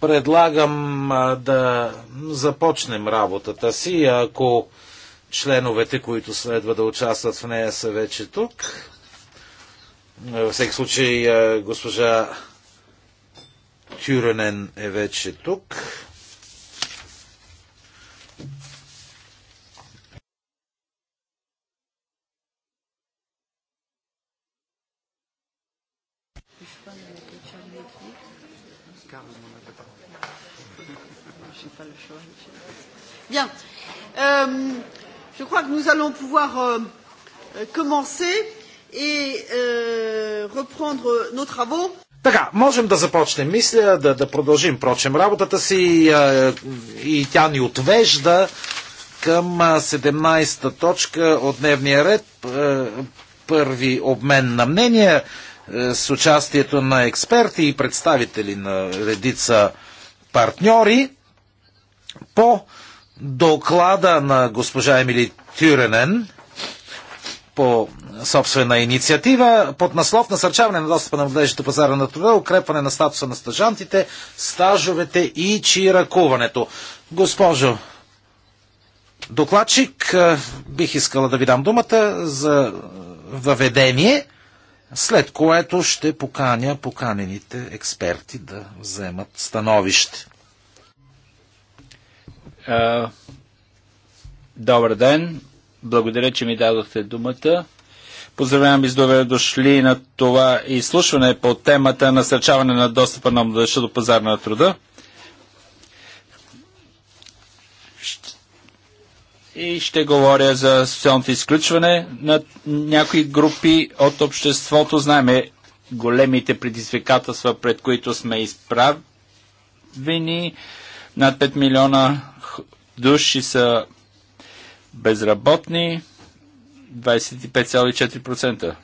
Предлагам да започнем работата си, ако членовете, които следва да участват в нея, са вече тук. Във всеки случай, госпожа Тюренен е вече тук. Bien. Euh, je crois que nous allons pouvoir euh, commencer et euh, reprendre nos travaux. Така, можем да започнем, мисля, да, да продължим, прочем, работата си а, и тя ни отвежда към 17-та точка от дневния ред. Първи обмен на мнения с участието на експерти и представители на редица партньори по доклада на госпожа Емили Тюренен по собствена инициатива под наслов насърчаване на достъпа на младежите пазара на труда, укрепване на статуса на стажантите, стажовете и чиракуването. Госпожо докладчик, бих искала да ви дам думата за въведение, след което ще поканя поканените експерти да вземат становище. Добър ден. Благодаря, че ми дадохте думата. Поздравявам ви с добре дошли на това изслушване по темата насърчаване на достъпа на младеща до пазара на труда. И ще говоря за социалното изключване на някои групи от обществото. Знаеме големите предизвикателства, пред които сме изправени. Над 5 милиона души са безработни, 25,4%.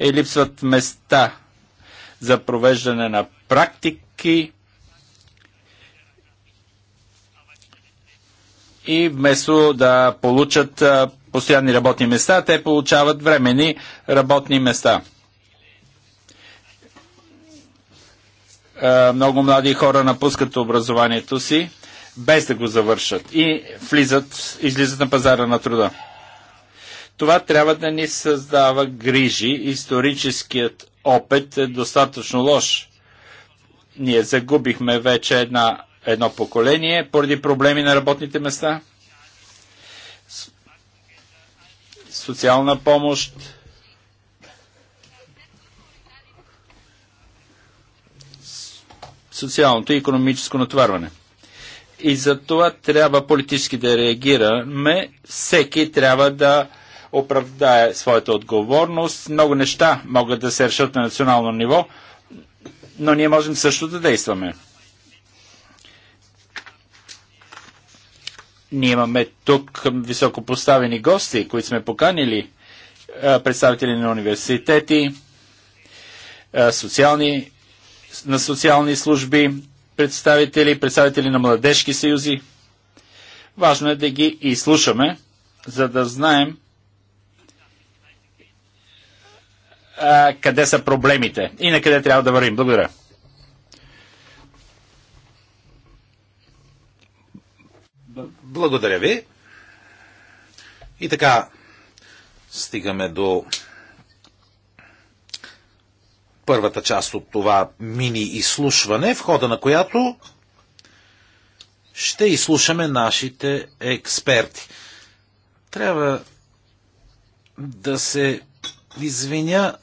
И е, липсват места за провеждане на практики и вместо да получат постоянни работни места, те получават времени работни места. Много млади хора напускат образованието си без да го завършат и влизат, излизат на пазара на труда. Това трябва да ни създава грижи. Историческият опит е достатъчно лош. Ние загубихме вече една, едно поколение поради проблеми на работните места. Социална помощ. Социалното и економическо натварване. И за това трябва политически да реагираме. Всеки трябва да оправдае своята отговорност. Много неща могат да се решат на национално ниво, но ние можем също да действаме. Ние имаме тук високо поставени гости, които сме поканили, представители на университети, социални, на социални служби, представители, представители на младежки съюзи. Важно е да ги изслушаме, за да знаем а, къде са проблемите и на къде трябва да вървим. Благодаря. Благодаря ви. И така, стигаме до първата част от това мини изслушване, в хода на която ще изслушаме нашите експерти. Трябва да се извиня.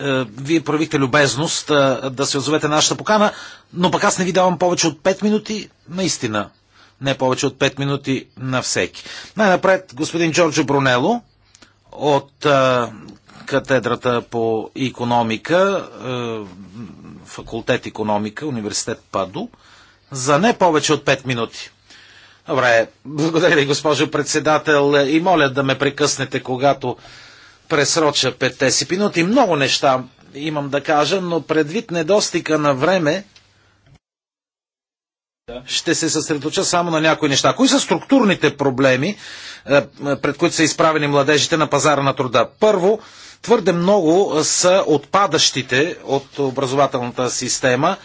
Е, вие правите любезност е, да се отзовете на нашата покана, но пък аз не ви давам повече от 5 минути. Наистина, не повече от 5 минути на всеки. Най-напред господин Джорджо Брунело от е, катедрата по економика, е, факултет економика, университет Падо, за не повече от 5 минути. Добре, благодаря ви, госпожо председател, и моля да ме прекъснете, когато пресроча 5 си минути. Много неща имам да кажа, но предвид недостига на време, ще се съсредоточа само на някои неща. Кои са структурните проблеми, е, е, пред които са изправени младежите на пазара на труда? Първо, Твърде много са отпадащите от образователната система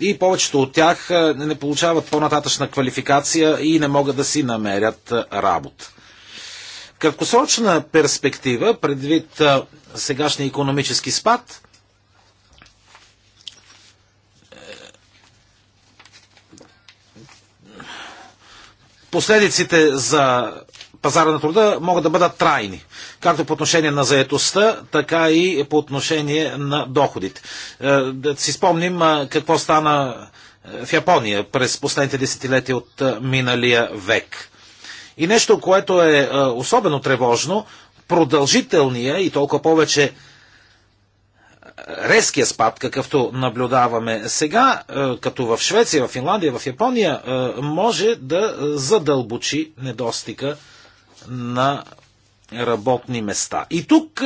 и повечето от тях не получават по-нататъчна квалификация и не могат да си намерят работа. Краткосрочна перспектива, предвид сегашния економически спад, е, последиците за пазара на труда могат да бъдат трайни, както по отношение на заетостта, така и по отношение на доходите. Е, да си спомним е, какво стана е, в Япония през последните десетилетия от миналия век. И нещо, което е особено тревожно, продължителния и толкова повече резкия спад, какъвто наблюдаваме сега, като в Швеция, в Финландия, в Япония, може да задълбочи недостига на работни места. И тук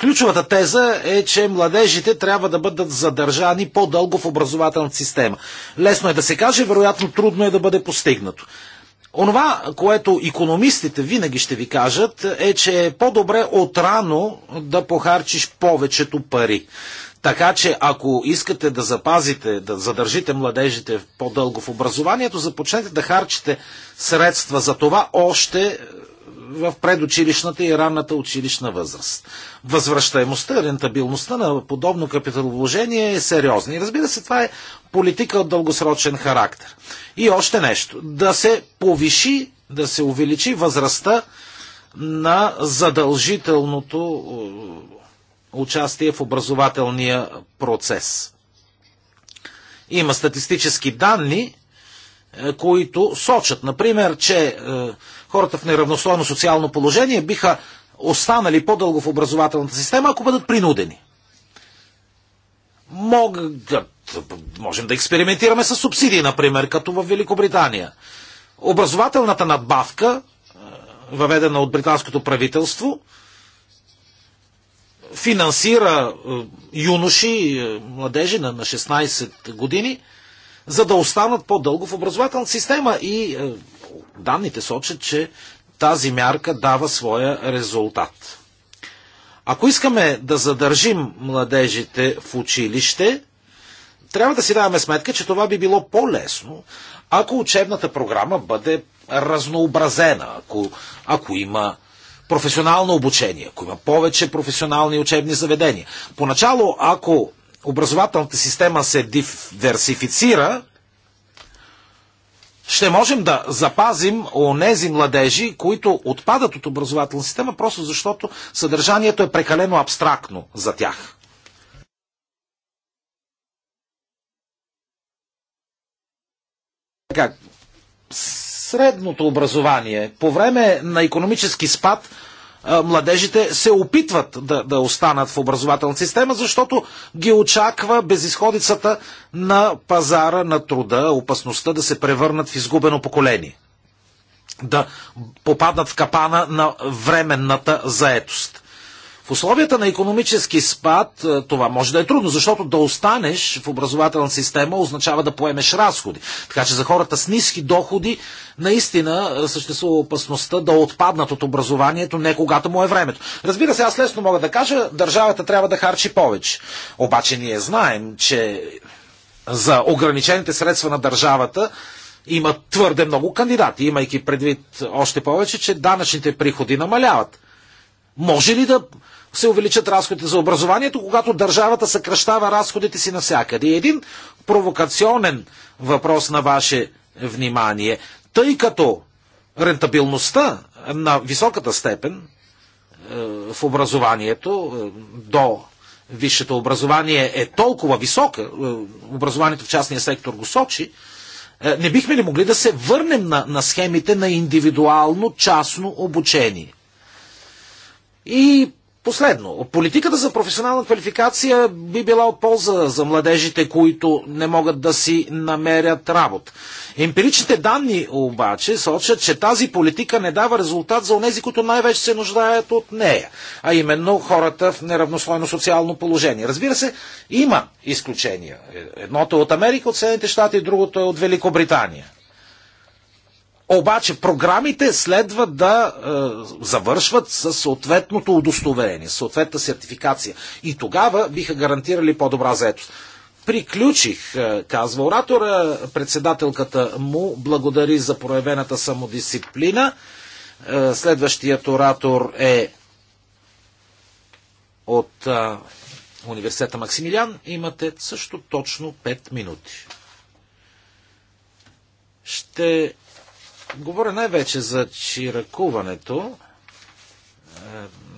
ключовата теза е, че младежите трябва да бъдат задържани по-дълго в образователната система. Лесно е да се каже, вероятно трудно е да бъде постигнато. Онова, което економистите винаги ще ви кажат, е, че е по-добре отрано да похарчиш повечето пари. Така че ако искате да запазите, да задържите младежите по-дълго в образованието, започнете да харчите средства за това още е, в предучилищната и ранната училищна възраст. Възвръщаемостта, рентабилността на подобно капиталовложение е сериозна. И разбира се, това е политика от дългосрочен характер. И още нещо. Да се повиши, да се увеличи възрастта на задължителното е, участие в образователния процес. Има статистически данни, е, които сочат, например, че е, хората в неравностойно социално положение биха останали по-дълго в образователната система, ако бъдат принудени. Могат, можем да експериментираме с субсидии, например, като в Великобритания. Образователната надбавка, е, въведена от британското правителство, финансира е, юноши, е, младежи на 16 години, за да останат по-дълго в образователната система. И е, данните сочат, че тази мярка дава своя резултат. Ако искаме да задържим младежите в училище, трябва да си даваме сметка, че това би било по-лесно, ако учебната програма бъде разнообразена, ако, ако има професионално обучение, ако има повече професионални учебни заведения. Поначало, ако образователната система се диверсифицира, ще можем да запазим онези младежи, които отпадат от образователна система, просто защото съдържанието е прекалено абстрактно за тях. Така, средното образование. По време на економически спад младежите се опитват да, да останат в образователната система, защото ги очаква безисходицата на пазара на труда, опасността да се превърнат в изгубено поколение. Да попаднат в капана на временната заетост. В условията на економически спад е, това може да е трудно, защото да останеш в образователна система означава да поемеш разходи. Така че за хората с ниски доходи наистина е, съществува опасността да отпаднат от образованието не когато му е времето. Разбира се, аз лесно мога да кажа, държавата трябва да харчи повече. Обаче ние знаем, че за ограничените средства на държавата има твърде много кандидати, имайки предвид още повече, че данъчните приходи намаляват. Може ли да се увеличат разходите за образованието, когато държавата съкръщава разходите си навсякъде. И един провокационен въпрос на ваше внимание. Тъй като рентабилността на високата степен е, в образованието е, до висшето образование е толкова висока, е, образованието в частния сектор го сочи, не бихме ли могли да се върнем на, на схемите на индивидуално частно обучение? И Последно, политиката за професионална квалификация би била от полза за младежите, които не могат да си намерят работа. Емпиричните данни обаче сочат, че тази политика не дава резултат за онези, които най-вече се нуждаят от нея, а именно хората в неравнослойно социално положение. Разбира се, има изключения. Едното е от Америка, от Съединените щати, другото е от Великобритания. Обаче програмите следва да е, завършват със съответното удостоверение, съответна сертификация. И тогава биха гарантирали по-добра заетост. Приключих, е, казва оратора. Председателката му благодари за проявената самодисциплина. Е, следващият оратор е от е, университета Максимилиан. Имате също точно 5 минути. Ще Говоря най-вече за чиракуването, е,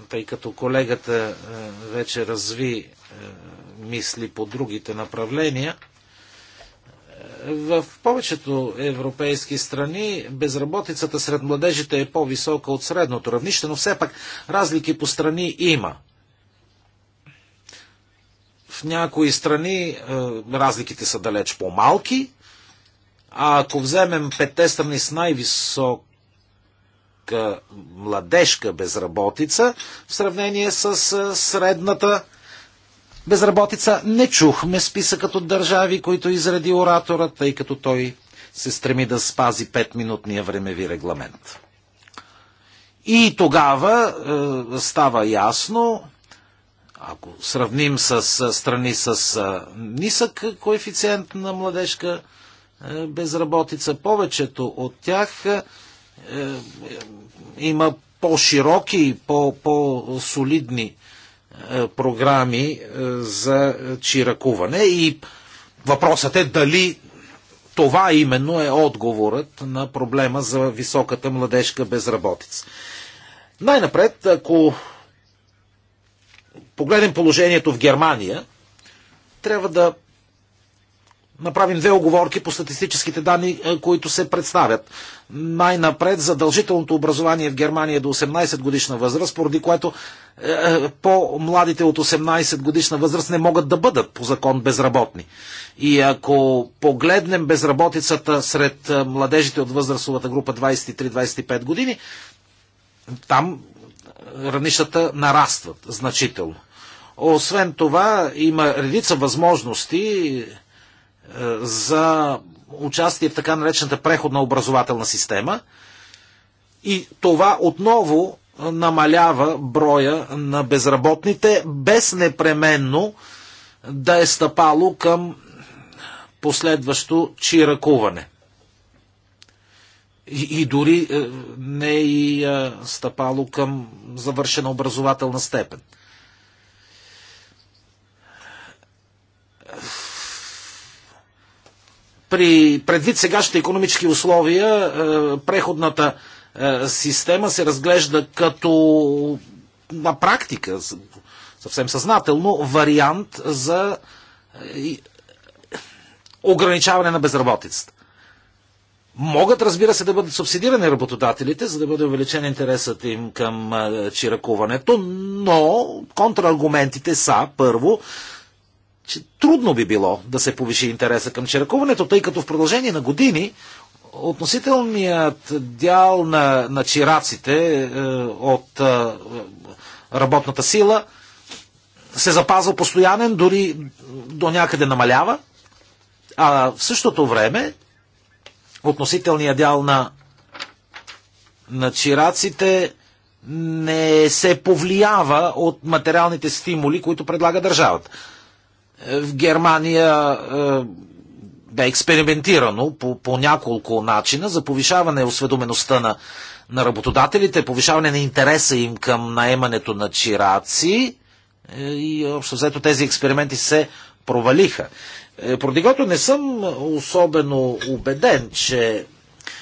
тъй като колегата е, вече разви е, мисли по другите направления. В повечето европейски страни безработицата сред младежите е по-висока от средното равнище, но все пак разлики по страни има. В някои страни разликите са далеч по-малки, а ако вземем петте страни с най висока младежка безработица в сравнение с средната безработица. Не чухме списъкът от държави, които изреди оратора, тъй като той се стреми да спази 5-минутния времеви регламент. И тогава е, става ясно, ако сравним с страни с нисък коефициент на младежка безработица. Повечето от тях е, е, има по-широки и по-солидни -по е, програми за чиракуване и въпросът е дали това именно е отговорът на проблема за високата младежка безработица. Най-напред, ако погледнем положението в Германия, трябва да направим две оговорки по статистическите данни, е, които се представят. Най-напред задължителното образование в Германия е до 18 годишна възраст, поради което е, е по-младите от 18 годишна възраст не могат да бъдат по закон безработни. И ако погледнем безработицата сред е, младежите от възрастовата група 23-25 години, там равнищата нарастват значително. Освен това, има редица възможности за участие в така наречената преходна образователна система. И това отново намалява броя на безработните, без непременно да е стъпало към последващо чиракуване. И, и дори е, не е и е, стъпало към завършена образователна степен. При предвид сегашните економически условия, е, преходната е, система се разглежда като на практика, съвсем съзнателно, вариант за е, ограничаване на безработицата. Могат, разбира се, да бъдат субсидирани работодателите, за да бъде увеличен интересът им към чиракуването, но контраргументите са, първо, че трудно би било да се повиши интереса към чиракуването, тъй като в продължение на години относителният дял на, на чираците е, от е, работната сила се запазва постоянен, дори до някъде намалява, а в същото време относителният дял на, на чираците не се повлиява от материалните стимули, които предлага държавата. В Германия е, бе експериментирано по, по няколко начина за повишаване осведомеността на, на работодателите, повишаване на интереса им към наемането на чираци е, и общо взето тези експерименти се провалиха. Е, Поради което не съм особено убеден, че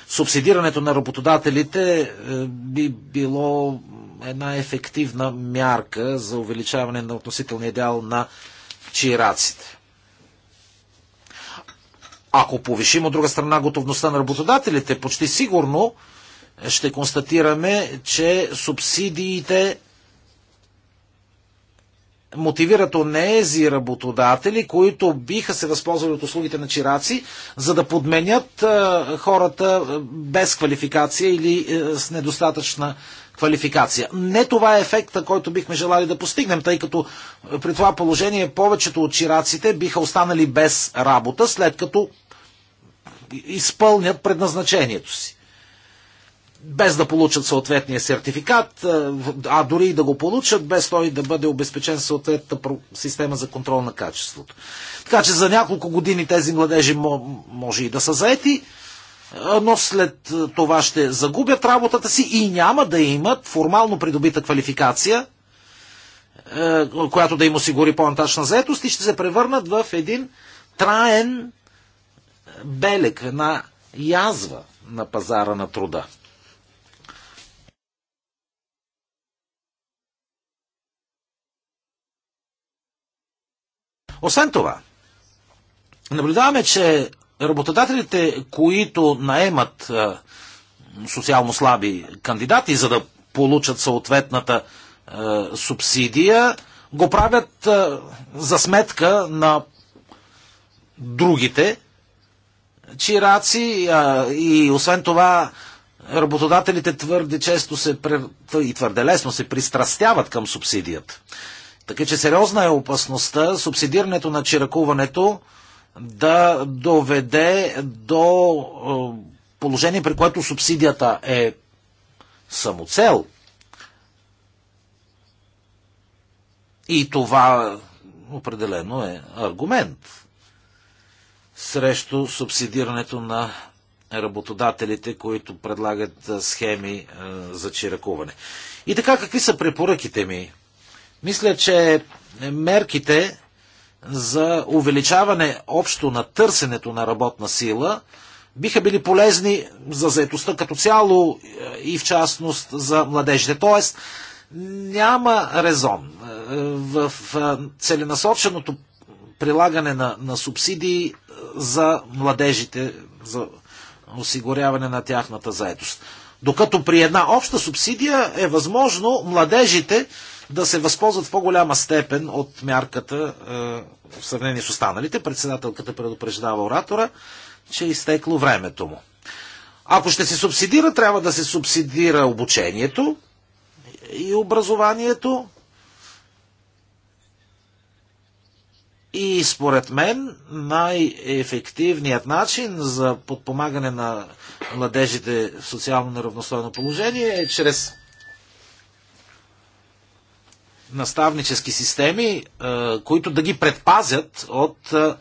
субсидирането на работодателите би било една ефективна мярка за увеличаване на относителния дял на чираците. Ако повишим от друга страна готовността на работодателите, почти сигурно ще констатираме, че субсидиите мотивират онези работодатели, които биха се възползвали от услугите на чираци, за да подменят хората без квалификация или с недостатъчна квалификация. Не това е ефекта, който бихме желали да постигнем, тъй като е, при това положение повечето от чираците биха останали без работа, след като изпълнят предназначението си. Без да получат съответния сертификат, е, а дори и да го получат, без той да бъде обезпечен съответната система за контрол на качеството. Така че за няколко години тези младежи може и да са заети, но след това ще загубят работата си и няма да имат формално придобита квалификация, която да им осигури по-нататъчна заетост и ще се превърнат в един траен белег, една язва на пазара на труда. Освен това, наблюдаваме, че работодателите, които наемат социално слаби кандидати, за да получат съответната субсидия, го правят за сметка на другите чираци и освен това работодателите твърде често се и твърде лесно се пристрастяват към субсидията. Така че сериозна е опасността субсидирането на чиракуването да доведе до е, положение, при което субсидията е самоцел. И това определено е аргумент срещу субсидирането на работодателите, които предлагат е, схеми е, за чиракуване. И така, какви са препоръките ми? Мисля, че мерките за увеличаване общо на търсенето на работна сила биха били полезни за заетостта като цяло е, и в частност за младежите. Тоест, няма резон е, в е, целенасоченото прилагане на, на субсидии за младежите, за осигуряване на тяхната заетост. Докато при една обща субсидия е възможно младежите да се възползват в по-голяма степен от мярката е, в сравнение с останалите. Председателката предупреждава оратора, че е изтекло времето му. Ако ще се субсидира, трябва да се субсидира обучението и образованието. И според мен най-ефективният начин за подпомагане на младежите в социално неравностойно положение е чрез наставнически системи, е, които да ги предпазят от е,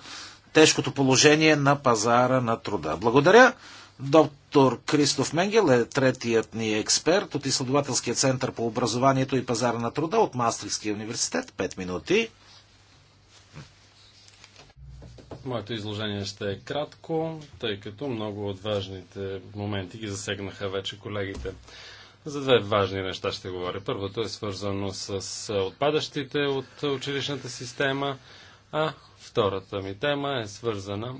тежкото положение на пазара на труда. Благодаря. Доктор Кристоф Менгел е третият ни експерт от изследователския център по образованието и пазара на труда от Мастрихския университет. Пет минути. Моето изложение ще е кратко, тъй като много от важните моменти ги засегнаха вече колегите. За две важни неща ще говоря. Първото е свързано с отпадащите от училищната система, а втората ми тема е свързана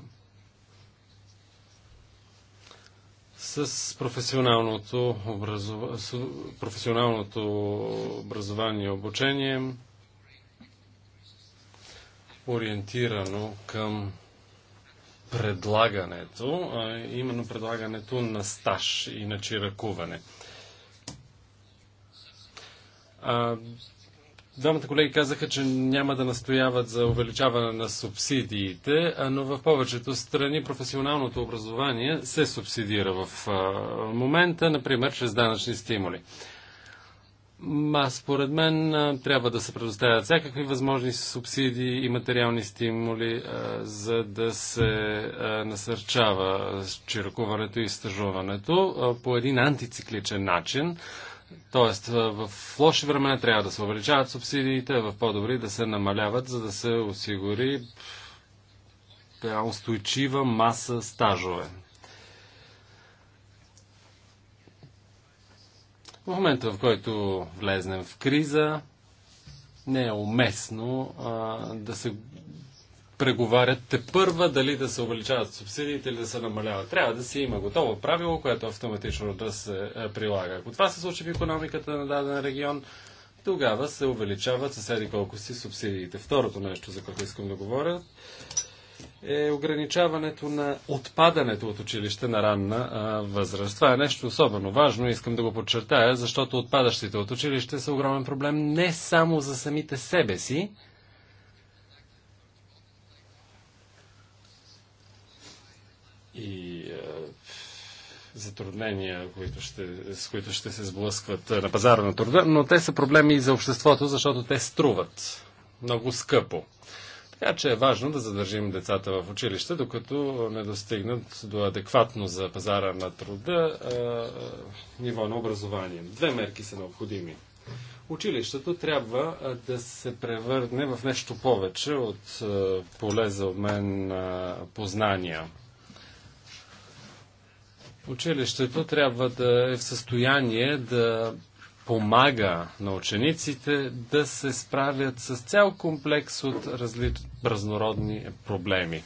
с професионалното, образов... с професионалното образование и обучение, ориентирано към предлагането, а именно предлагането на стаж и на чиракуване. А, Двамата колеги казаха, че няма да настояват за увеличаване на субсидиите, но в повечето страни професионалното образование се субсидира в момента, например, чрез данъчни стимули. Ма, според мен трябва да се предоставят всякакви възможни субсидии и материални стимули, за да се насърчава чиракуването и стажуването по един антицикличен начин Тоест, в лоши времена трябва да се увеличават субсидиите, в по-добри да се намаляват, за да се осигури устойчива маса стажове. В момента, в който влезнем в криза, не е уместно а, да се преговарят те първа дали да се увеличават субсидиите или да се намаляват. Трябва да си има готово правило, което автоматично да се е, прилага. Ако това се случи в економиката на даден регион, тогава се увеличават съседи колко си субсидиите. Второто нещо, за което искам да говоря, е ограничаването на отпадането от училище на ранна а, възраст. Това е нещо особено важно, искам да го подчертая, защото отпадащите от училище са огромен проблем не само за самите себе си, и е, затруднения, които ще, с които ще се сблъскват е, на пазара на труда, но те са проблеми и за обществото, защото те струват много скъпо. Така че е важно да задържим децата в училище, докато не достигнат до адекватно за пазара на труда е, е ниво на образование. Две мерки са необходими. Училището трябва да се превърне в нещо повече от е, поле за обмен е, познания Училището трябва да е в състояние да помага на учениците да се справят с цял комплекс от разли... разнородни проблеми.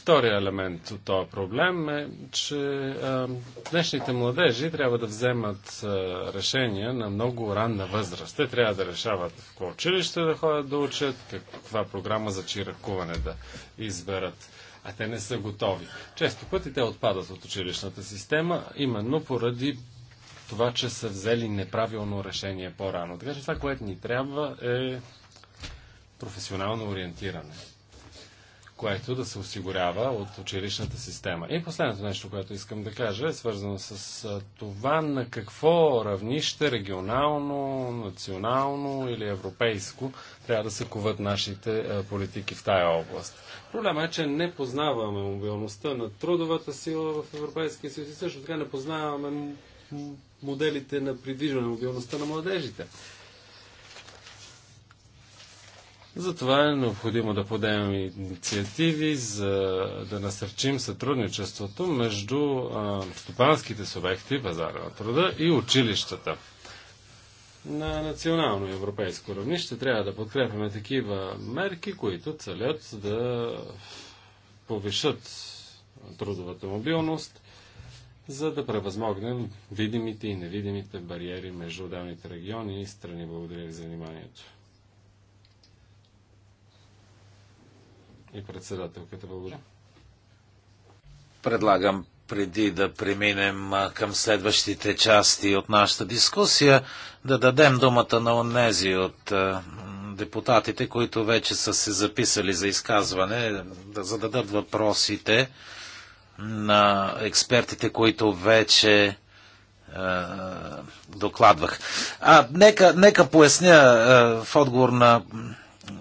Втория елемент от този проблем е, че а, днешните младежи трябва да вземат а, решения на много ранна възраст. Те трябва да решават в какво училище да ходят да учат, каква програма за чиракуване да изберат. А те не са готови. Често пъти те отпадат от училищната система, именно поради това, че са взели неправилно решение по-рано. Така че това, което ни трябва е професионално ориентиране което да се осигурява от училищната система. И последното нещо, което искам да кажа, е свързано с това на какво равнище регионално, национално или европейско трябва да се куват нашите политики в тая област. Проблема е, че не познаваме мобилността на трудовата сила в Европейския съюз и също така не познаваме моделите на придвижване, мобилността на младежите. Затова е необходимо да подемем инициативи за да насърчим сътрудничеството между стопанските субекти, пазара на труда и училищата. На национално и европейско равнище трябва да подкрепяме такива мерки, които целят да повишат трудовата мобилност, за да превъзмогнем видимите и невидимите бариери между отделните региони и страни. Благодаря ви за вниманието. И председателката благодаря. Предлагам преди да преминем към следващите части от нашата дискусия, да дадем думата на онези от депутатите, които вече са се записали за изказване, да зададат въпросите на експертите, които вече докладвах. А, нека, нека поясня в отговор на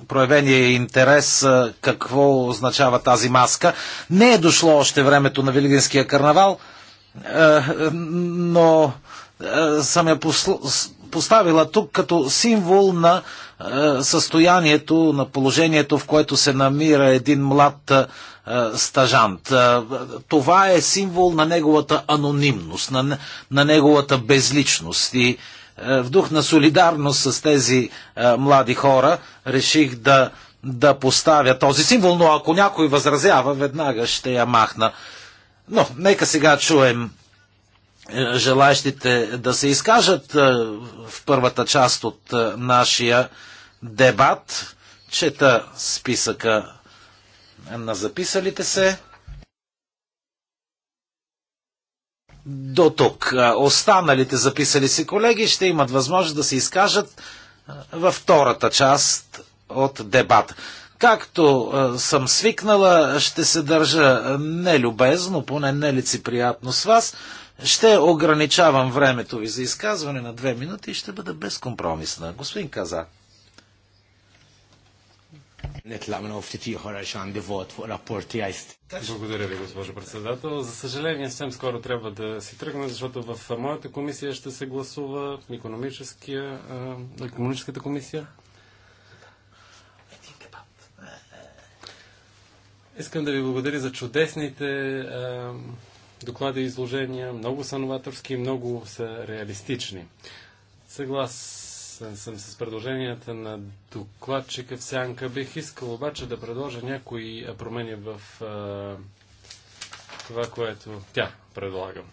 проявения интерес какво означава тази маска. Не е дошло още времето на Велигинския карнавал, но съм я поставила тук като символ на състоянието, на положението, в което се намира един млад стажант. Това е символ на неговата анонимност, на, на неговата безличност. И е, в дух на солидарност с тези е, млади хора реших да, да поставя този символ, но ако някой възразява, веднага ще я махна. Но нека сега чуем е, желаящите да се изкажат в първата част от нашия дебат. Чета списъка на записалите се. до тук. Останалите записали си колеги ще имат възможност да се изкажат във втората част от дебата. Както съм свикнала, ще се държа нелюбезно, поне нелицеприятно с вас. Ще ограничавам времето ви за изказване на две минути и ще бъда безкомпромисна. Господин Казак. Нетламна офтити хора шанди вод рапорти айст. Благодаря ви, госпожо председател. За съжаление, съвсем скоро трябва да си тръгна, защото в моята комисия ще се гласува економическата комисия. Искам да ви благодаря за чудесните доклади и изложения. Много са новаторски и много са реалистични. Съглас съм с предложенията на докладчика в сянка. Бих искал обаче да предложа някои промени в това, което тя предлага.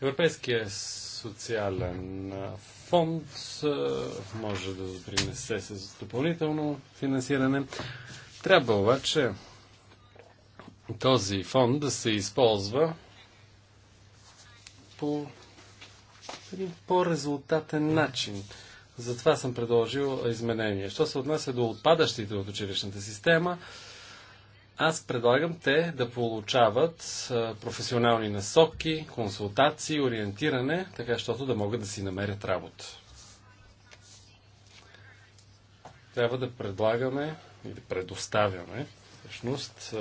Европейския социален фонд може да принесе с допълнително финансиране. Трябва обаче този фонд да се използва по един по-резултатен начин. Затова съм предложил изменение. Що се отнася до отпадащите от училищната система, аз предлагам те да получават професионални насоки, консултации, ориентиране, така защото да могат да си намерят работа. Трябва да предлагаме и да предоставяме всъщност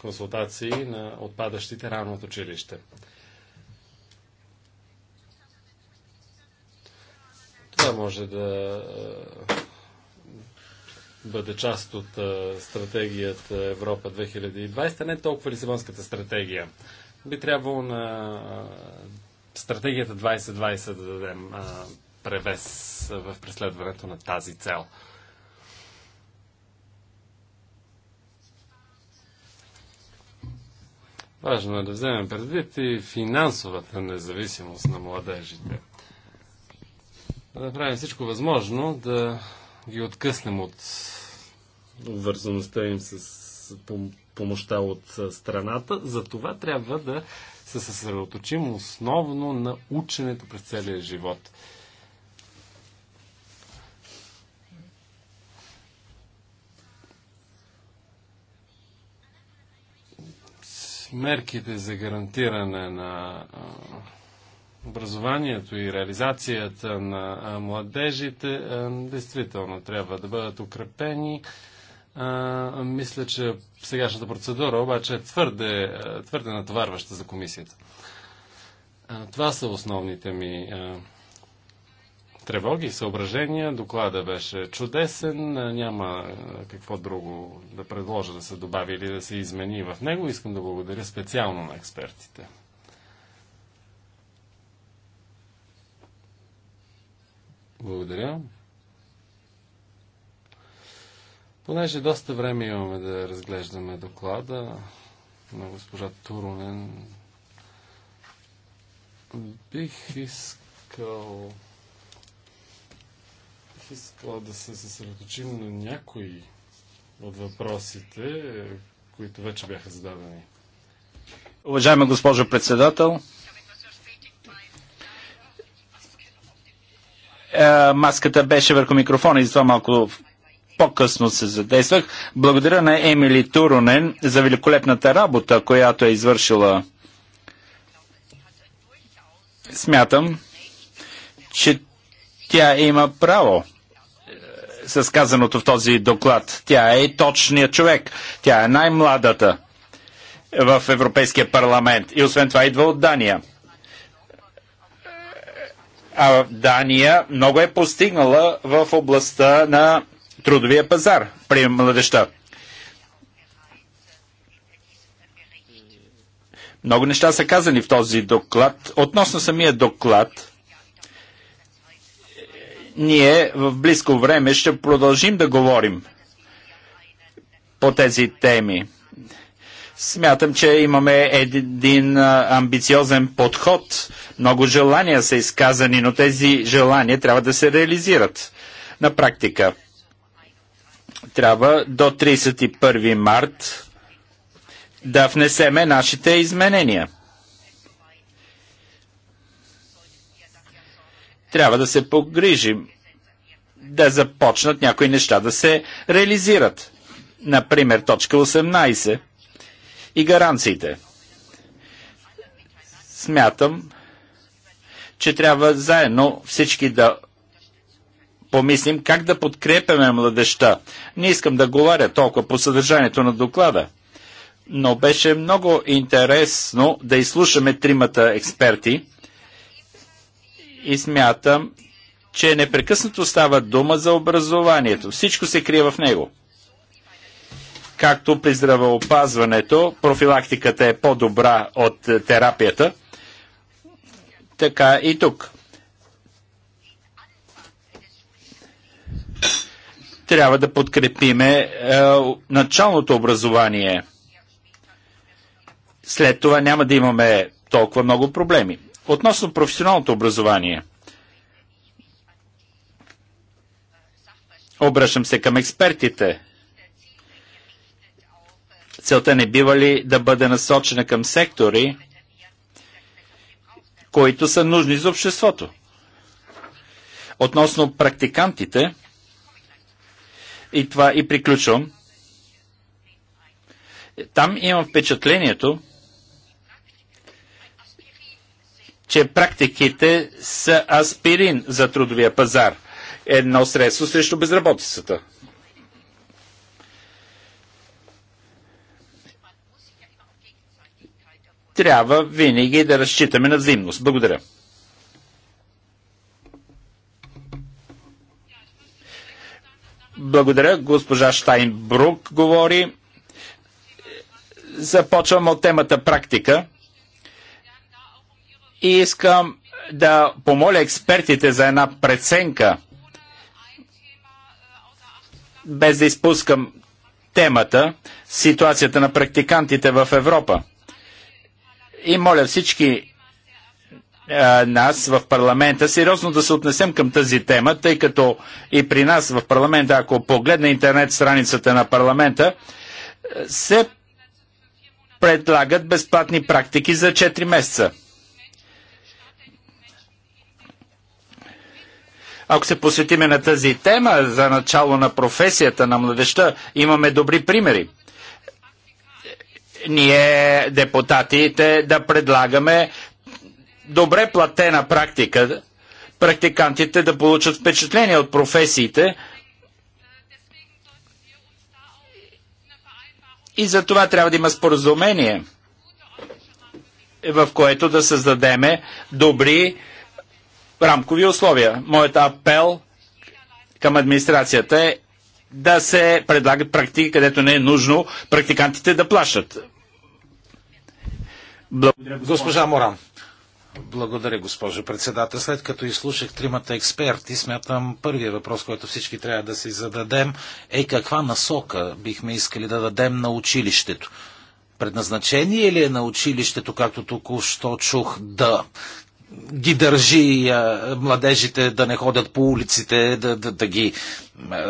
консултации на отпадащите рано от училище. Това може да е, бъде част от е, стратегията Европа 2020, не толкова Лисабонската стратегия. Би трябвало на е, стратегията 2020 да дадем превес в преследването на тази цел. Важно е да вземем предвид и финансовата независимост на младежите да направим всичко възможно да ги откъснем от вързаността им с помощта от страната. За това трябва да се съсредоточим основно на ученето през целия живот. Мерките за гарантиране на образованието и реализацията на младежите действително трябва да бъдат укрепени. Мисля, че сегашната процедура обаче е твърде, твърде натоварваща за комисията. Това са основните ми тревоги и съображения. Доклада беше чудесен. Няма какво друго да предложа да се добави или да се измени в него. Искам да благодаря специално на експертите. Благодаря. Понеже доста време имаме да разглеждаме доклада на госпожа Турунен, бих искал бих искал да се съсредоточим на някои от въпросите, които вече бяха зададени. Уважаема госпожо председател, Е, маската беше върху микрофона и затова малко по-късно се задействах. Благодаря на Емили Туронен за великолепната работа, която е извършила. Смятам, че тя има право е, с казаното в този доклад. Тя е точният човек. Тя е най-младата в Европейския парламент. И освен това идва от Дания а Дания много е постигнала в областта на трудовия пазар при младеща. Много неща са казани в този доклад. Относно самия доклад, ние в близко време ще продължим да говорим по тези теми. Смятам, че имаме един амбициозен подход. Много желания са изказани, но тези желания трябва да се реализират. На практика трябва до 31 март да внесеме нашите изменения. Трябва да се погрижим да започнат някои неща да се реализират. Например, точка 18 и гаранциите. Смятам, че трябва заедно всички да помислим как да подкрепяме младеща. Не искам да говоря толкова по съдържанието на доклада, но беше много интересно да изслушаме тримата експерти и смятам, че непрекъснато става дума за образованието. Всичко се крие в него както при здравеопазването профилактиката е по-добра от е, терапията, така и тук. Трябва да подкрепиме е, началното образование. След това няма да имаме толкова много проблеми. Относно професионалното образование, обръщам се към експертите Целта не бива ли да бъде насочена към сектори, които са нужни за обществото? Относно практикантите, и това и приключвам, там имам впечатлението, че практиките са аспирин за трудовия пазар. Едно средство срещу безработицата. трябва винаги да разчитаме на взаимност. Благодаря. Благодаря. Госпожа Штайнбрук говори. Започвам от темата практика и искам да помоля експертите за една преценка, без да изпускам темата, ситуацията на практикантите в Европа. И моля всички а, нас в парламента сериозно да се отнесем към тази тема, тъй като и при нас в парламента, ако погледне интернет страницата на парламента, се предлагат безплатни практики за 4 месеца. Ако се посветиме на тази тема за начало на професията на младеща, имаме добри примери – ние, депутатите, да предлагаме добре платена практика, практикантите да получат впечатление от професиите, И за това трябва да има споразумение, в което да създадеме добри рамкови условия. Моят апел към администрацията е да се предлага практики, където не е нужно практикантите да плащат госпожа Моран. Благодаря, госпожо председател. След като изслушах тримата експерти, смятам първият въпрос, който всички трябва да си зададем е каква насока бихме искали да дадем на училището. Предназначение ли е на училището, както току-що чух, да ги държи а, младежите да не ходят по улиците, да, да, да ги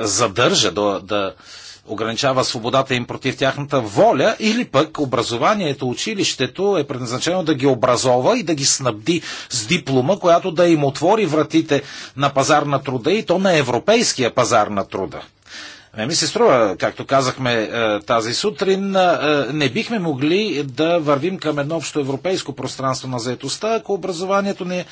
задържа, да, да, ограничава свободата им против тяхната воля, или пък образованието, училището е предназначено да ги образова и да ги снабди с диплома, която да им отвори вратите на пазар на труда и то на европейския пазар на труда. Не ми се струва, както казахме е, тази сутрин, е, не бихме могли да вървим към едно общо европейско пространство на заетостта, ако образованието не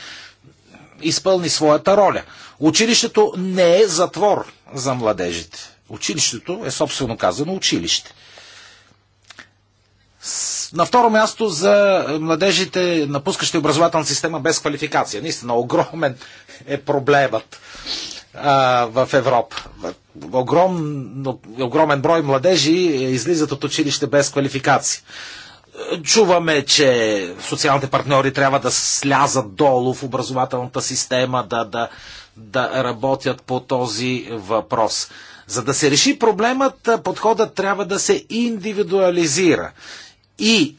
изпълни своята роля. Училището не е затвор за младежите. Училището е собствено казано училище. На второ място за младежите, напускащи образователна система без квалификация. Наистина, огромен е проблемът а, в Европа. Огромно, огромен брой младежи излизат от училище без квалификация. Чуваме, че социалните партньори трябва да слязат долу в образователната система, да, да, да работят по този въпрос. За да се реши проблемът, подходът трябва да се индивидуализира. И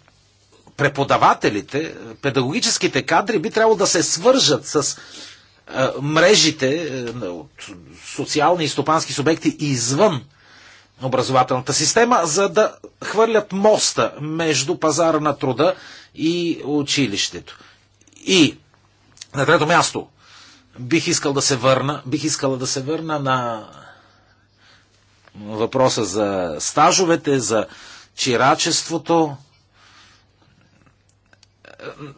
преподавателите, педагогическите кадри би трябвало да се свържат с мрежите от социални и стопански субекти извън образователната система, за да хвърлят моста между пазара на труда и училището. И на трето място бих искал да се върна, бих искала да се върна на въпроса за стажовете, за чирачеството,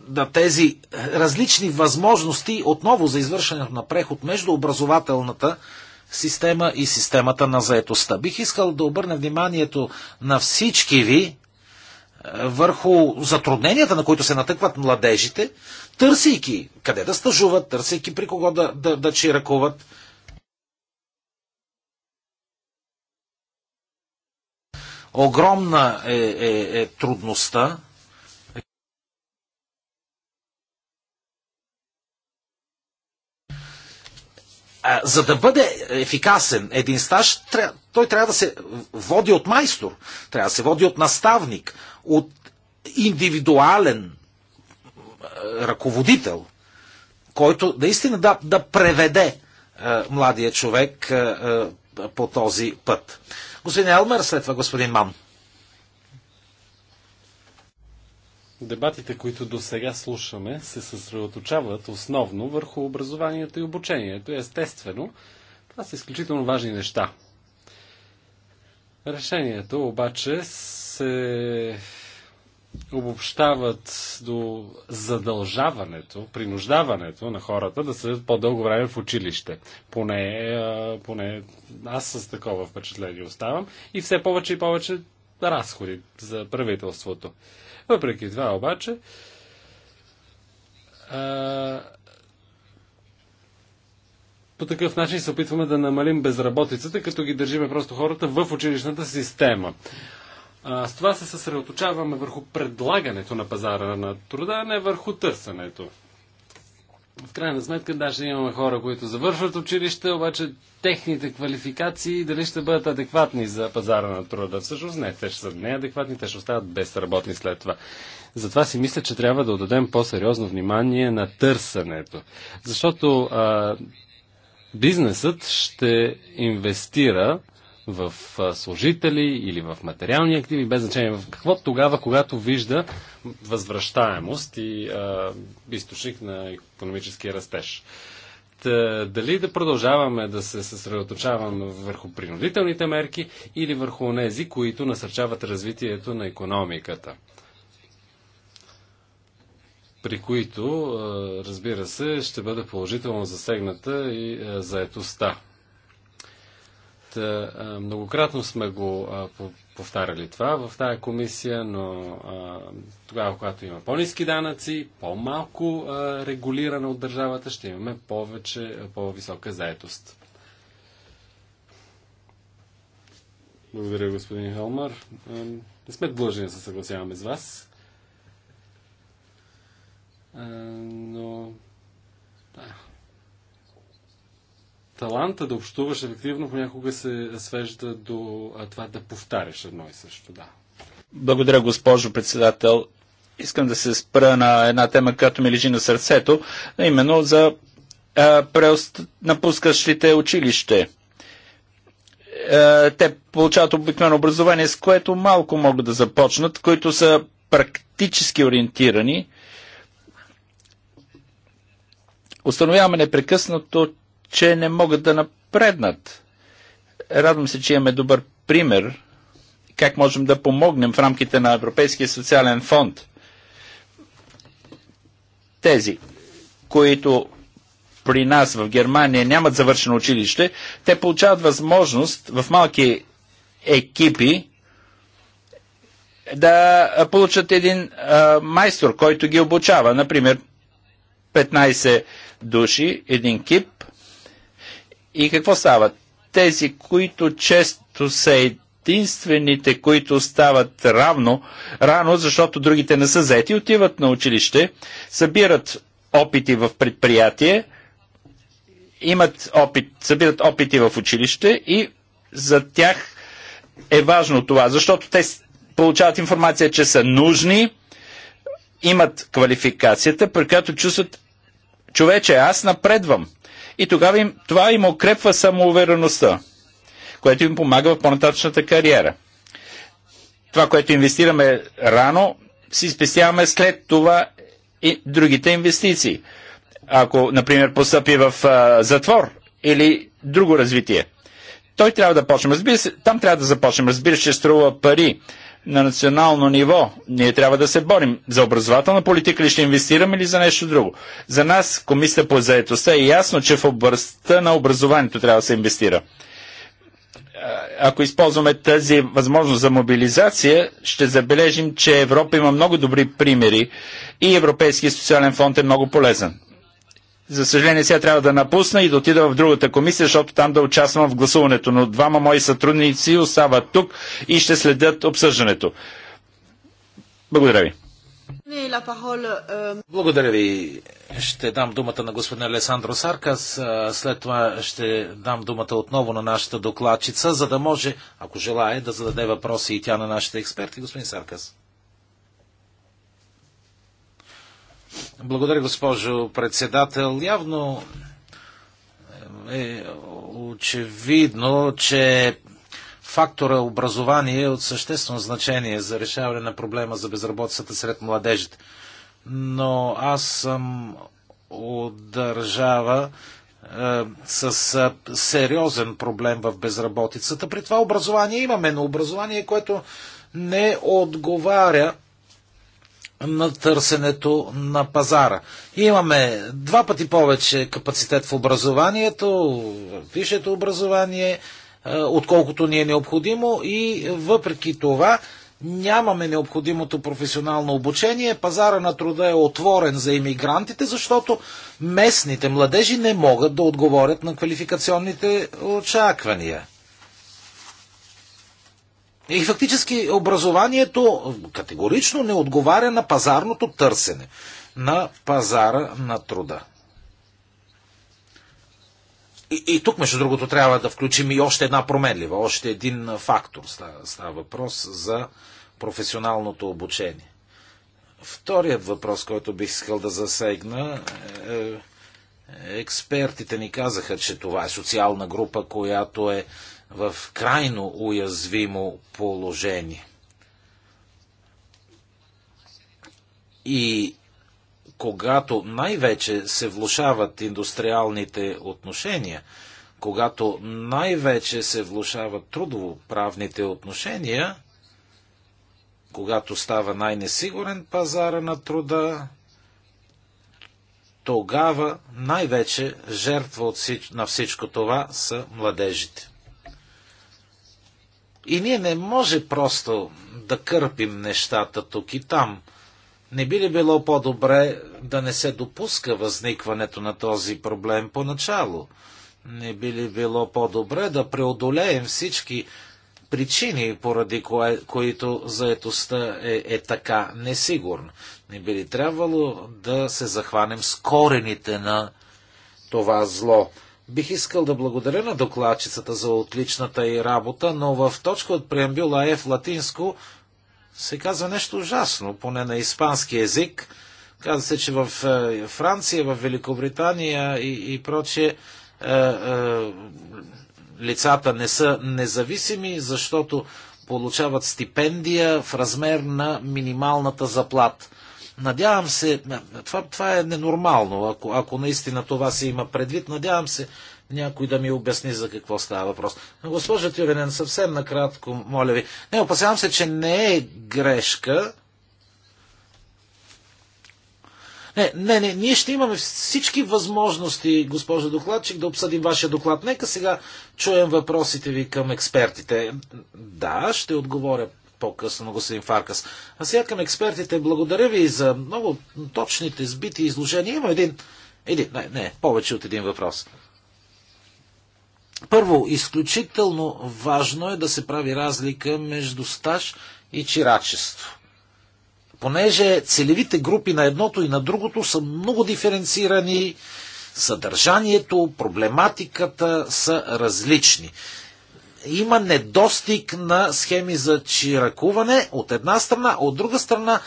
на тези различни възможности отново за извършването на преход между образователната система и системата на заетостта. Бих искал да обърна вниманието на всички ви е, върху затрудненията, на които се натъкват младежите, търсейки къде да стажуват, търсейки при кого да, да, да чиракуват Огромна е, е, е трудността, за да бъде ефикасен един стаж, той трябва да се води от майстор, трябва да се води от наставник, от индивидуален ръководител, който наистина да, да преведе младия човек по този път. Господин Елмер, след това господин Ман. Дебатите, които до сега слушаме, се съсредоточават основно върху образованието и обучението. Естествено, това са изключително важни неща. Решението обаче се обобщават до задължаването, принуждаването на хората да седят по-дълго време в училище. Поне, поне аз с такова впечатление оставам. И все повече и повече разходи за правителството. Въпреки това обаче, а, по такъв начин се опитваме да намалим безработицата, като ги държиме просто хората в училищната система. А, с това се съсредоточаваме върху предлагането на пазара на труда, а не върху търсенето. В крайна сметка, даже имаме хора, които завършват училище, обаче техните квалификации дали ще бъдат адекватни за пазара на труда. Всъщност не, те ще са неадекватни, те ще остават безработни след това. Затова си мисля, че трябва да отдадем по-сериозно внимание на търсенето. Защото а, бизнесът ще инвестира в служители или в материални активи, без значение в какво, тогава, когато вижда възвръщаемост и а, източник на економически растеж. Та, дали да продължаваме да се съсредоточаваме върху принудителните мерки или върху тези, които насърчават развитието на економиката при които, разбира се, ще бъде положително засегната и заетостта. Многократно сме го повтаряли това в тази комисия, но тогава, когато има по-низки данъци, по-малко регулиране от държавата, ще имаме повече, по-висока заетост. Благодаря, господин Хелмар. Не сме длъжни да се съгласяваме с вас. Но... Да, таланта да общуваш ефективно понякога се свежда до това да повтаряш едно и също. Да. Благодаря, госпожо председател. Искам да се спра на една тема, която ми лежи на сърцето, именно за а, преост... напускащите училище. А, те получават обикновено образование, с което малко могат да започнат, които са практически ориентирани. Установяваме непрекъснато, че не могат да напреднат. Радвам се, че имаме добър пример как можем да помогнем в рамките на Европейския социален фонд. Тези, които при нас в Германия нямат завършено училище, те получават възможност в малки екипи да получат един а, майстор, който ги обучава. Например, 15 души, един кип, и какво става? Тези, които често са единствените, които стават равно, рано, защото другите не са заети, отиват на училище, събират опити в предприятие, имат опит, събират опити в училище и за тях е важно това, защото те получават информация, че са нужни, имат квалификацията, при която чувстват човече, аз напредвам и тогава им, това им укрепва самоувереността, което им помага в по-нататъчната кариера. Това, което инвестираме рано, си спестяваме след това и другите инвестиции. Ако, например, постъпи в а, затвор или друго развитие, той трябва да почне. Разбира се, там трябва да започнем. Разбира се, че струва пари на национално ниво. Ние трябва да се борим. За образователна политика ли ще инвестираме или за нещо друго? За нас, Комисията по заедостта, е ясно, че в областта на образованието трябва да се инвестира. Ако използваме тази възможност за мобилизация, ще забележим, че Европа има много добри примери и Европейския социален фонд е много полезен. За съжаление, сега трябва да напусна и да отида в другата комисия, защото там да участвам в гласуването. Но двама мои сътрудници остават тук и ще следят обсъждането. Благодаря ви. Благодаря ви. Ще дам думата на господин Алесандро Саркас. След това ще дам думата отново на нашата докладчица, за да може, ако желая, да зададе въпроси и тя на нашите експерти. Господин Саркас. Благодаря, госпожо председател. Явно е, е очевидно, че фактора образование е от съществено значение за решаване на проблема за безработицата сред младежите. Но аз съм от държава е, с е, сериозен проблем в безработицата. При това образование имаме, но образование, което не отговаря на търсенето на пазара. И имаме два пъти повече капацитет в образованието, в висшето образование, е, отколкото ни е необходимо и въпреки това нямаме необходимото професионално обучение, пазара на труда е отворен за иммигрантите, защото местните младежи не могат да отговорят на квалификационните очаквания. И фактически образованието категорично не отговаря на пазарното търсене, на пазара на труда. И, и тук, между другото, трябва да включим и още една променлива, още един фактор. Става, става въпрос за професионалното обучение. Вторият въпрос, който бих искал да засегна, е, е експертите ни казаха, че това е социална група, която е в крайно уязвимо положение. И когато най-вече се влушават индустриалните отношения, когато най-вече се влушават трудовоправните отношения, когато става най-несигурен пазара на труда, тогава най-вече жертва на всичко това са младежите. И ние не може просто да кърпим нещата тук и там. Не би ли било по-добре да не се допуска възникването на този проблем поначало? Не би ли било по-добре да преодолеем всички причини, поради кое, които заетостта е, е така несигурна? Не би ли трябвало да се захванем с корените на това зло? Бих искал да благодаря на докладчицата за отличната й работа, но в точка от преамбюла Е в латинско се казва нещо ужасно, поне на испански език. Казва се, че в е, Франция, в Великобритания и, и прочие е, е, лицата не са независими, защото получават стипендия в размер на минималната заплата. Надявам се, това, това е ненормално, ако, ако наистина това се има предвид. Надявам се някой да ми обясни за какво става въпрос. Но госпожа Тюринен, съвсем накратко, моля ви. Не, опасявам се, че не е грешка. Не, не, не, ние ще имаме всички възможности, госпожо докладчик, да обсъдим вашия доклад. Нека сега чуем въпросите ви към експертите. Да, ще отговоря по-късно на господин Фаркас. А сега към експертите, благодаря ви за много точните, сбити изложения. Има един, един не, не, повече от един въпрос. Първо, изключително важно е да се прави разлика между стаж и чирачество. Понеже целевите групи на едното и на другото са много диференцирани, съдържанието, проблематиката са различни има недостиг на схеми за чиракуване от една страна, от друга страна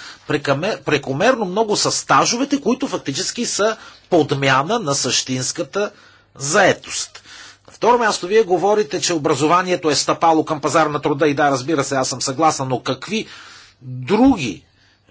прекомерно много са стажовете, които фактически са подмяна на същинската заетост. На второ място, вие говорите, че образованието е стъпало към пазар на труда и да, разбира се, аз съм съгласен, но какви други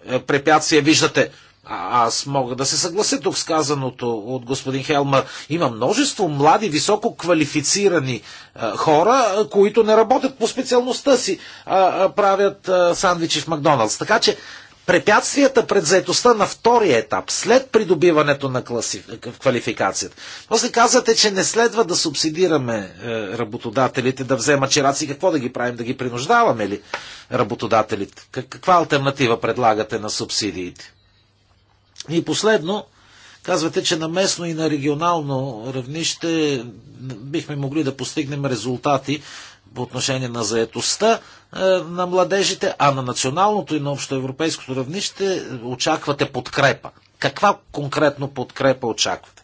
е, препятствия виждате? аз мога да се съглася тук с казаното от господин Хелма. Има множество млади, високо квалифицирани а, хора, които не работят по специалността си, а, а правят а, сандвичи в Макдоналдс. Така че препятствията пред заетостта на втория етап, след придобиването на класи... квалификацията. После казвате, че не следва да субсидираме е, работодателите да вземат чираци. Какво да ги правим? Да ги принуждаваме ли работодателите? Каква альтернатива предлагате на субсидиите? И последно, казвате, че на местно и на регионално равнище бихме могли да постигнем резултати по отношение на заетостта е, на младежите, а на националното и на общоевропейското равнище очаквате подкрепа. Каква конкретно подкрепа очаквате?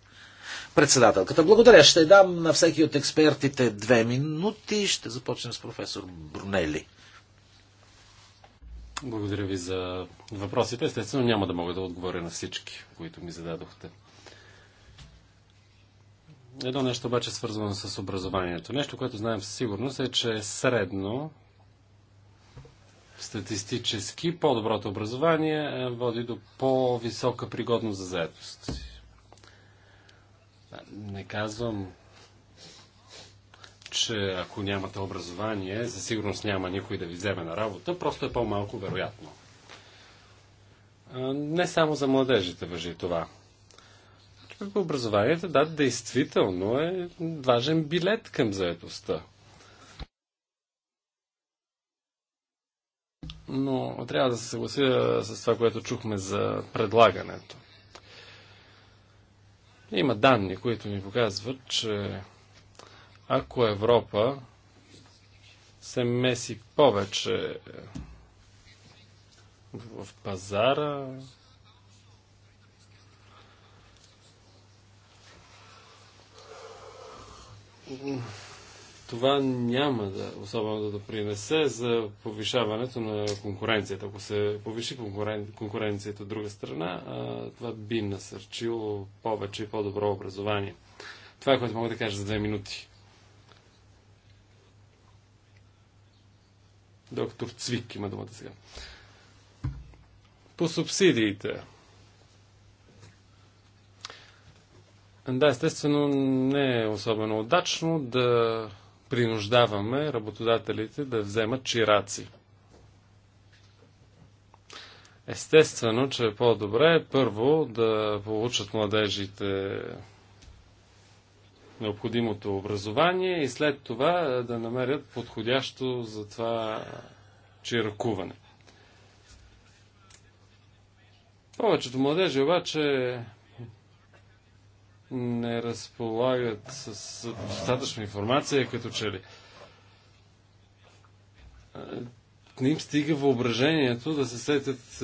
Председателката, благодаря. Ще дам на всеки от експертите две минути. Ще започнем с професор Брунели. Благодаря ви за въпросите. Естествено няма да мога да отговоря на всички, които ми зададохте. Едно нещо обаче е свързано с образованието. Нещо, което знаем със сигурност е, че е средно статистически по-доброто образование е, води до по-висока пригодност за заедност. Не казвам че ако нямате образование, за сигурност няма никой да ви вземе на работа, просто е по-малко вероятно. Не само за младежите въжи това. Образованието, да, действително е важен билет към заедостта. но трябва да се съглася с това, което чухме за предлагането. Има данни, които ни показват, че ако Европа се меси повече в пазара, това няма да особено да допринесе за повишаването на конкуренцията. Ако се повиши конкурен... конкуренцията от друга страна, това би насърчило повече и по-добро образование. Това е което мога да кажа за две минути. Доктор Цвик има думата сега. По субсидиите. Да, естествено не е особено удачно да принуждаваме работодателите да вземат чираци. Естествено, че е по-добре първо да получат младежите необходимото образование и след това да намерят подходящо за това чиракуване. Повечето младежи обаче не разполагат с достатъчна информация, като че ли. Не им стига въображението да се сетят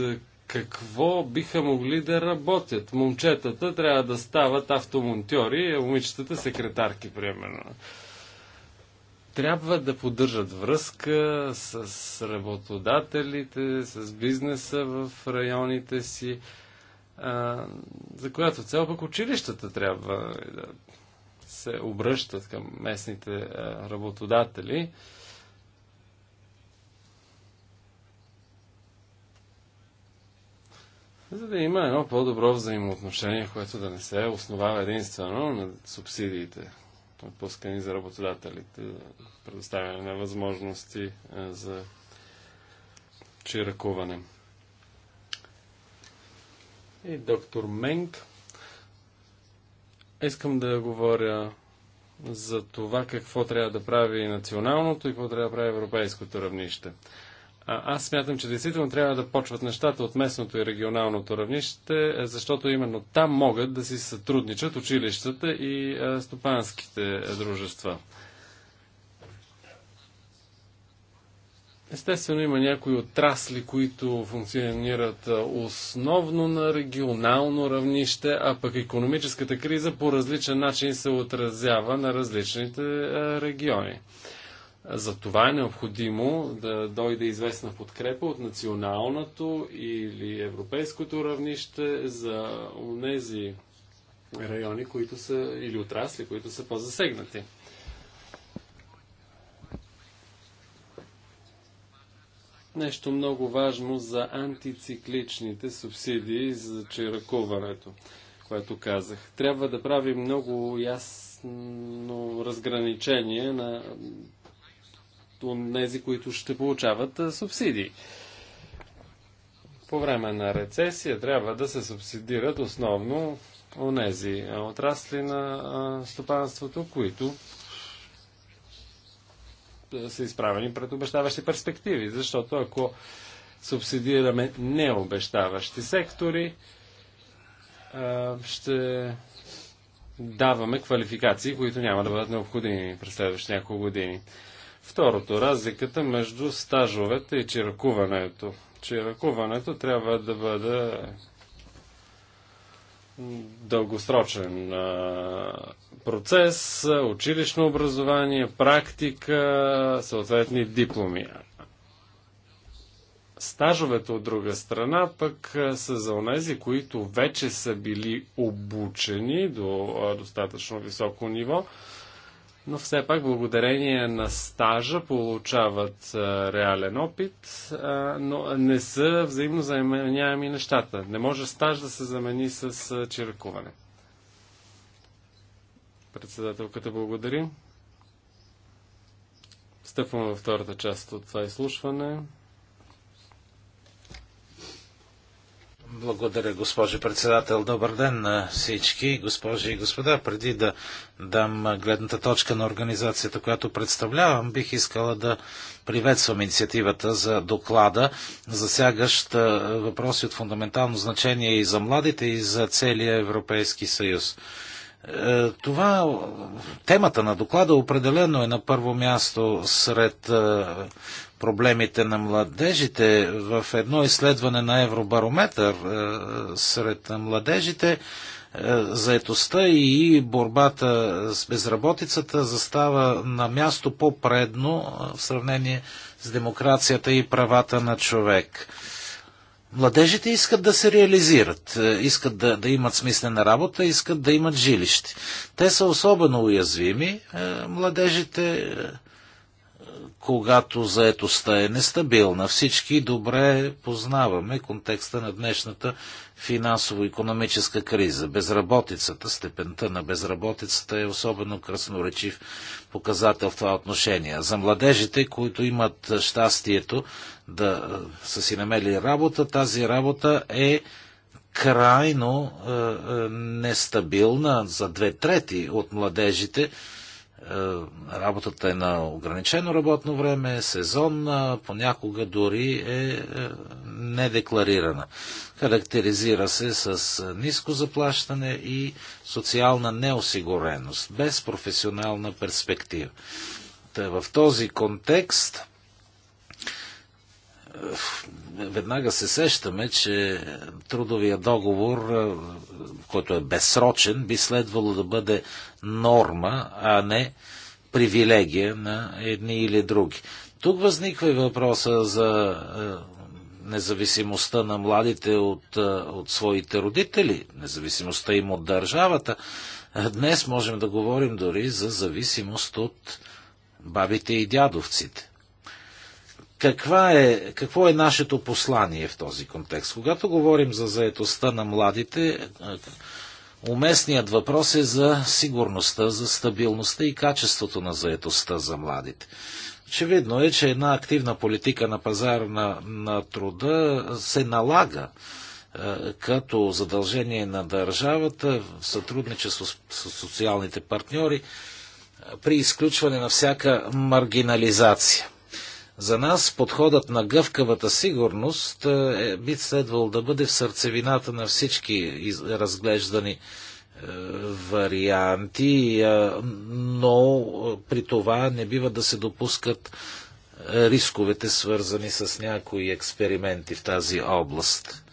какво биха могли да работят. Момчетата трябва да стават автомонтьори, а момичетата секретарки, примерно. Трябва да поддържат връзка с работодателите, с бизнеса в районите си, а, за която цел пък училищата трябва да се обръщат към местните а, работодатели. А, за да има едно по-добро взаимоотношение, което да не се основава единствено на субсидиите, отпускани за работодателите, предоставяне на възможности е, за чиракуване. И доктор Менг. Искам да говоря за това какво трябва да прави националното и какво трябва да прави европейското равнище. А, аз смятам, че действително трябва да почват нещата от местното и регионалното равнище, е, защото именно там могат да си сътрудничат училищата и а, е, стопанските е, дружества. Естествено има някои отрасли, които функционират основно на регионално равнище, а пък економическата криза по различен начин се отразява на различните региони. За това е необходимо да дойде известна подкрепа от националното или европейското равнище за тези райони, които са, или отрасли, които са по-засегнати. Нещо много важно за антицикличните субсидии за чиракуването, което казах. Трябва да правим много ясно разграничение на онези, които ще получават субсидии. По време на рецесия трябва да се субсидират основно онези отрасли на стопанството, които са изправени пред обещаващи перспективи. Защото ако субсидираме необещаващи сектори, ще даваме квалификации, които няма да бъдат необходими през следващите няколко години. Второто, разликата между стажовете и чиракуването. Чиракуването трябва да бъде дългосрочен процес, училищно образование, практика, съответни дипломи. Стажовете от друга страна пък са за онези, които вече са били обучени до достатъчно високо ниво, но все пак благодарение на стажа получават реален опит, но не са взаимно заменяеми нещата. Не може стаж да се замени с чиракуване. Председателката благодари. Стъпваме във втората част от това изслушване. Благодаря, госпожо председател. Добър ден на всички, госпожи и господа. Преди да дам гледната точка на организацията, която представлявам, бих искала да приветствам инициативата за доклада, засягащ въпроси от фундаментално значение и за младите, и за целия Европейски съюз. Е, това, темата на доклада определено е на първо място сред проблемите на младежите. В едно изследване на Евробарометър е, сред младежите е, заетостта и борбата с безработицата застава на място по-предно е, в сравнение с демокрацията и правата на човек. Младежите искат да се реализират, искат да, да имат смислена работа, искат да имат жилище. Те са особено уязвими, младежите когато заетостта е нестабилна. Всички добре познаваме контекста на днешната финансово-економическа криза. Безработицата, степента на безработицата е особено красноречив показател в това отношение. За младежите, които имат щастието да е, са си намели работа, тази работа е крайно е, е, нестабилна за две трети от младежите е, работата е на ограничено работно време, сезонна, понякога дори е, е недекларирана. Характеризира се с е, ниско заплащане и социална неосигуреност, без професионална перспектива. Та в този контекст веднага се сещаме, че трудовия договор, е, който е безсрочен, би следвало да бъде норма, а не привилегия на едни или други. Тук възниква и въпроса за е, независимостта на младите от, е, от своите родители, независимостта им от държавата. Днес можем да говорим дори за зависимост от бабите и дядовците каква е, какво е нашето послание в този контекст? Когато говорим за заетостта на младите, е, уместният въпрос е за сигурността, за стабилността и качеството на заетостта за младите. Очевидно е, че една активна политика на пазар на, на труда се налага е, като задължение на държавата в сътрудничество с, с социалните партньори при изключване на всяка маргинализация. За нас подходът на гъвкавата сигурност е, е, би следвал да бъде в сърцевината на всички из, разглеждани е, варианти, е, но е, при това не бива да се допускат е, рисковете, свързани с някои експерименти в тази област.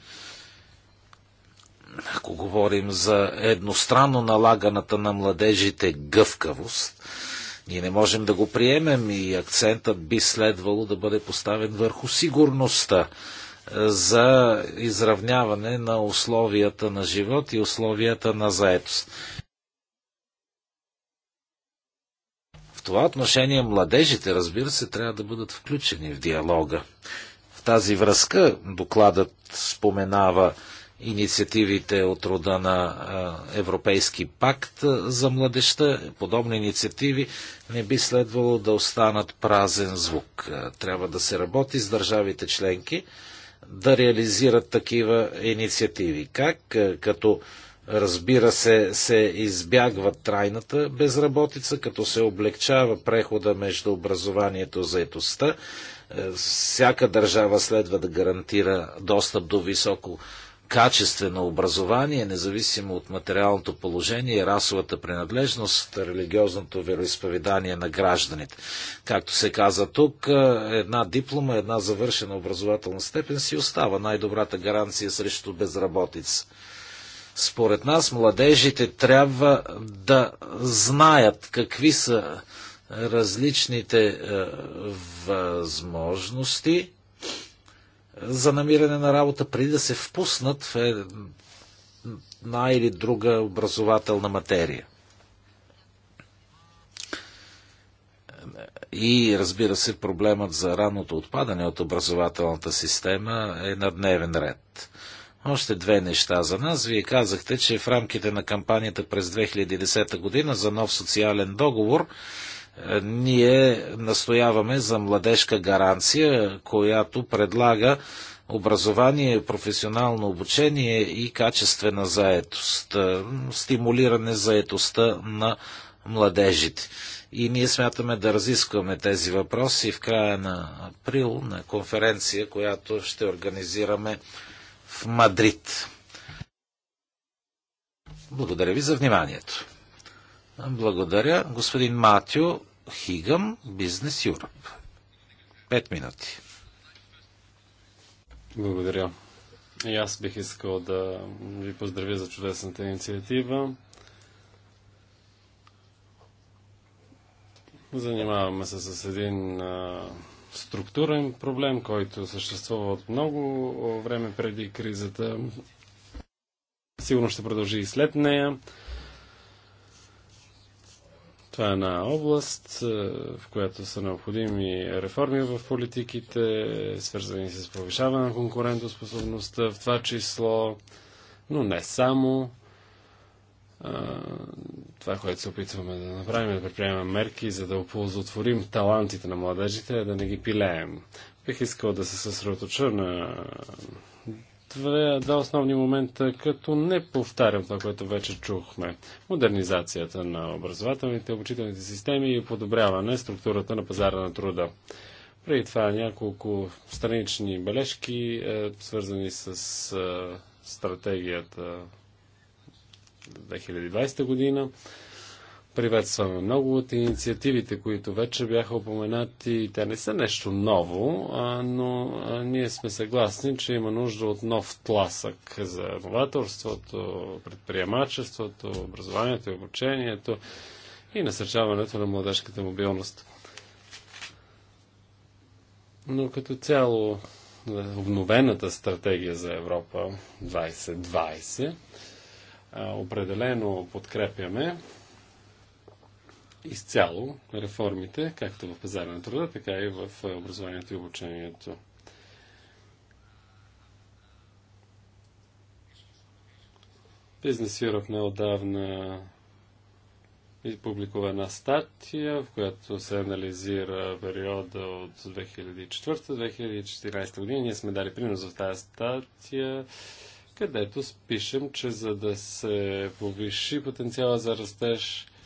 Ако говорим за едностранно налаганата на младежите гъвкавост, ние не можем да го приемем и акцентът би следвало да бъде поставен върху сигурността е, за изравняване на условията на живот и условията на заетост. В това отношение младежите, разбира се, трябва да бъдат включени в диалога. В тази връзка докладът споменава инициативите от рода на Европейски пакт за младеща, подобни инициативи не би следвало да останат празен звук. Трябва да се работи с държавите членки да реализират такива инициативи. Как? Като разбира се, се избягва трайната безработица, като се облегчава прехода между образованието и етостта. Всяка държава следва да гарантира достъп до високо качествено образование, независимо от материалното положение, расовата принадлежност, религиозното вероисповедание на гражданите. Както се каза тук, една диплома, една завършена образователна степен си остава най-добрата гаранция срещу безработица. Според нас, младежите трябва да знаят какви са различните е, възможности, за намиране на работа, преди да се впуснат в е- една или друга образователна материя. И разбира се, проблемът за ранното отпадане от образователната система е на дневен ред. Още две неща за нас. Вие казахте, че в рамките на кампанията през 2010 година за нов социален договор е, ние настояваме за младежка гаранция, която предлага образование, професионално обучение и качествена заетост, е, стимулиране заетостта на младежите. И ние смятаме да разискваме тези въпроси в края на април на конференция, която ще организираме в Мадрид. Благодаря ви за вниманието. Благодаря. Господин Матио Хигъм, Бизнес Юръп. Пет минути. Благодаря. И аз бих искал да ви поздравя за чудесната инициатива. Занимаваме се с един а, структурен проблем, който съществува от много време преди кризата. Сигурно ще продължи и след нея. Това е една област, е, в която са необходими реформи в политиките, свързани с повишаване на конкурентоспособността, в това число, но не само. Е, това, което се опитваме да направим, е да предприемем мерки, за да оползотворим талантите на младежите, да не ги пилеем. Бих искал да се съсредоточа на две, два основни момента, като не повтарям това, което вече чухме. Модернизацията на образователните, обучителните системи и подобряване структурата на пазара на труда. Преди това няколко странични бележки, е, свързани с е, стратегията 2020 година. Приветстваме много от инициативите, които вече бяха упоменати. Те не са нещо ново, а, но а, ние сме съгласни, че има нужда от нов тласък за новаторството, предприемачеството, образованието и обучението и насърчаването на младежката мобилност. Но като цяло обновената стратегия за Европа 2020 определено подкрепяме изцяло реформите, както в пазара на труда, така и в е, образованието и обучението. Бизнес Europe неодавна публикува една статия, в която се анализира периода от 2004-2014 година. Ние сме дали принос в тази статия, където спишем, че за да се повиши потенциала за растеж –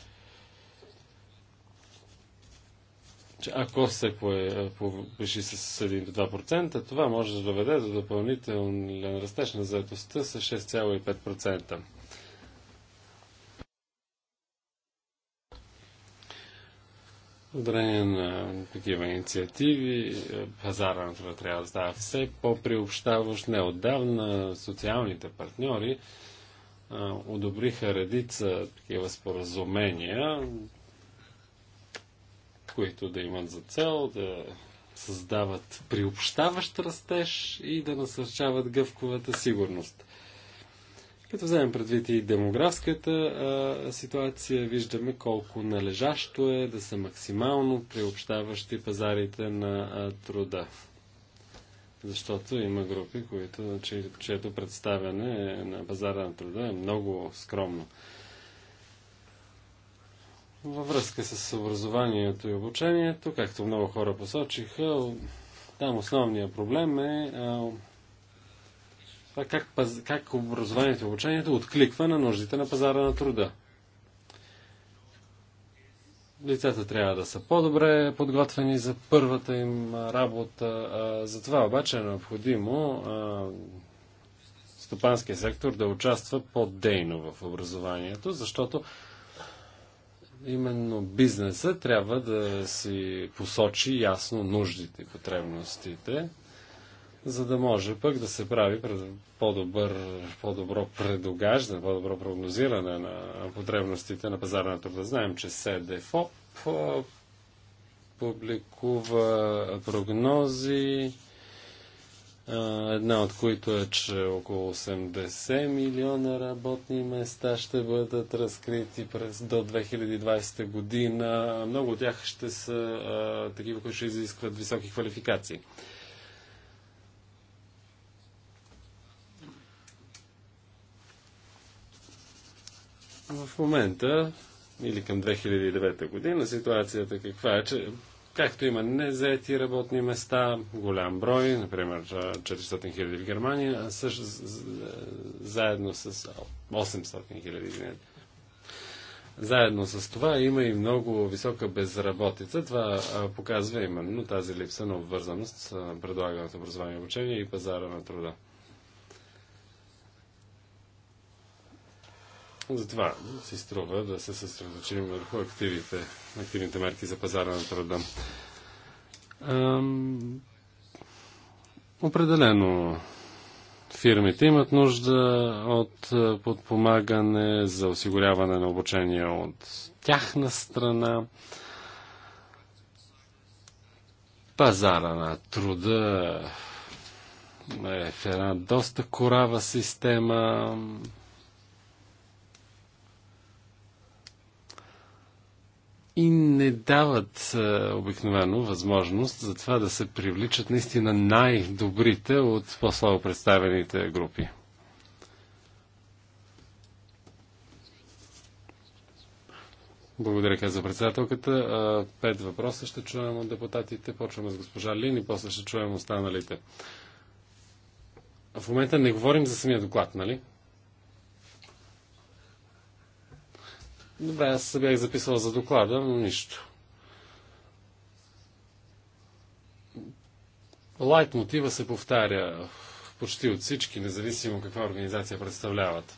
че ако се е, е, повиши с 1 до 2%, това може да доведе до допълнителен растеж на заедостта с 6,5%. Благодарение на такива инициативи, е, пазара на това трябва да става все по-приобщаващ. Неотдавна социалните партньори одобриха редица такива споразумения, които да имат за цел да създават приобщаващ растеж и да насърчават гъвковата сигурност. Като вземем предвид и демографската а, ситуация, виждаме колко належащо е да са максимално приобщаващи пазарите на а, труда. Защото има групи, които, че, чието представяне на пазара на труда е много скромно. Във връзка с образованието и обучението, както много хора посочиха, там основният проблем е а, това как, как образованието и обучението откликва на нуждите на пазара на труда. Лицата трябва да са по-добре подготвени за първата им работа. за затова обаче е необходимо стопанския сектор да участва по-дейно в образованието, защото именно бизнеса трябва да си посочи ясно нуждите и потребностите, за да може пък да се прави по-добър, по-добро предогаждане, по-добро прогнозиране на потребностите на пазара на труда. Знаем, че СДФОП публикува прогнози една от които е, че около 80 милиона работни места ще бъдат разкрити през до 2020 година. Много от тях ще са а, такива, които ще изискват високи квалификации. В момента или към 2009 година ситуацията е каква е, че Както има незаети работни места, голям брой, например 400 000 в Германия, а също заедно с 800 000, заедно с това има и много висока безработица. Това показва именно тази липса на обвързаност с предлаганото образование и обучение и пазара на труда. Затова си струва да се съсредоточим върху активите активните мерки за пазара на труда. определено фирмите имат нужда от подпомагане за осигуряване на обучение от тяхна страна. Пазара на труда е в една доста корава система. и не дават е, обикновено възможност за това да се привличат наистина най-добрите от по-слабо представените групи. Благодаря, каза председателката. Пет въпроса ще чуем от депутатите. Почваме с госпожа Лин и после ще чуем останалите. В момента не говорим за самия доклад, нали? Добре, аз се бях записал за доклада, но нищо. Лайт мотива се повтаря почти от всички, независимо каква организация представляват.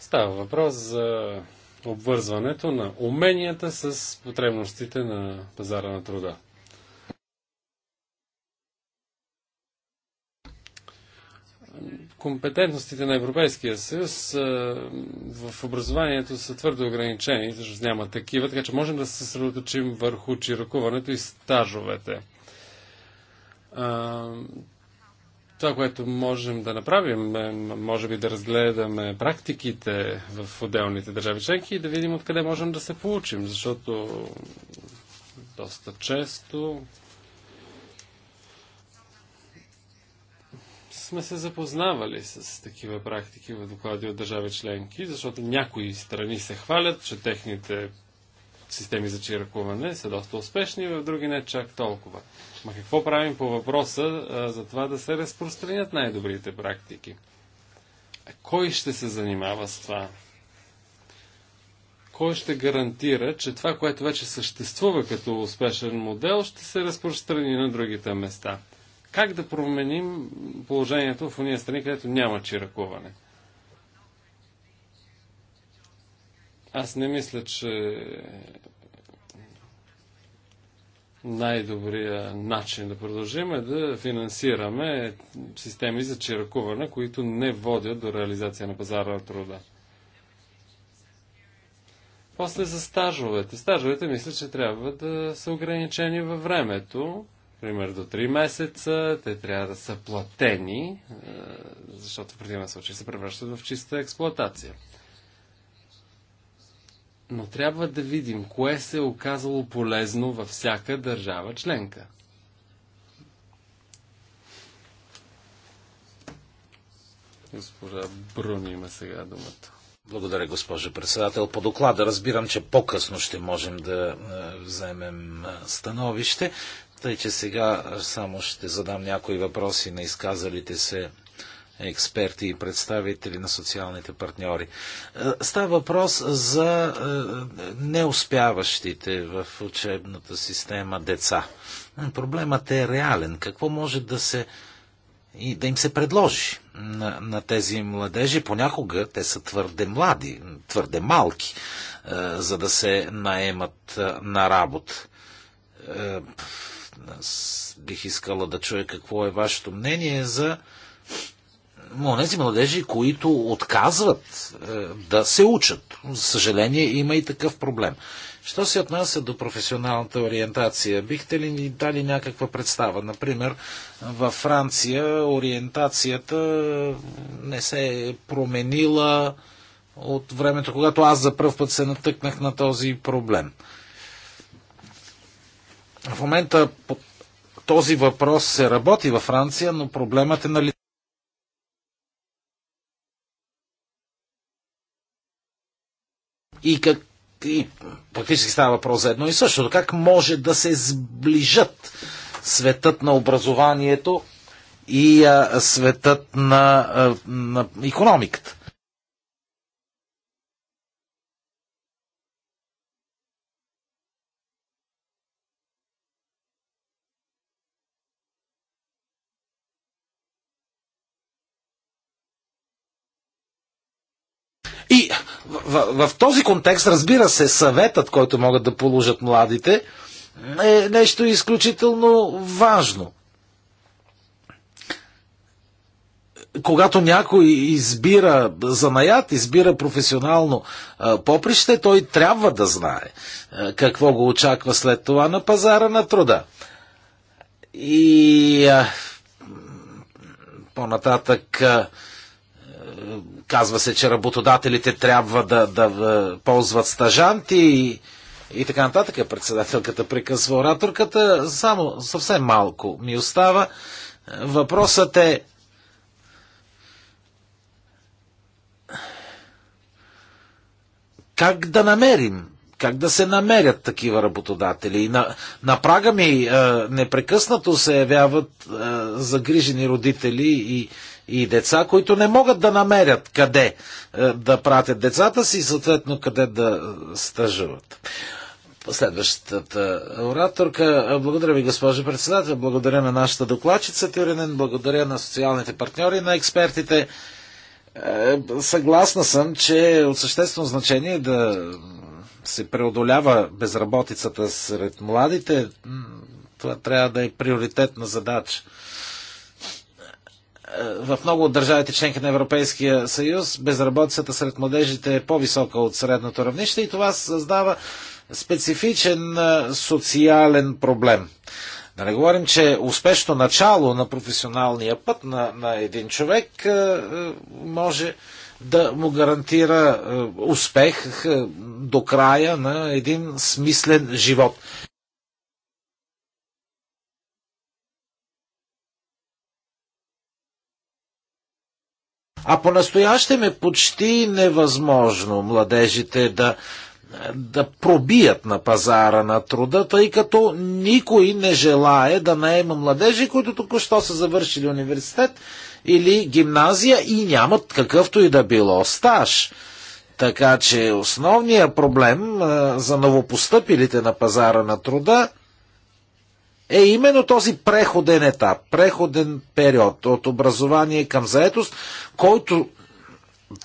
Става въпрос за обвързването на уменията с потребностите на пазара на труда. компетентностите на Европейския съюз в образованието са твърде ограничени, защото няма такива, така че можем да се съсредоточим върху чиракуването и стажовете. Това, което можем да направим, е, може би да разгледаме практиките в отделните държави членки и да видим откъде можем да се получим, защото доста често сме се запознавали с такива практики в доклади от държави членки, защото някои страни се хвалят, че техните системи за чиракуване са доста успешни, в други не чак толкова. Ма какво правим по въпроса а, за това да се разпространят най-добрите практики? А кой ще се занимава с това? Кой ще гарантира, че това, което вече съществува като успешен модел, ще се разпространи на другите места? Как да променим положението в уния страни, където няма чиракуване? Аз не мисля, че най-добрият начин да продължим е да финансираме системи за чиракуване, които не водят до реализация на пазара на труда. После за стажовете. Стажовете мисля, че трябва да са ограничени във времето пример до 3 месеца, те трябва да са платени, е, защото в противен случай се превръщат в чиста експлоатация. Но трябва да видим кое се е оказало полезно във всяка държава членка. Госпожа Бруни има сега думата. Благодаря, госпожо председател. По доклада разбирам, че по-късно ще можем да е, вземем е, становище. Тъй, че сега само ще задам някои въпроси на изказалите се експерти и представители на социалните партньори. Е, става въпрос за е, неуспяващите в учебната система деца. Е, проблемът е реален. Какво може да се и да им се предложи на, на тези младежи. Понякога те са твърде млади, твърде малки, е, за да се наемат е, на работа. Е, аз бих искала да чуя какво е вашето мнение за тези младежи, които отказват е, да се учат. За съжаление, има и такъв проблем. Що се отнася до професионалната ориентация? Бихте ли ни дали някаква представа? Например, във Франция ориентацията не се е променила от времето, когато аз за първ път се натъкнах на този проблем. В момента по този въпрос се работи във Франция, но проблемът е на лице. И как и практически става въпрос за едно и също, Как може да се сближат светът на образованието и а, светът на, а, на економиката? в, в, в този контекст, разбира се, съветът, който могат да положат младите, е нещо изключително важно. когато някой избира занаят, избира професионално поприще, той трябва да знае какво го очаква след това на пазара на труда. И по-нататък Казва се, че работодателите трябва да, да ползват стажанти и, и така нататък. Председателката прекъсва ораторката. Само съвсем малко ми остава. Въпросът е как да намерим как да се намерят такива работодатели. На, на прага ми е, непрекъснато се явяват е, загрижени родители и, и деца, които не могат да намерят къде е, да пратят децата си и съответно къде да е, стъжуват. Следващата ораторка. Е, благодаря ви, госпожо председател. Благодаря на нашата докладчица Тюринен. Благодаря на социалните партньори, на експертите. Съгласна съм, че от съществено значение да се преодолява безработицата сред младите. Това трябва да е приоритетна задача в много от държавите членки на Европейския съюз безработицата сред младежите е по-висока от средното равнище и това създава специфичен социален проблем. Да не говорим, че успешно начало на професионалния път на, на един човек може да му гарантира успех до края на един смислен живот. А по-настоящем е почти невъзможно младежите да, да пробият на пазара на труда, тъй като никой не желае да наема младежи, които току-що са завършили университет или гимназия и нямат какъвто и да било стаж. Така че основният проблем за новопостъпилите на пазара на труда е именно този преходен етап, преходен период от образование към заетост, който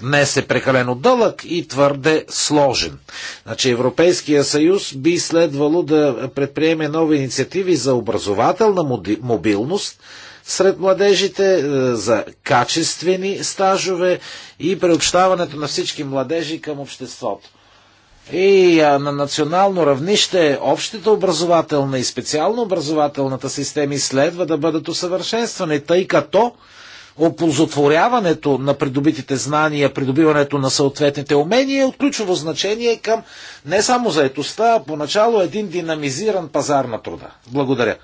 днес е прекалено дълъг и твърде сложен. Значи Европейския съюз би следвало да предприеме нови инициативи за образователна мобилност сред младежите, е, за качествени стажове и приобщаването на всички младежи към обществото. И на национално равнище общата образователна и специално образователната системи следва да бъдат усъвършенствани, тъй като оползотворяването на придобитите знания, придобиването на съответните умения е от ключово значение към не само заетостта, а поначало един динамизиран пазар на труда. Благодаря.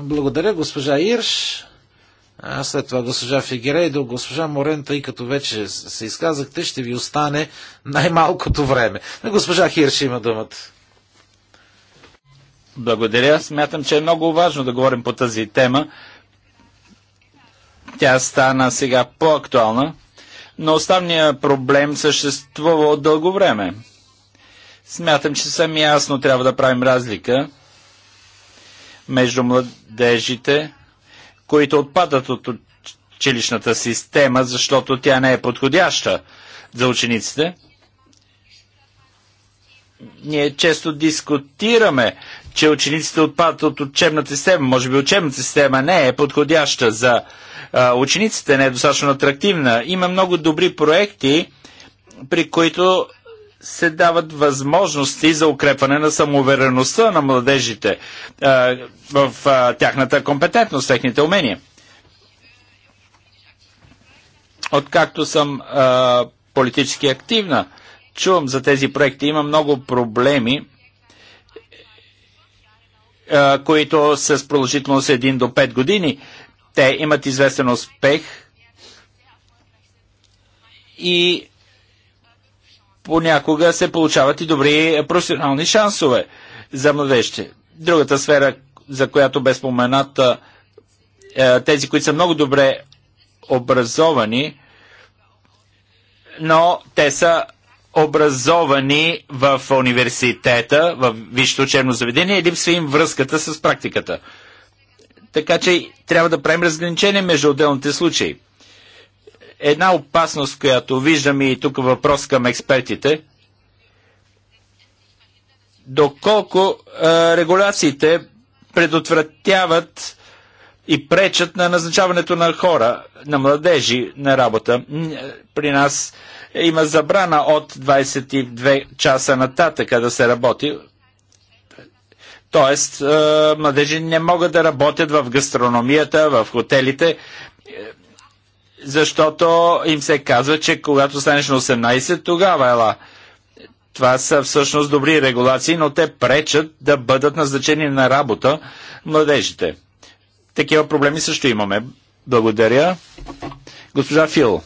Благодаря, госпожа Ирш. А след това госпожа Фигерейдо, госпожа Морен, тъй като вече се изказахте, ще ви остане най-малкото време. На госпожа Хирши има думата. Благодаря. Смятам, че е много важно да говорим по тази тема. Тя стана сега по-актуална, но основният проблем съществува от дълго време. Смятам, че съм ясно трябва да правим разлика между младежите, които отпадат от училищната система, защото тя не е подходяща за учениците. Ние често дискутираме, че учениците отпадат от учебната система. Може би учебната система не е подходяща за а, учениците, не е достатъчно атрактивна. Има много добри проекти, при които се дават възможности за укрепване на самоувереността на младежите а, в а, тяхната компетентност, техните умения. Откакто съм а, политически активна, чувам за тези проекти. Има много проблеми, а, които с продължителност 1 до 5 години. Те имат известен успех и понякога се получават и добри професионални шансове за младежите. Другата сфера, за която бе спомената, е, тези, които са много добре образовани, но те са образовани в университета, в висшето учебно заведение и липсва им връзката с практиката. Така че трябва да правим разграничение между отделните случаи. Една опасност, която виждаме и тук въпрос към експертите, доколко а, е, регуляциите предотвратяват и пречат на назначаването на хора, на младежи на работа. Е, при нас има забрана от 22 часа нататъка да се работи. Тоест, е, младежи не могат да работят в гастрономията, в хотелите защото им се казва, че когато станеш на 18, тогава ела. Това са всъщност добри регулации, но те пречат да бъдат назначени на работа младежите. Такива проблеми също имаме. Благодаря. Госпожа Фил.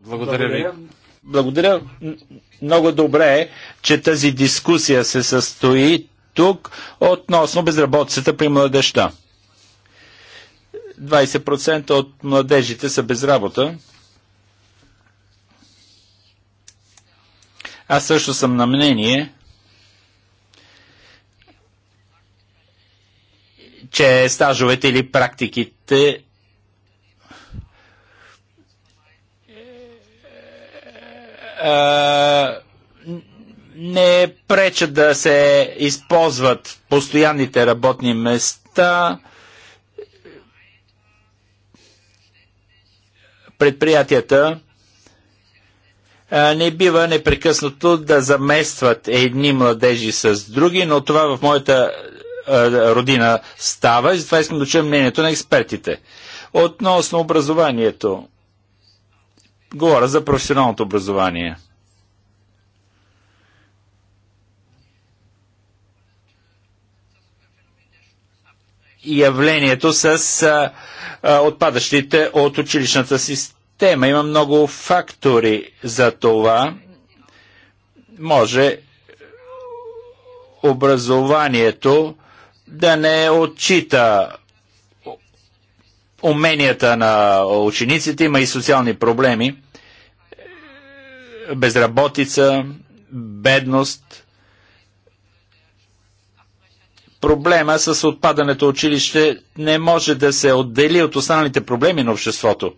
Благодаря ви. Благодаря. Много добре е, че тази дискусия се състои тук относно безработицата при младеща. 20% от младежите са без работа. Аз също съм на мнение, че стажовете или практиките Е, не е пречат да се използват постоянните работни места. Предприятията е, не бива непрекъснато да заместват едни младежи с други, но това в моята родина става и затова искам да чуя мнението на експертите. Относно образованието, Говоря за професионалното образование. явлението с а, а, отпадащите от училищната система. Има много фактори за това. Може образованието да не отчита уменията на учениците, има и социални проблеми, безработица, бедност. Проблема с отпадането училище не може да се отдели от останалите проблеми на обществото,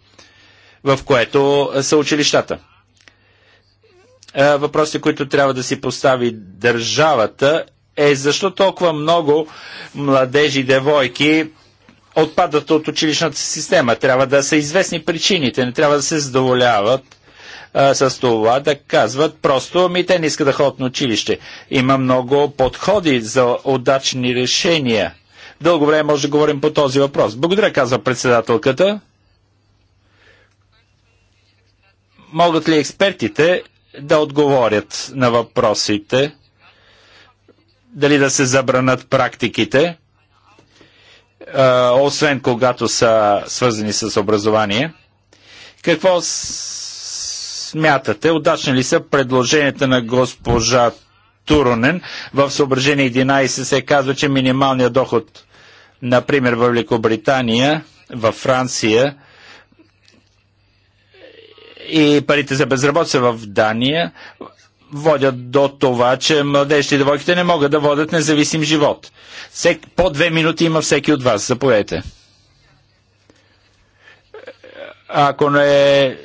в което са училищата. Въпросите, които трябва да си постави държавата е защо толкова много младежи девойки отпадат от училищната система. Трябва да са известни причините, не трябва да се задоволяват а, с това да казват просто ми те не искат да ходят на училище. Има много подходи за удачни решения. Дълго време може да говорим по този въпрос. Благодаря, казва председателката. Могат ли експертите да отговорят на въпросите? Дали да се забранат практиките? освен когато са свързани с образование. Какво смятате? Удачни ли са предложенията на госпожа Туронен? В съображение 11 се казва, че минималният доход, например, в Великобритания, във Франция и парите за безработица в Дания водят до това, че младежите и девойките не могат да водят независим живот. Всек, по две минути има всеки от вас. Заповядайте. Ако не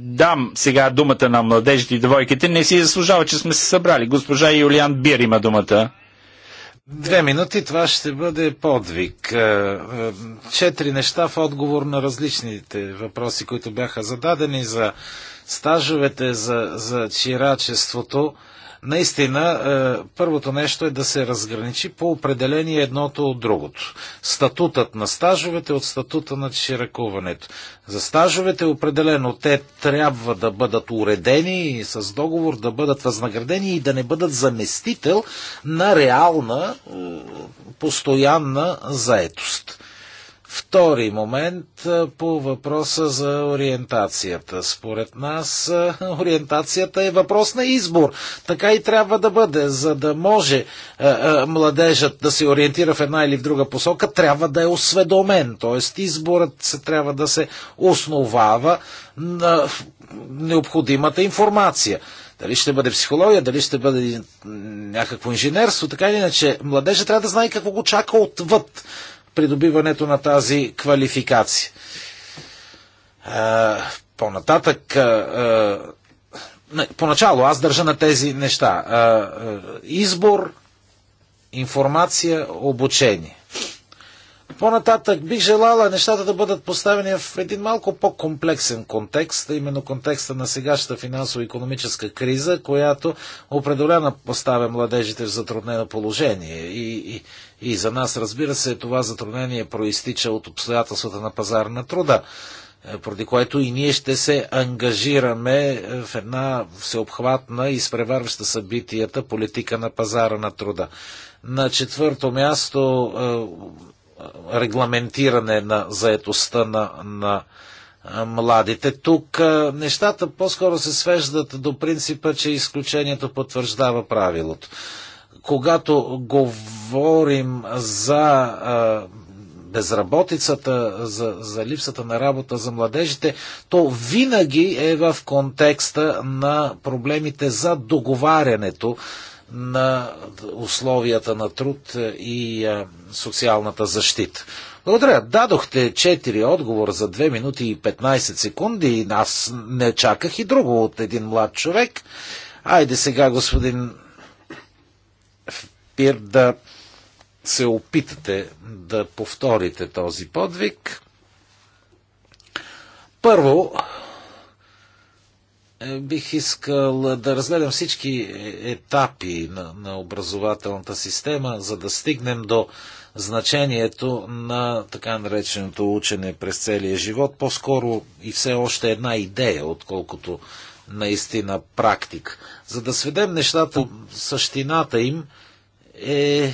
дам сега думата на младежите и девойките, не си заслужава, че сме се събрали. Госпожа Юлиан Бир има думата. Две минути, това ще бъде подвиг. Е, е, четири неща в отговор на различните въпроси, които бяха зададени за стажовете за, за чирачеството, наистина е, първото нещо е да се разграничи по определение едното от другото. Статутът на стажовете от статута на чиракуването. За стажовете определено те трябва да бъдат уредени и с договор да бъдат възнаградени и да не бъдат заместител на реална е, постоянна заетост. Втори момент по въпроса за ориентацията. Според нас ориентацията е въпрос на избор. Така и трябва да бъде. За да може младежът да се ориентира в една или в друга посока, трябва да е осведомен. Тоест изборът се трябва да се основава на необходимата информация. Дали ще бъде психология, дали ще бъде някакво инженерство, така или иначе, младежа трябва да знае какво го чака отвъд придобиването на тази квалификация. По-нататък поначало аз държа на тези неща. Избор, информация, обучение. По-нататък бих желала нещата да бъдат поставени в един малко по-комплексен контекст, именно контекста на сегашната финансово-економическа криза, която определено поставя младежите в затруднено положение. И, и и за нас, разбира се, това затруднение проистича от обстоятелствата на пазар на труда, е, поради което и ние ще се ангажираме е, в една всеобхватна и спреварваща събитията политика на пазара на труда. На четвърто място е, регламентиране на заетостта на, на младите. Тук нещата по-скоро се свеждат до принципа, че изключението потвърждава правилото когато говорим за безработицата, за, за липсата на работа за младежите, то винаги е в контекста на проблемите за договарянето на условията на труд и а, социалната защита. Благодаря. Дадохте 4 отговора за 2 минути и 15 секунди. и Аз не чаках и друго от един млад човек. Айде сега, господин и да се опитате да повторите този подвиг. Първо, е, бих искал да разгледам всички етапи на, на образователната система, за да стигнем до значението на така нареченото учене през целия живот. По-скоро и все още една идея, отколкото наистина практик. За да сведем нещата същината им, е...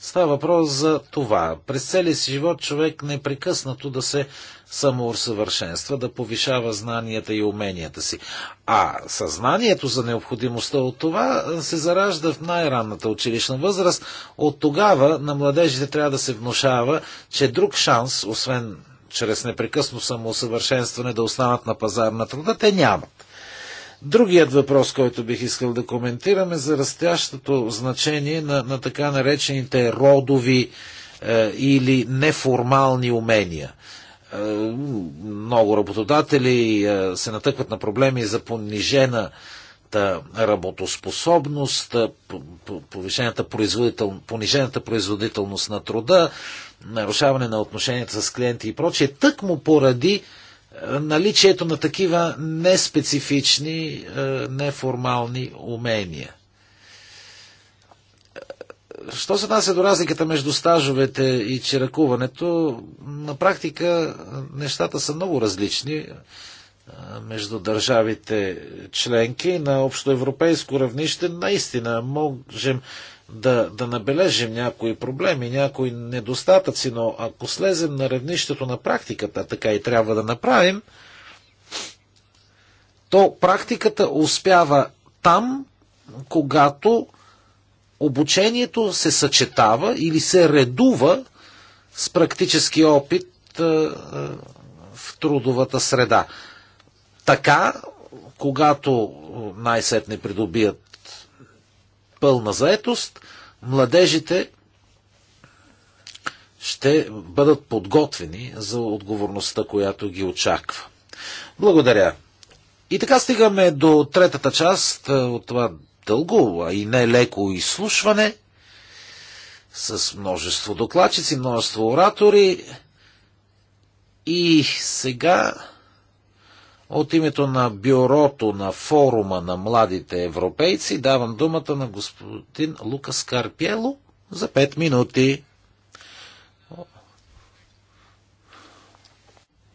Става въпрос за това. През целия си живот човек непрекъснато да се самоусъвършенства, да повишава знанията и уменията си. А съзнанието за необходимостта от това се заражда в най-ранната училищна възраст. От тогава на младежите трябва да се внушава, че друг шанс, освен чрез непрекъсно самоусъвършенстване да останат на пазар на труда, те нямат. Другият въпрос, който бих искал да коментираме, за растящото значение на, на така наречените родови е, или неформални умения. Е, много работодатели е, се натъкват на проблеми за понижена работоспособност, е, повишената производител, понижената производителност на труда, нарушаване на отношенията с клиенти и прочее, тъкмо поради наличието на такива неспецифични, е, неформални умения. Що се нася до разликата между стажовете и чиракуването, на практика нещата са много различни е, между държавите членки на общоевропейско равнище. Наистина можем да, да набележим някои проблеми, някои недостатъци, но ако слезем на равнището на практиката, така и трябва да направим, то практиката успява там, когато обучението се съчетава или се редува с практически опит в трудовата среда. Така, когато най-сетне придобият пълна заетост, младежите ще бъдат подготвени за отговорността, която ги очаква. Благодаря. И така стигаме до третата част е, от това дълго, а и не леко изслушване с множество докладчици, множество оратори. И сега от името на бюрото на форума на младите европейци давам думата на господин Лукас Карпело за 5 минути.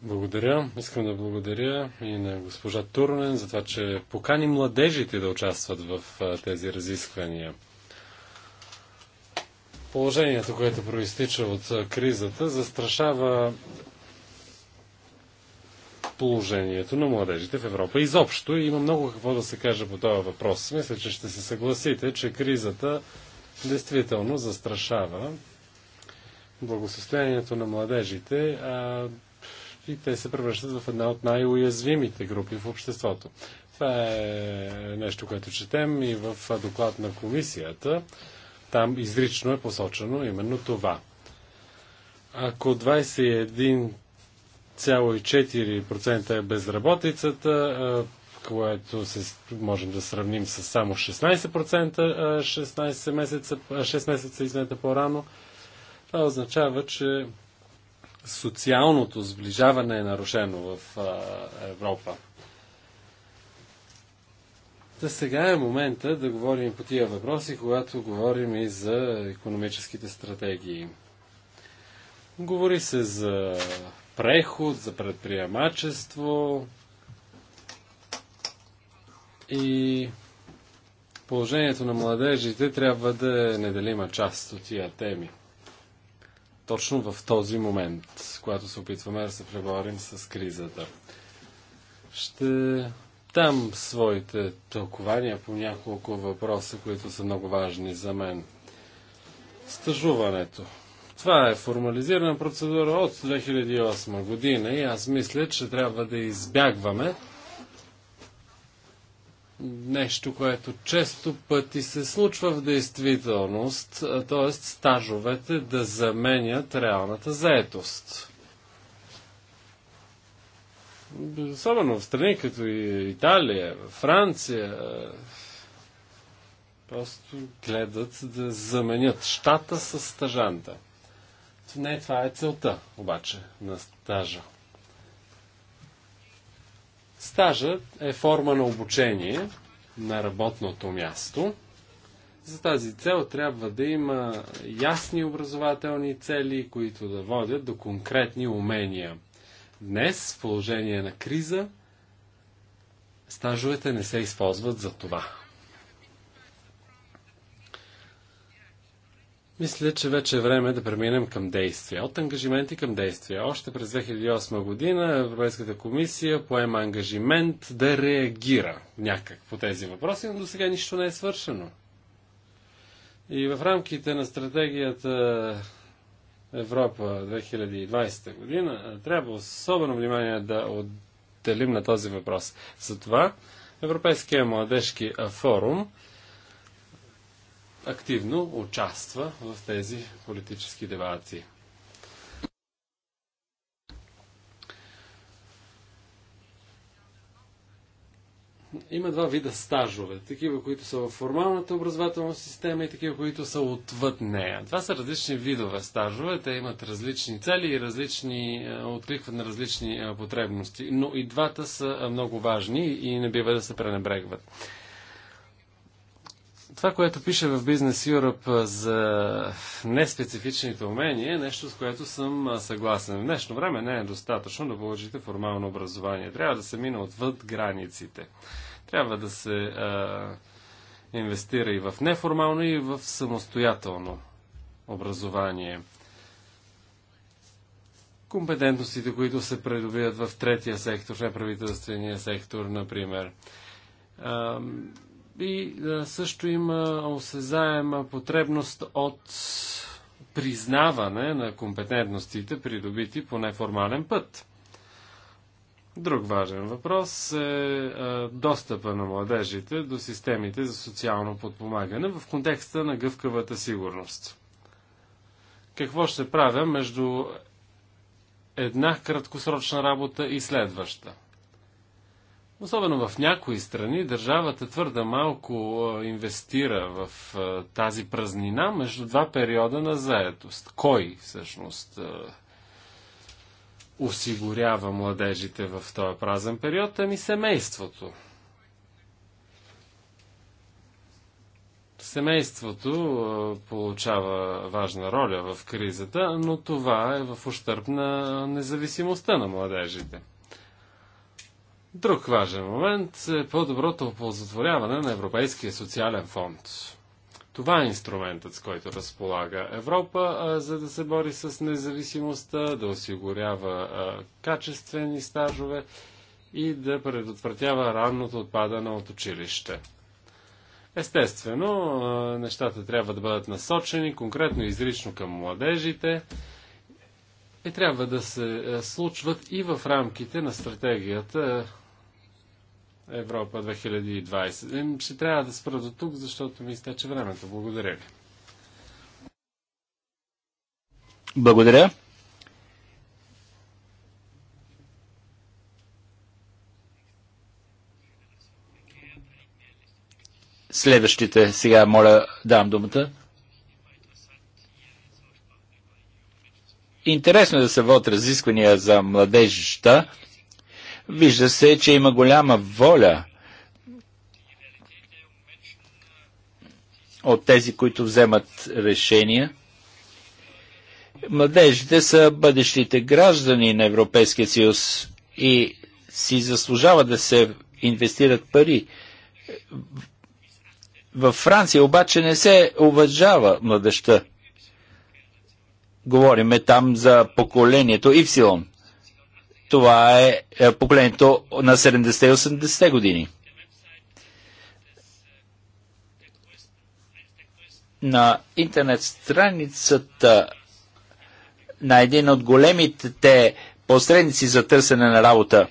Благодаря. Искам да благодаря и на госпожа Турнен за това, че покани младежите да участват в тези разисквания. Положението, което проистича от кризата, застрашава положението на младежите в Европа. Изобщо има много какво да се каже по този въпрос. Мисля, че ще се съгласите, че кризата действително застрашава благосостоянието на младежите а, и те се превръщат в една от най-уязвимите групи в обществото. Това е нещо, което четем и в доклад на комисията. Там изрично е посочено именно това. Ако 21 6,4% е безработицата, което се, можем да сравним с само 16%, 16 месеца, 6 месеца изнета по-рано. Това означава, че социалното сближаване е нарушено в Европа. Та сега е момента да говорим по тия въпроси, когато говорим и за економическите стратегии. Говори се за преход, за предприемачество и положението на младежите трябва да е неделима част от тия теми. Точно в този момент, когато се опитваме да се преговорим с кризата. Ще дам своите тълкования по няколко въпроса, които са много важни за мен. Стажуването. Това е формализирана процедура от 2008 година и аз мисля, че трябва да избягваме нещо, което често пъти се случва в действителност, т.е. стажовете да заменят реалната заетост. Особено в страни като Италия, Франция, просто гледат да заменят щата с стажанта. Значи, не, това е целта, обаче, на стажа. Стажът е форма на обучение на работното място. За тази цел трябва да има ясни образователни цели, които да водят до конкретни умения. Днес, в положение на криза, стажовете не се използват за това. Мисля, че вече е време да преминем към действия. От ангажименти към действия. Още през 2008 година Европейската комисия поема ангажимент да реагира някак по тези въпроси, но до сега нищо не е свършено. И в рамките на стратегията Европа 2020 година трябва особено внимание да отделим на този въпрос. Затова Европейския младежки форум активно участва в тези политически дебати. Има два вида стажове. Такива, които са в формалната образователна система и такива, които са отвъд нея. Това са различни видове стажове. Те имат различни цели и различни, е, откликват на различни е, потребности. Но и двата са е, много важни и не бива да се пренебрегват. Това, което пише в Business Europe за неспецифичните умения, е нещо, с което съм съгласен. В днешно време не е достатъчно да получите формално образование. Трябва да се мине отвъд границите. Трябва да се а, инвестира и в неформално, и в самостоятелно образование. Компетентностите, които се придобият в третия сектор, в неправителствения сектор, например. А, и е, също има осезаема потребност от признаване на компетентностите, придобити по неформален път. Друг важен въпрос е, е достъпа на младежите до системите за социално подпомагане в контекста на гъвкавата сигурност. Какво ще правя между една краткосрочна работа и следваща? Особено в някои страни държавата твърде малко е, инвестира в е, тази празнина между два периода на заетост. Кой всъщност е, осигурява младежите в този празен период? Ами семейството. Семейството получава важна роля в кризата, но това е в ущърп на независимостта на младежите. Друг важен момент е по-доброто оползотворяване на Европейския социален фонд. Това е инструментът, с който разполага Европа, за да се бори с независимостта, да осигурява качествени стажове и да предотвратява ранното отпадане от училище. Естествено, нещата трябва да бъдат насочени конкретно и изрично към младежите и трябва да се случват и в рамките на стратегията Европа 2020. Ще трябва да спра до тук, защото ми изтече времето. Благодаря ви. Благодаря. Следващите сега, моля, дам думата. Интересно е да се водят разисквания за младежта. Вижда се, че има голяма воля от тези, които вземат решения. Младежите са бъдещите граждани на Европейския съюз и си заслужава да се инвестират пари. Във Франция обаче не се уважава младеща. Говориме там за поколението Ипсилон. Това е, е поколението на 70-те и 80-те години. На интернет страницата на един от големите посредници за търсене на работа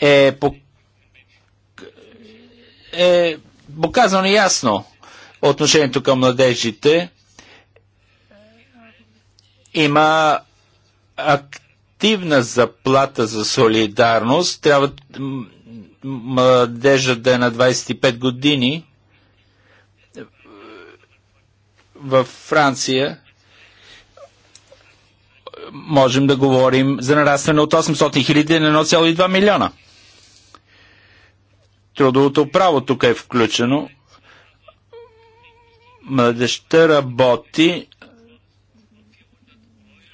е, по... е показано ясно отношението към младежите има активна заплата за солидарност. Трябва младежа да е на 25 години. Във Франция можем да говорим за нарастване от 800 хиляди на 1,2 милиона. Трудовото право тук е включено. Младеща работи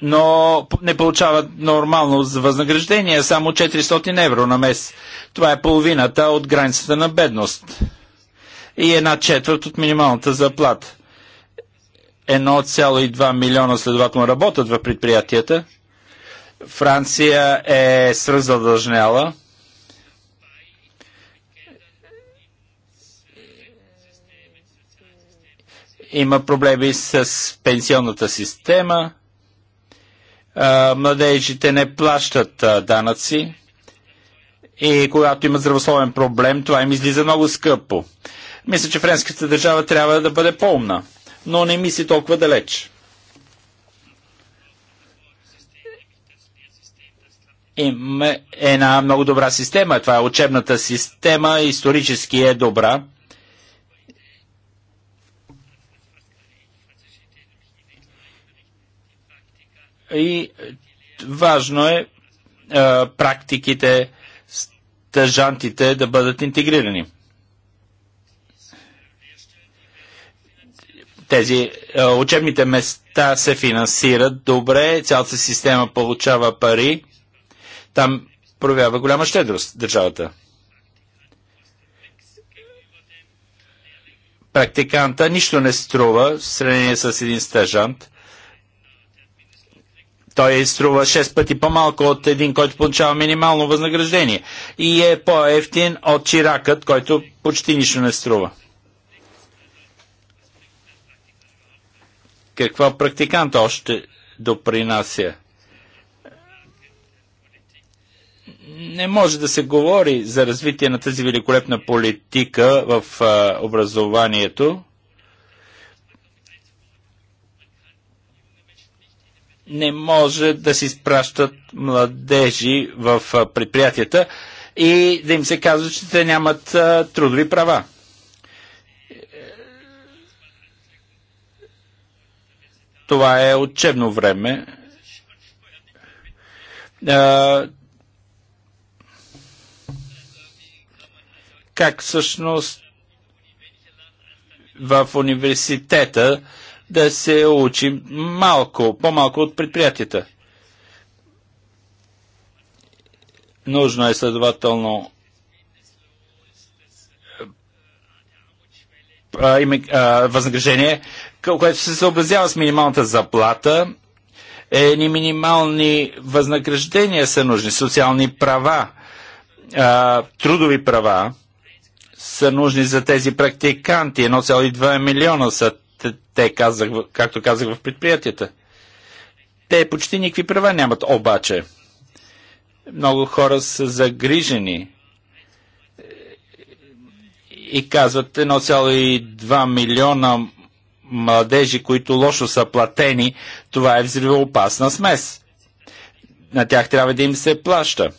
но не получават нормално възнаграждение, само 400 евро на месец. Това е половината от границата на бедност и една четвърт от минималната заплата. 1,2 милиона следователно работят в предприятията. Франция е свръхзадължняла. Има проблеми с пенсионната система младежите не плащат а, данъци и когато има здравословен проблем, това им излиза много скъпо. Мисля, че френската държава трябва да бъде по-умна, но не мисли толкова далеч. Има една много добра система. Това е учебната система, исторически е добра. И е, важно е а, е, практиките, стъжантите да бъдат интегрирани. Тези а, е, учебните места се финансират добре, цялата система получава пари. Там проявява голяма щедрост държавата. Практиканта нищо не струва в сравнение с един стъжант – той струва 6 пъти по-малко от един, който получава минимално възнаграждение. И е по-ефтин от чиракът, който почти нищо не струва. Каква практиканта още допринася? не може да се говори за развитие на тази великолепна политика в а, образованието, не може да се изпращат младежи в предприятията и да им се казва, че те нямат трудови права. Това е учебно време. Как всъщност в университета да се учи малко, по-малко от предприятията. Нужно е следователно а, а, възнаграждение, което се съобразява с минималната заплата. ни минимални възнаграждения са нужни, социални права, а, трудови права са нужни за тези практиканти. 1,2 милиона са те, те казах, както казах в предприятията. Те почти никакви права нямат, обаче. Много хора са загрижени и казват 1,2 милиона младежи, които лошо са платени, това е взривоопасна смес. На тях трябва да им се плаща.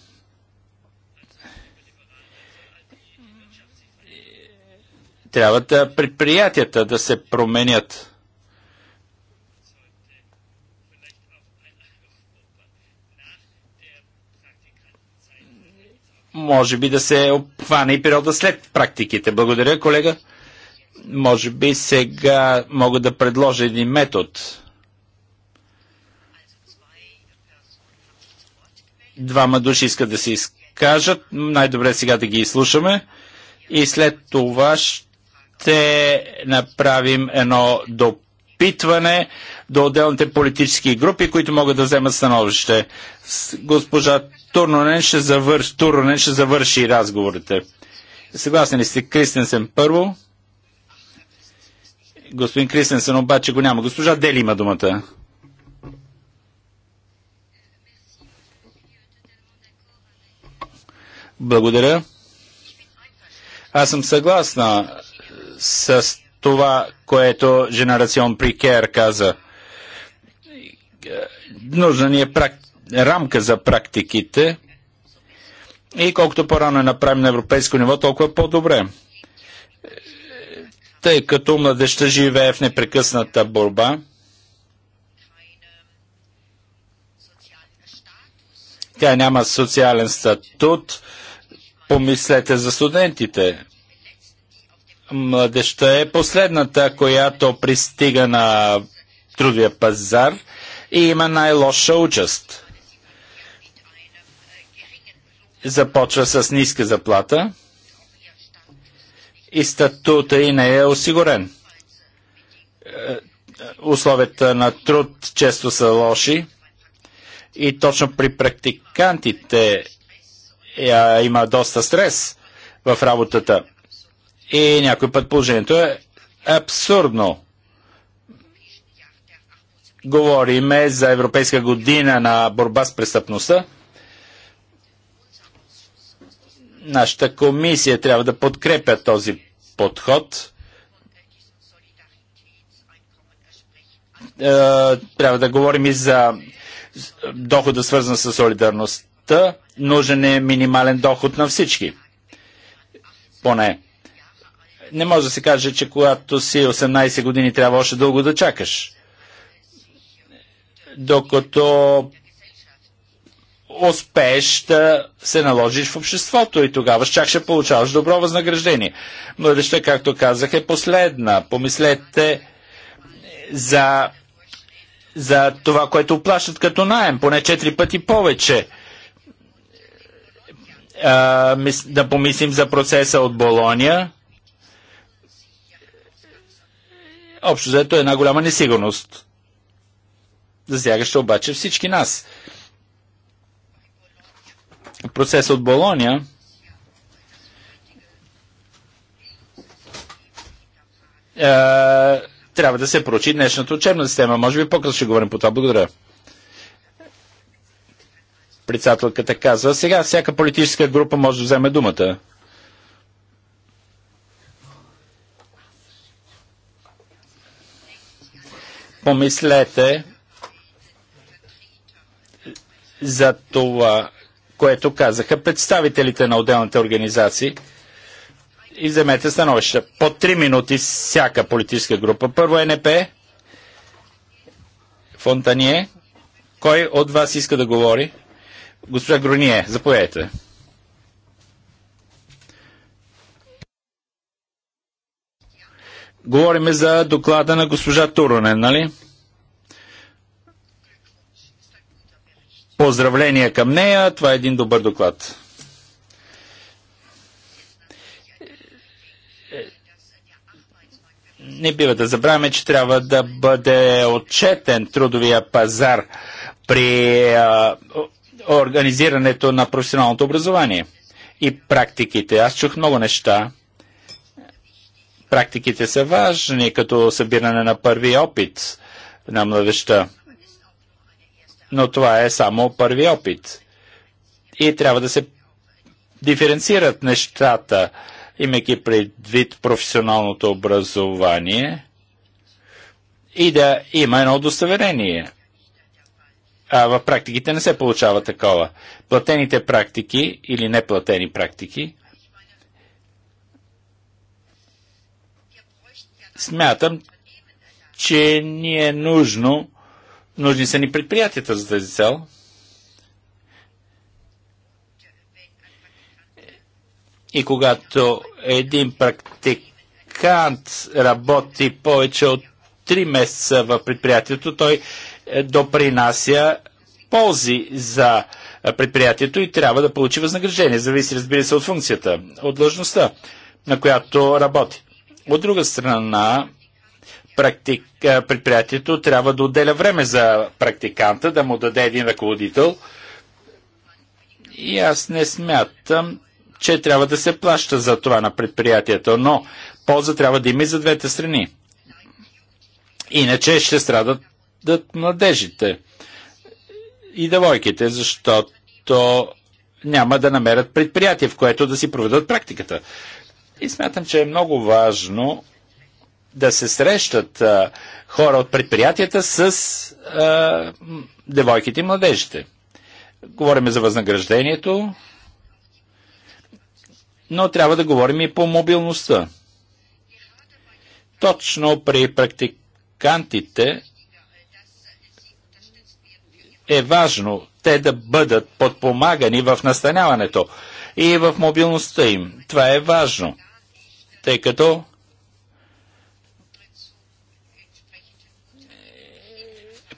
Трябва да предприятията да се променят. Може би да се обхване и периода след практиките. Благодаря, колега. Може би сега мога да предложа един метод. Двама души искат да се изкажат. Най-добре сега да ги изслушаме. И след това ще ще направим едно допитване до отделните политически групи, които могат да вземат становище. Госпожа Турнонен ще, завърш, Турнонен ще завърши разговорите. Съгласен ли сте Кристенсен първо? Господин Кристенсен обаче го няма. Госпожа Дели има думата. Благодаря. Аз съм съгласна с това, което Женерацион Прикер каза. Нужна ни е прак... рамка за практиките и колкото по-рано направим на европейско ниво, толкова по-добре. Тъй като младеща живее в непрекъсната борба, тя няма социален статут, помислете за студентите младеща е последната, която пристига на трудовия пазар и има най-лоша участ. Започва с ниска заплата и статута и не е осигурен. Е, условията на труд често са лоши и точно при практикантите е, има доста стрес в работата. И някой път положението е абсурдно. Говориме за Европейска година на борба с престъпността. Нашата комисия трябва да подкрепя този подход. Е, трябва да говорим и за дохода свързан с солидарността. Нужен е минимален доход на всички. Поне не може да се каже, че когато си 18 години трябва още дълго да чакаш. Докато успееш да се наложиш в обществото и тогава чак ще получаваш добро възнаграждение. Младеща, както казах, е последна. Помислете за, за това, което плащат като найем, поне 4 пъти повече. А, мис, да помислим за процеса от Болония. общо заето е една голяма несигурност, засягаща обаче всички нас. Процесът от Болония е, трябва да се прочи днешната учебна система. Може би по-късно ще говорим по това. Благодаря. Председателката казва, сега всяка политическа група може да вземе думата. Помислете за това, което казаха представителите на отделните организации и вземете становища. По три минути всяка политическа група. Първо НП, Фонтание. Кой от вас иска да говори? Госпожа Груние, заповядайте. Говориме за доклада на госпожа Туронен, нали? Поздравления към нея. Това е един добър доклад. Не бива да забравяме, че трябва да бъде отчетен трудовия пазар при а, организирането на професионалното образование и практиките. Аз чух много неща Практиките са важни, като събиране на първи опит на младеща. Но това е само първи опит. И трябва да се диференцират нещата, имайки предвид професионалното образование и да има едно удостоверение. А в практиките не се получава такова. Платените практики или неплатени практики Смятам, че ни е нужно, нужни са ни предприятията за тази цел. И когато един практикант работи повече от 3 месеца в предприятието, той е, допринася ползи за е, предприятието и трябва да получи възнаграждение. Зависи, разбира се, от функцията, от длъжността, на която работи. От друга страна, практик, предприятието трябва да отделя време за практиканта, да му даде един ръководител. И аз не смятам, че трябва да се плаща за това на предприятието, но полза трябва да има и за двете страни. Иначе ще страдат младежите и девойките, защото няма да намерят предприятие, в което да си проведат практиката. И смятам, че е много важно да се срещат а, хора от предприятията с а, девойките и младежите. Говориме за възнаграждението, но трябва да говорим и по мобилността. Точно при практикантите е важно те да бъдат подпомагани в настаняването и в мобилността им. Това е важно тъй като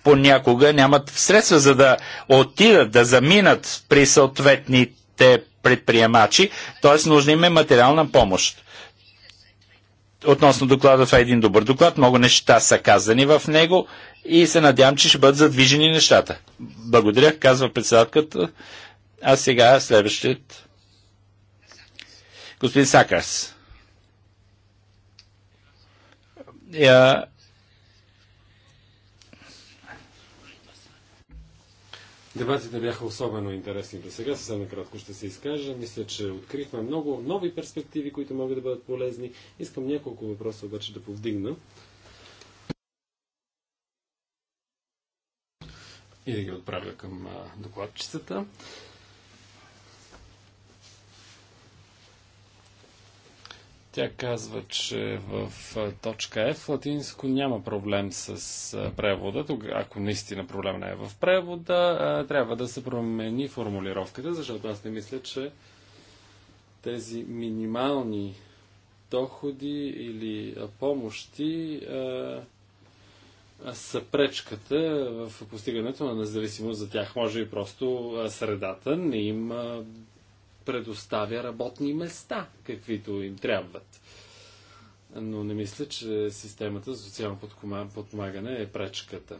понякога нямат средства за да отидат, да заминат при съответните предприемачи, т.е. нужна им е материална помощ. Относно доклада, това е един добър доклад, много неща са казани в него и се надявам, че ще бъдат задвижени нещата. Благодаря, казва председателката. А сега следващият. Господин Сакарс. Ja, Дебатите бяха особено интересни до сега. Съвсем накратко ще се изкажа. Мисля, че открихме много нови перспективи, които могат да бъдат полезни. Искам няколко въпроса обаче да повдигна. И да ги отправя към докладчицата. Тя казва, че в точка F латинско няма проблем с превода. Тога, ако наистина проблем не е в превода, трябва да се промени формулировката, защото аз не мисля, че тези минимални доходи или помощи са пречката в постигането на независимост за тях. Може и просто средата не им предоставя работни места, каквито им трябват. Но не мисля, че системата за социално подпомагане е пречката.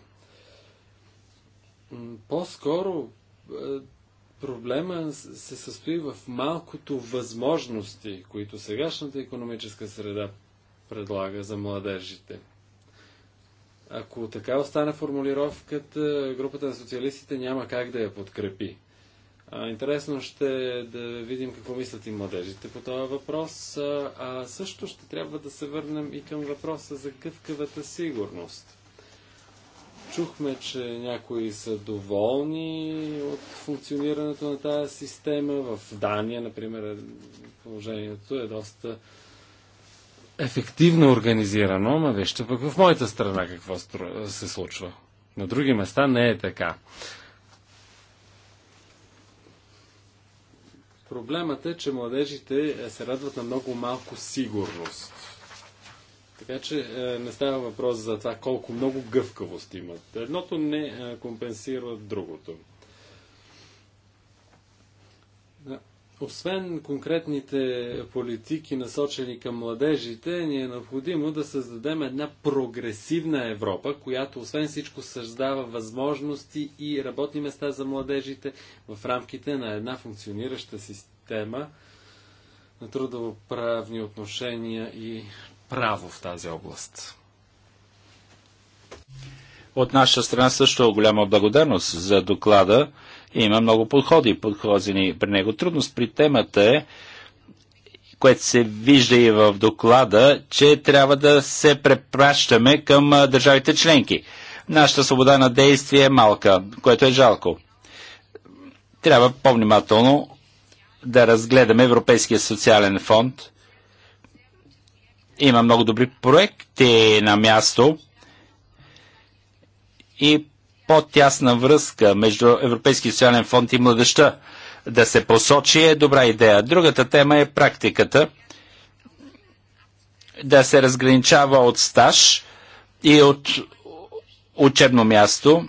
По-скоро е, проблема се състои в малкото възможности, които сегашната економическа среда предлага за младежите. Ако така остане формулировката, групата на социалистите няма как да я подкрепи интересно ще да видим какво мислят и младежите по този въпрос. А също ще трябва да се върнем и към въпроса за гъвкавата сигурност. Чухме, че някои са доволни от функционирането на тази система. В Дания, например, е- положението е доста ефективно организирано, но вижте пък в моята страна какво се случва. На други места не е така. Проблемът е, че младежите е, се радват на много малко сигурност. Така че е, не става въпрос за това колко много гъвкавост имат. Едното не е, компенсира другото. Освен конкретните политики, насочени към младежите, ни е необходимо да създадем една прогресивна Европа, която освен всичко създава възможности и работни места за младежите в рамките на една функционираща система на трудовоправни отношения и право в тази област. От наша страна също е голяма благодарност за доклада има много подходи, подходени при него. Трудност при темата е, което се вижда и в доклада, че трябва да се препращаме към държавите членки. Нашата свобода на действие е малка, което е жалко. Трябва по-внимателно да разгледаме Европейския социален фонд. Има много добри проекти на място и по-тясна връзка между Европейския социален фонд и младеща да се посочи е добра идея. Другата тема е практиката да се разграничава от стаж и от учебно място.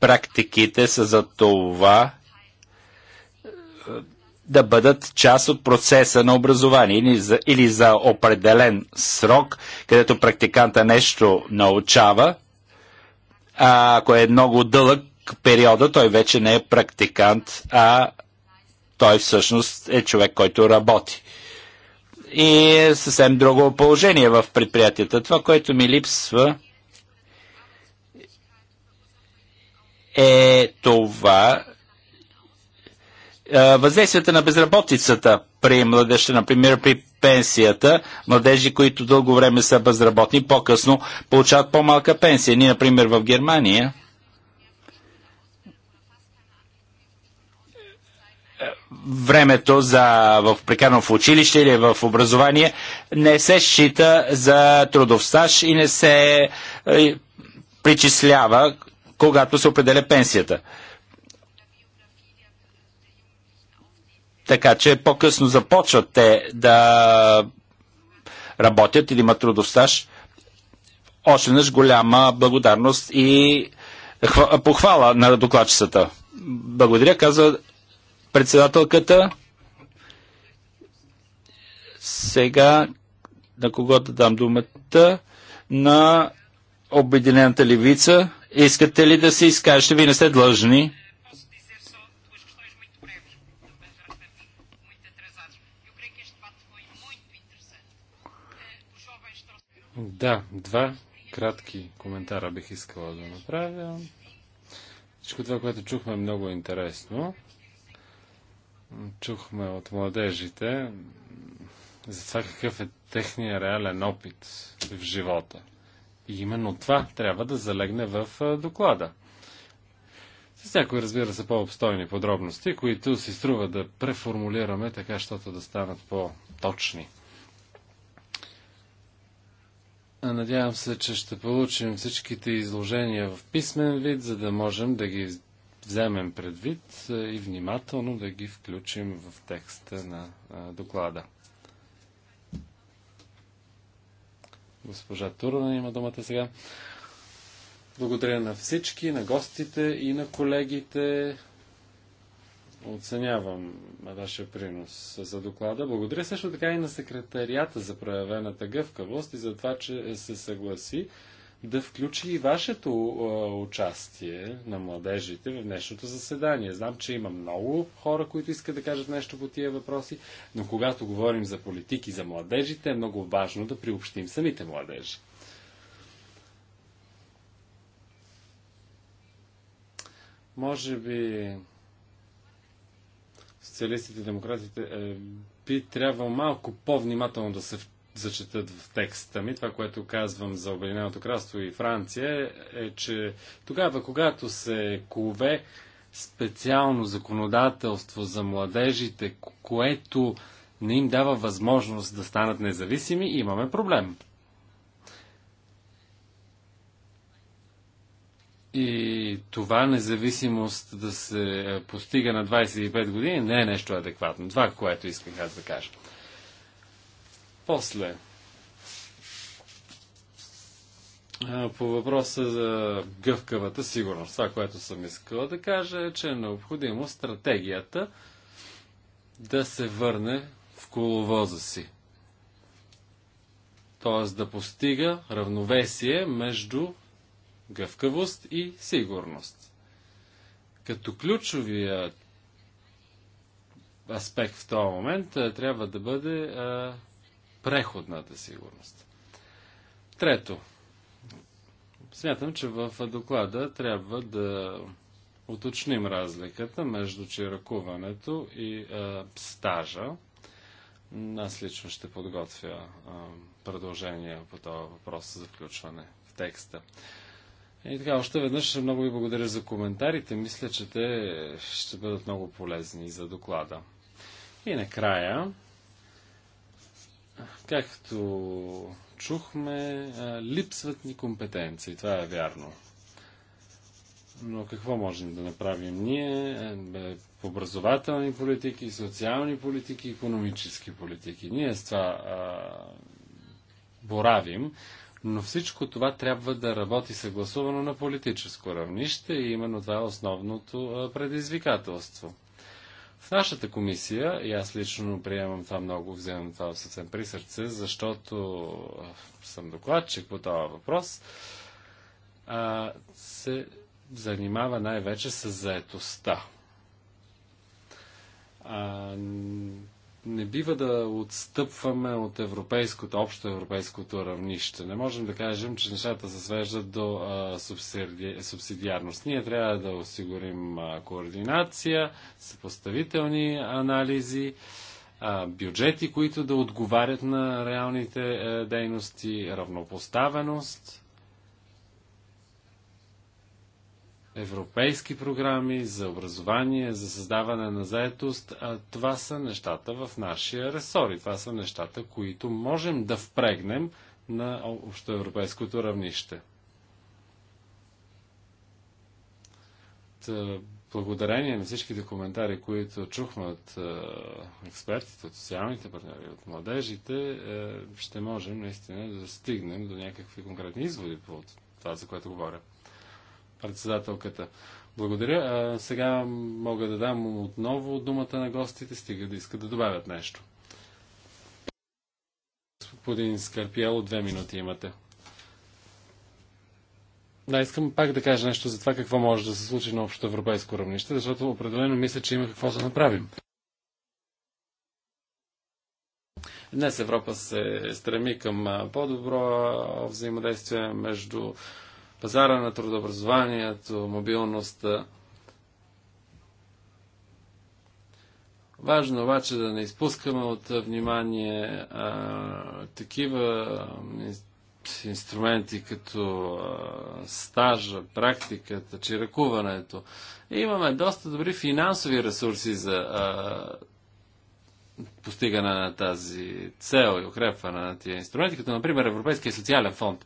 Практиките са за това е, да бъдат част от процеса на образование или за, или за определен срок, където практиканта нещо научава а, ако е много дълъг периода, той вече не е практикант, а той всъщност е човек, който работи. И е съвсем друго положение в предприятията. Това, което ми липсва, е това, въздействията на безработицата при младежите, например при пенсията, младежи, които дълго време са безработни, по-късно получават по-малка пенсия. Ние, например, в Германия времето за, в прекарано в училище или в образование не се счита за трудов стаж и не се е, причислява, когато се определя пенсията. Така че по-късно започват те да работят или имат трудостаж. Още наш голяма благодарност и похвала на докладчицата. Благодаря, каза председателката. Сега на кого да дам думата? На Обединената левица. Искате ли да се изкажете? Вие не сте длъжни. Да, два кратки коментара бих искала да направя. Всичко това, което чухме, е много интересно. Чухме от младежите за това какъв е техния реален опит в живота. И именно това трябва да залегне в доклада. С някои, разбира се, по-обстойни подробности, които си струва да преформулираме така, щото да станат по-точни. Надявам се, че ще получим всичките изложения в писмен вид, за да можем да ги вземем предвид и внимателно да ги включим в текста на доклада. Госпожа Турова има думата сега. Благодаря на всички, на гостите и на колегите. Оценявам вашия принос за доклада. Благодаря също така и на секретарията за проявената гъвкавост и за това, че се съгласи да включи и вашето а, участие на младежите в днешното заседание. Знам, че има много хора, които искат да кажат нещо по тия въпроси, но когато говорим за политики за младежите, е много важно да приобщим самите младежи. Може би социалистите и демократите е, би трябвало малко по-внимателно да се зачетат в текста ми. Това, което казвам за Обединеното кралство и Франция е, че тогава, когато се кове специално законодателство за младежите, което не им дава възможност да станат независими, имаме проблем. И това независимост да се е, постига на 25 години не е нещо адекватно. Това, което исках аз да кажа. После. По въпроса за гъвкавата сигурност. Това, което съм искала да кажа е, че е необходимо стратегията да се върне в коловоза си. Тоест да постига равновесие между гъвкавост и сигурност. Като ключовия аспект в този момент трябва да бъде а, преходната сигурност. Трето, смятам, че в доклада трябва да уточним разликата между чиракуването и а, стажа. Аз лично ще подготвя а, продължение по този въпрос за включване в текста. И така, още веднъж много ви благодаря за коментарите. Мисля, че те ще бъдат много полезни за доклада. И накрая, както чухме, липсват ни компетенции. Това е вярно. Но какво можем да направим ние? Е, образователни политики, социални политики, економически политики. Ние с това а, боравим но всичко това трябва да работи съгласувано на политическо равнище и именно това е основното предизвикателство. В нашата комисия, и аз лично приемам това много, вземам това съвсем при сърце, защото съм докладчик по това въпрос, а, се занимава най-вече с заетостта. А, не бива да отстъпваме от европейското, общо европейското равнище. Не можем да кажем, че нещата се свеждат до а, субсиди... субсидиарност. Ние трябва да осигурим а, координация, съпоставителни анализи, а, бюджети, които да отговарят на реалните а, е, дейности, равнопоставеност европейски програми за образование, за създаване на заетост. Това са нещата в нашия ресор и това са нещата, които можем да впрегнем на общоевропейското равнище. благодарение на всичките коментари, които чухме от е, експертите, от социалните партньори, от младежите, е, ще можем наистина да стигнем до някакви конкретни изводи по това, за което говоря председателката. Благодаря. А, сега мога да дам отново думата на гостите, стига да искат да добавят нещо. Господин Скарпиело, две минути имате. Да, искам пак да кажа нещо за това какво може да се случи на общото европейско равнище, защото определено мисля, че има какво да направим. Днес Европа се стреми към по-добро взаимодействие между пазара на трудообразованието, мобилността. Важно обаче да не изпускаме от внимание а, такива инструменти като а, стажа, практиката, чиракуването. И имаме доста добри финансови ресурси за а, постигане на тази цел и укрепване на тия инструменти, като например Европейския социален фонд.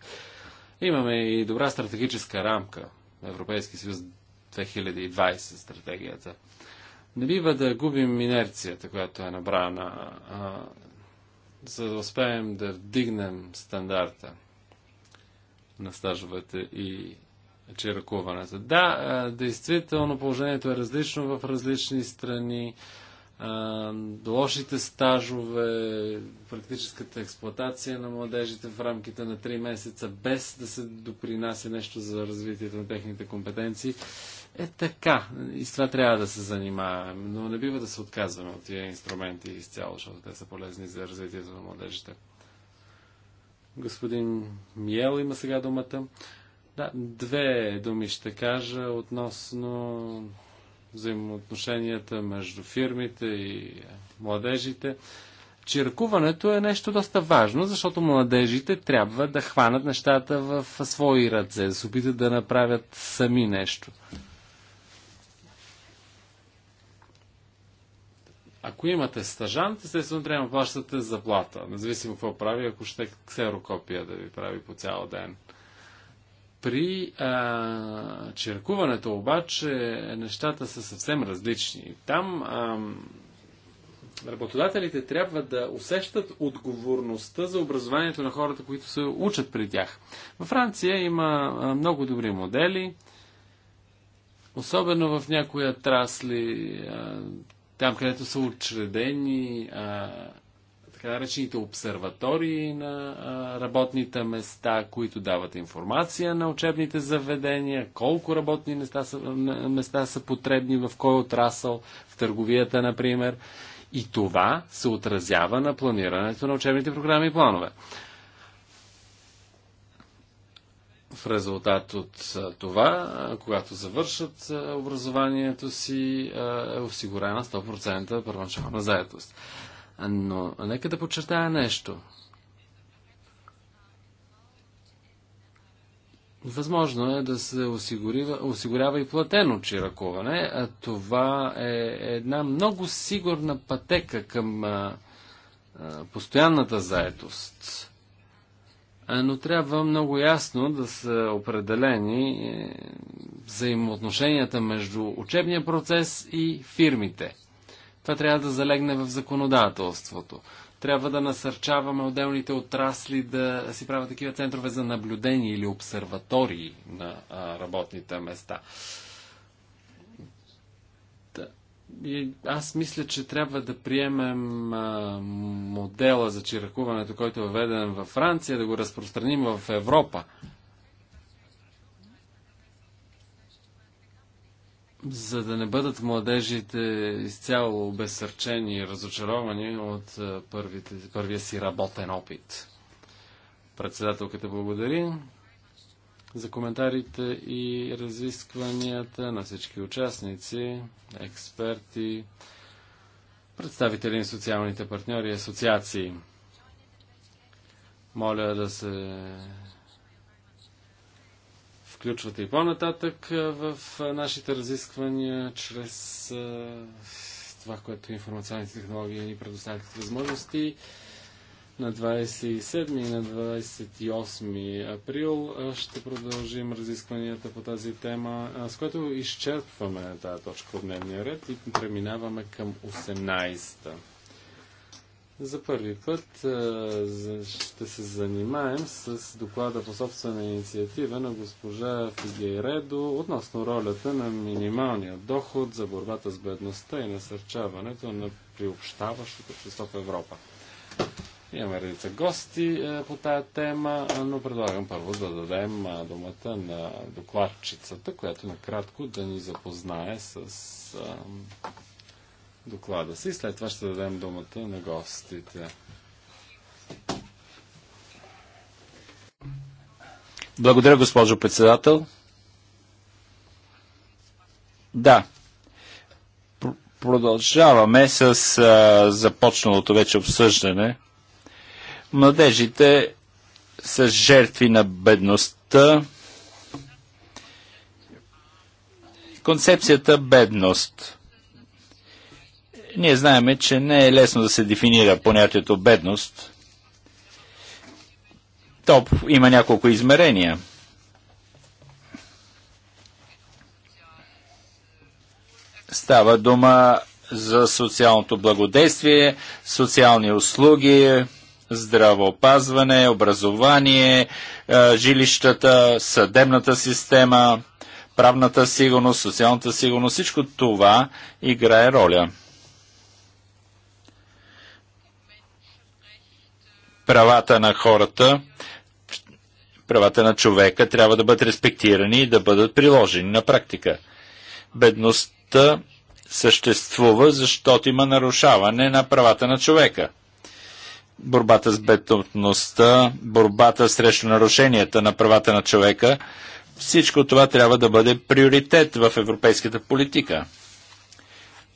Имаме и добра стратегическа рамка. Европейски съюз 2020 стратегията. Не бива да губим инерцията, която е набрана, а, за да успеем да вдигнем стандарта на стажовете и чиракуването. Да, действително положението е различно в различни страни лошите стажове, практическата експлоатация на младежите в рамките на 3 месеца, без да се допринася нещо за развитието на техните компетенции, е така. И с това трябва да се занимаваме. Но не бива да се отказваме от тия инструменти изцяло, защото те са полезни за развитието на младежите. Господин Миел има сега думата. Да, две думи ще кажа относно взаимоотношенията между фирмите и младежите. Чиркуването е нещо доста важно, защото младежите трябва да хванат нещата в свои ръце, да се опитат да направят сами нещо. Ако имате стажант, естествено трябва да плащате заплата, независимо какво прави, ако ще ксерокопия да ви прави по цял ден – при а, черкуването обаче нещата са съвсем различни. Там а, работодателите трябва да усещат отговорността за образованието на хората, които се учат при тях. Във Франция има много добри модели, особено в някои отрасли, там където са учредени така наречените обсерватории на а, работните места, които дават информация на учебните заведения, колко работни места са, места са потребни, в кой отрасъл, в търговията, например. И това се отразява на планирането на учебните програми и планове. В резултат от това, когато завършат образованието си, е осигурена 100% първоначална заедост. Но нека да подчертая нещо. Възможно е да се осигурява, осигурява и платено чиракуване. А това е една много сигурна пътека към а, а, постоянната заетост. А, но трябва много ясно да са определени е, взаимоотношенията между учебния процес и фирмите – това трябва да залегне в законодателството. Трябва да насърчаваме отделните отрасли да си правят такива центрове за наблюдение или обсерватории на а, работните места. Да. И аз мисля, че трябва да приемем а, модела за чиракуването, който е введен във Франция, да го разпространим в Европа. за да не бъдат младежите изцяло обесърчени и разочаровани от първите, първия си работен опит. Председателката благодари за коментарите и разискванията на всички участници, експерти, представители на социалните партньори и асоциации. Моля да се включвате и по-нататък в нашите разисквания чрез това, което информационните технологии ни предоставят като възможности. На 27 и на 28 април ще продължим разискванията по тази тема, с което изчерпваме тази точка от дневния ред и преминаваме към 18. та за първи път ще се занимаем с доклада по собствена инициатива на госпожа Фигейредо относно ролята на минималния доход за борбата с бедността и насърчаването на приобщаващото общество в Европа. Имаме редица гости по тая тема, но предлагам първо да дадем думата на докладчицата, която накратко да ни запознае с доклада си. След това ще дадем думата на гостите. Благодаря, госпожо председател. Да. Пр продължаваме с а, започналото вече обсъждане. Младежите са жертви на бедността. Концепцията бедност. Ние знаеме, че не е лесно да се дефинира понятието бедност. Топ има няколко измерения. Става дума за социалното благодействие, социални услуги, здравоопазване, образование, жилищата, съдебната система, правната сигурност, социалната сигурност. Всичко това играе роля. правата на хората, правата на човека трябва да бъдат респектирани и да бъдат приложени на практика. Бедността съществува, защото има нарушаване на правата на човека. Борбата с бедността, борбата срещу нарушенията на правата на човека, всичко това трябва да бъде приоритет в европейската политика.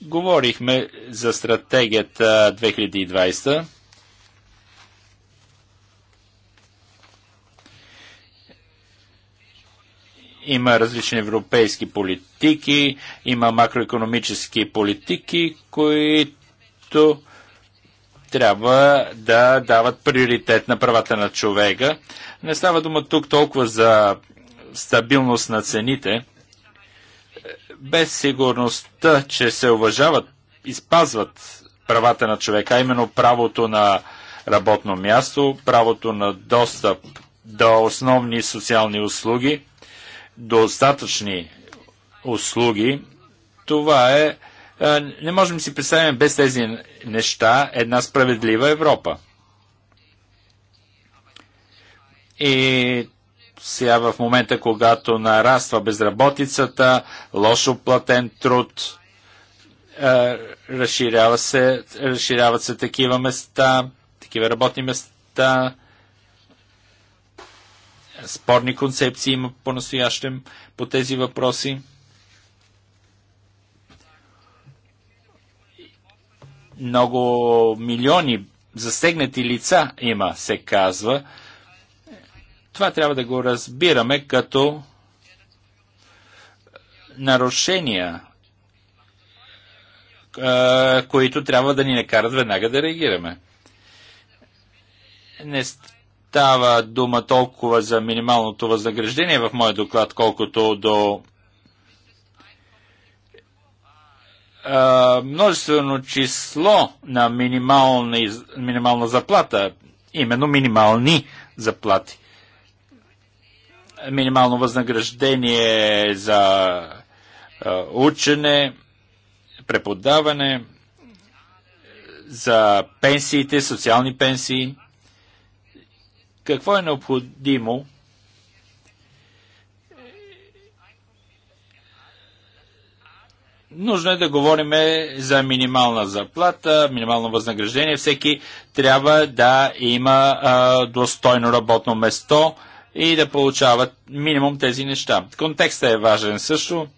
Говорихме за стратегията 2020 Има различни европейски политики, има макроекономически политики, които трябва да дават приоритет на правата на човека. Не става дума тук толкова за стабилност на цените. Без сигурността, че се уважават изпазват правата на човека, а именно правото на работно място, правото на достъп до основни социални услуги, достатъчни услуги, това е, е. Не можем да си представим без тези неща една справедлива Европа. И сега в момента, когато нараства безработицата, лошо платен труд, е, разширява се, разширяват се такива места, такива работни места, Спорни концепции има по-настоящем по тези въпроси. Много милиони засегнати лица има, се казва. Това трябва да го разбираме като нарушения, които трябва да ни накарат веднага да реагираме. Не става дума толкова за минималното възнаграждение в моя доклад, колкото до множествено число на минимална, минимална заплата, именно минимални заплати. Минимално възнаграждение за учене, преподаване, за пенсиите, социални пенсии. Какво е необходимо? Нужно е да говорим за минимална заплата, минимално възнаграждение. Всеки трябва да има а, достойно работно место и да получават минимум тези неща. Контекстът е важен също.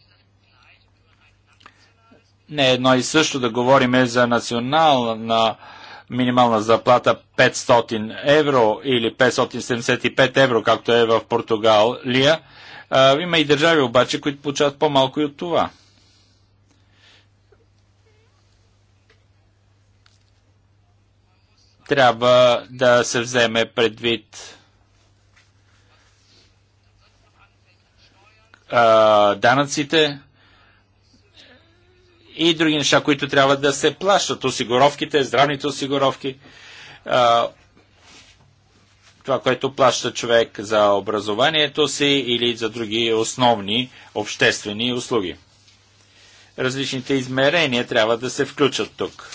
Не е едно и също да говорим за национална минимална заплата 500 евро или 575 евро, както е в Португалия. има и държави обаче, които получават по-малко и от това. Трябва да се вземе предвид данъците, и други неща, които трябва да се плащат. Осигуровките, здравните осигуровки, това, което плаща човек за образованието си или за други основни обществени услуги. Различните измерения трябва да се включат тук.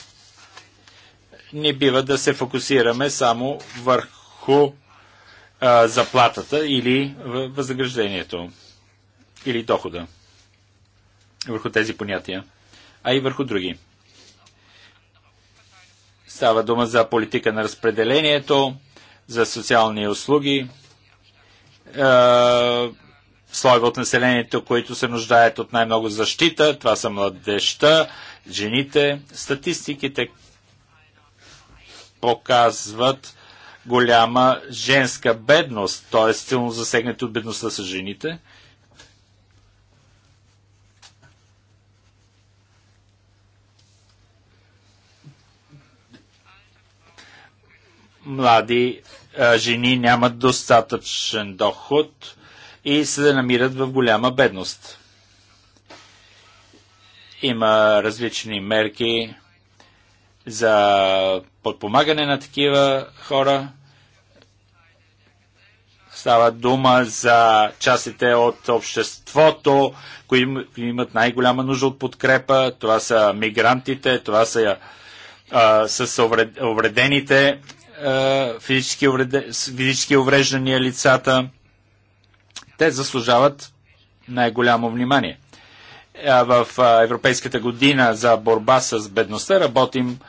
Не бива да се фокусираме само върху а, заплатата или възнаграждението или дохода върху тези понятия а и върху други. Става дума за политика на разпределението, за социални услуги, е, слоеве от населението, които се нуждаят от най-много защита. Това са младеща, жените. Статистиките показват голяма женска бедност, т.е. силно засегнати от бедността са жените. млади а, жени нямат достатъчен доход и се намират в голяма бедност. Има различни мерки за подпомагане на такива хора. Става дума за частите от обществото, които имат най-голяма нужда от подкрепа. Това са мигрантите, това са а, с увредените е, физически, увреде, физически увреждания лицата, те заслужават най-голямо внимание. В Европейската година за борба с бедността работим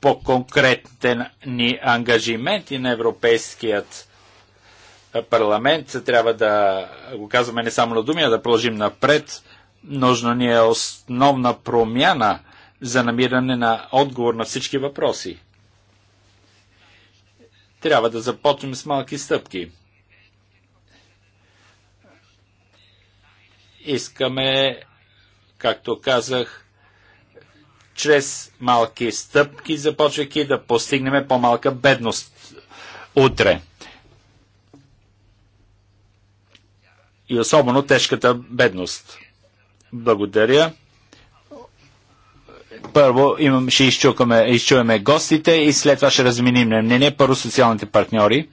по конкретен ни ангажимент и на Европейският парламент. Трябва да го казваме не само на думи, а да продължим напред. Нужна ни е основна промяна – за намиране на отговор на всички въпроси. Трябва да започнем с малки стъпки. Искаме, както казах, чрез малки стъпки, започвайки да постигнем по-малка бедност утре. И особено тежката бедност. Благодаря. Първо имам, ще изчукаме, изчуваме гостите и след това ще разменим на мнение. Първо социалните партньори.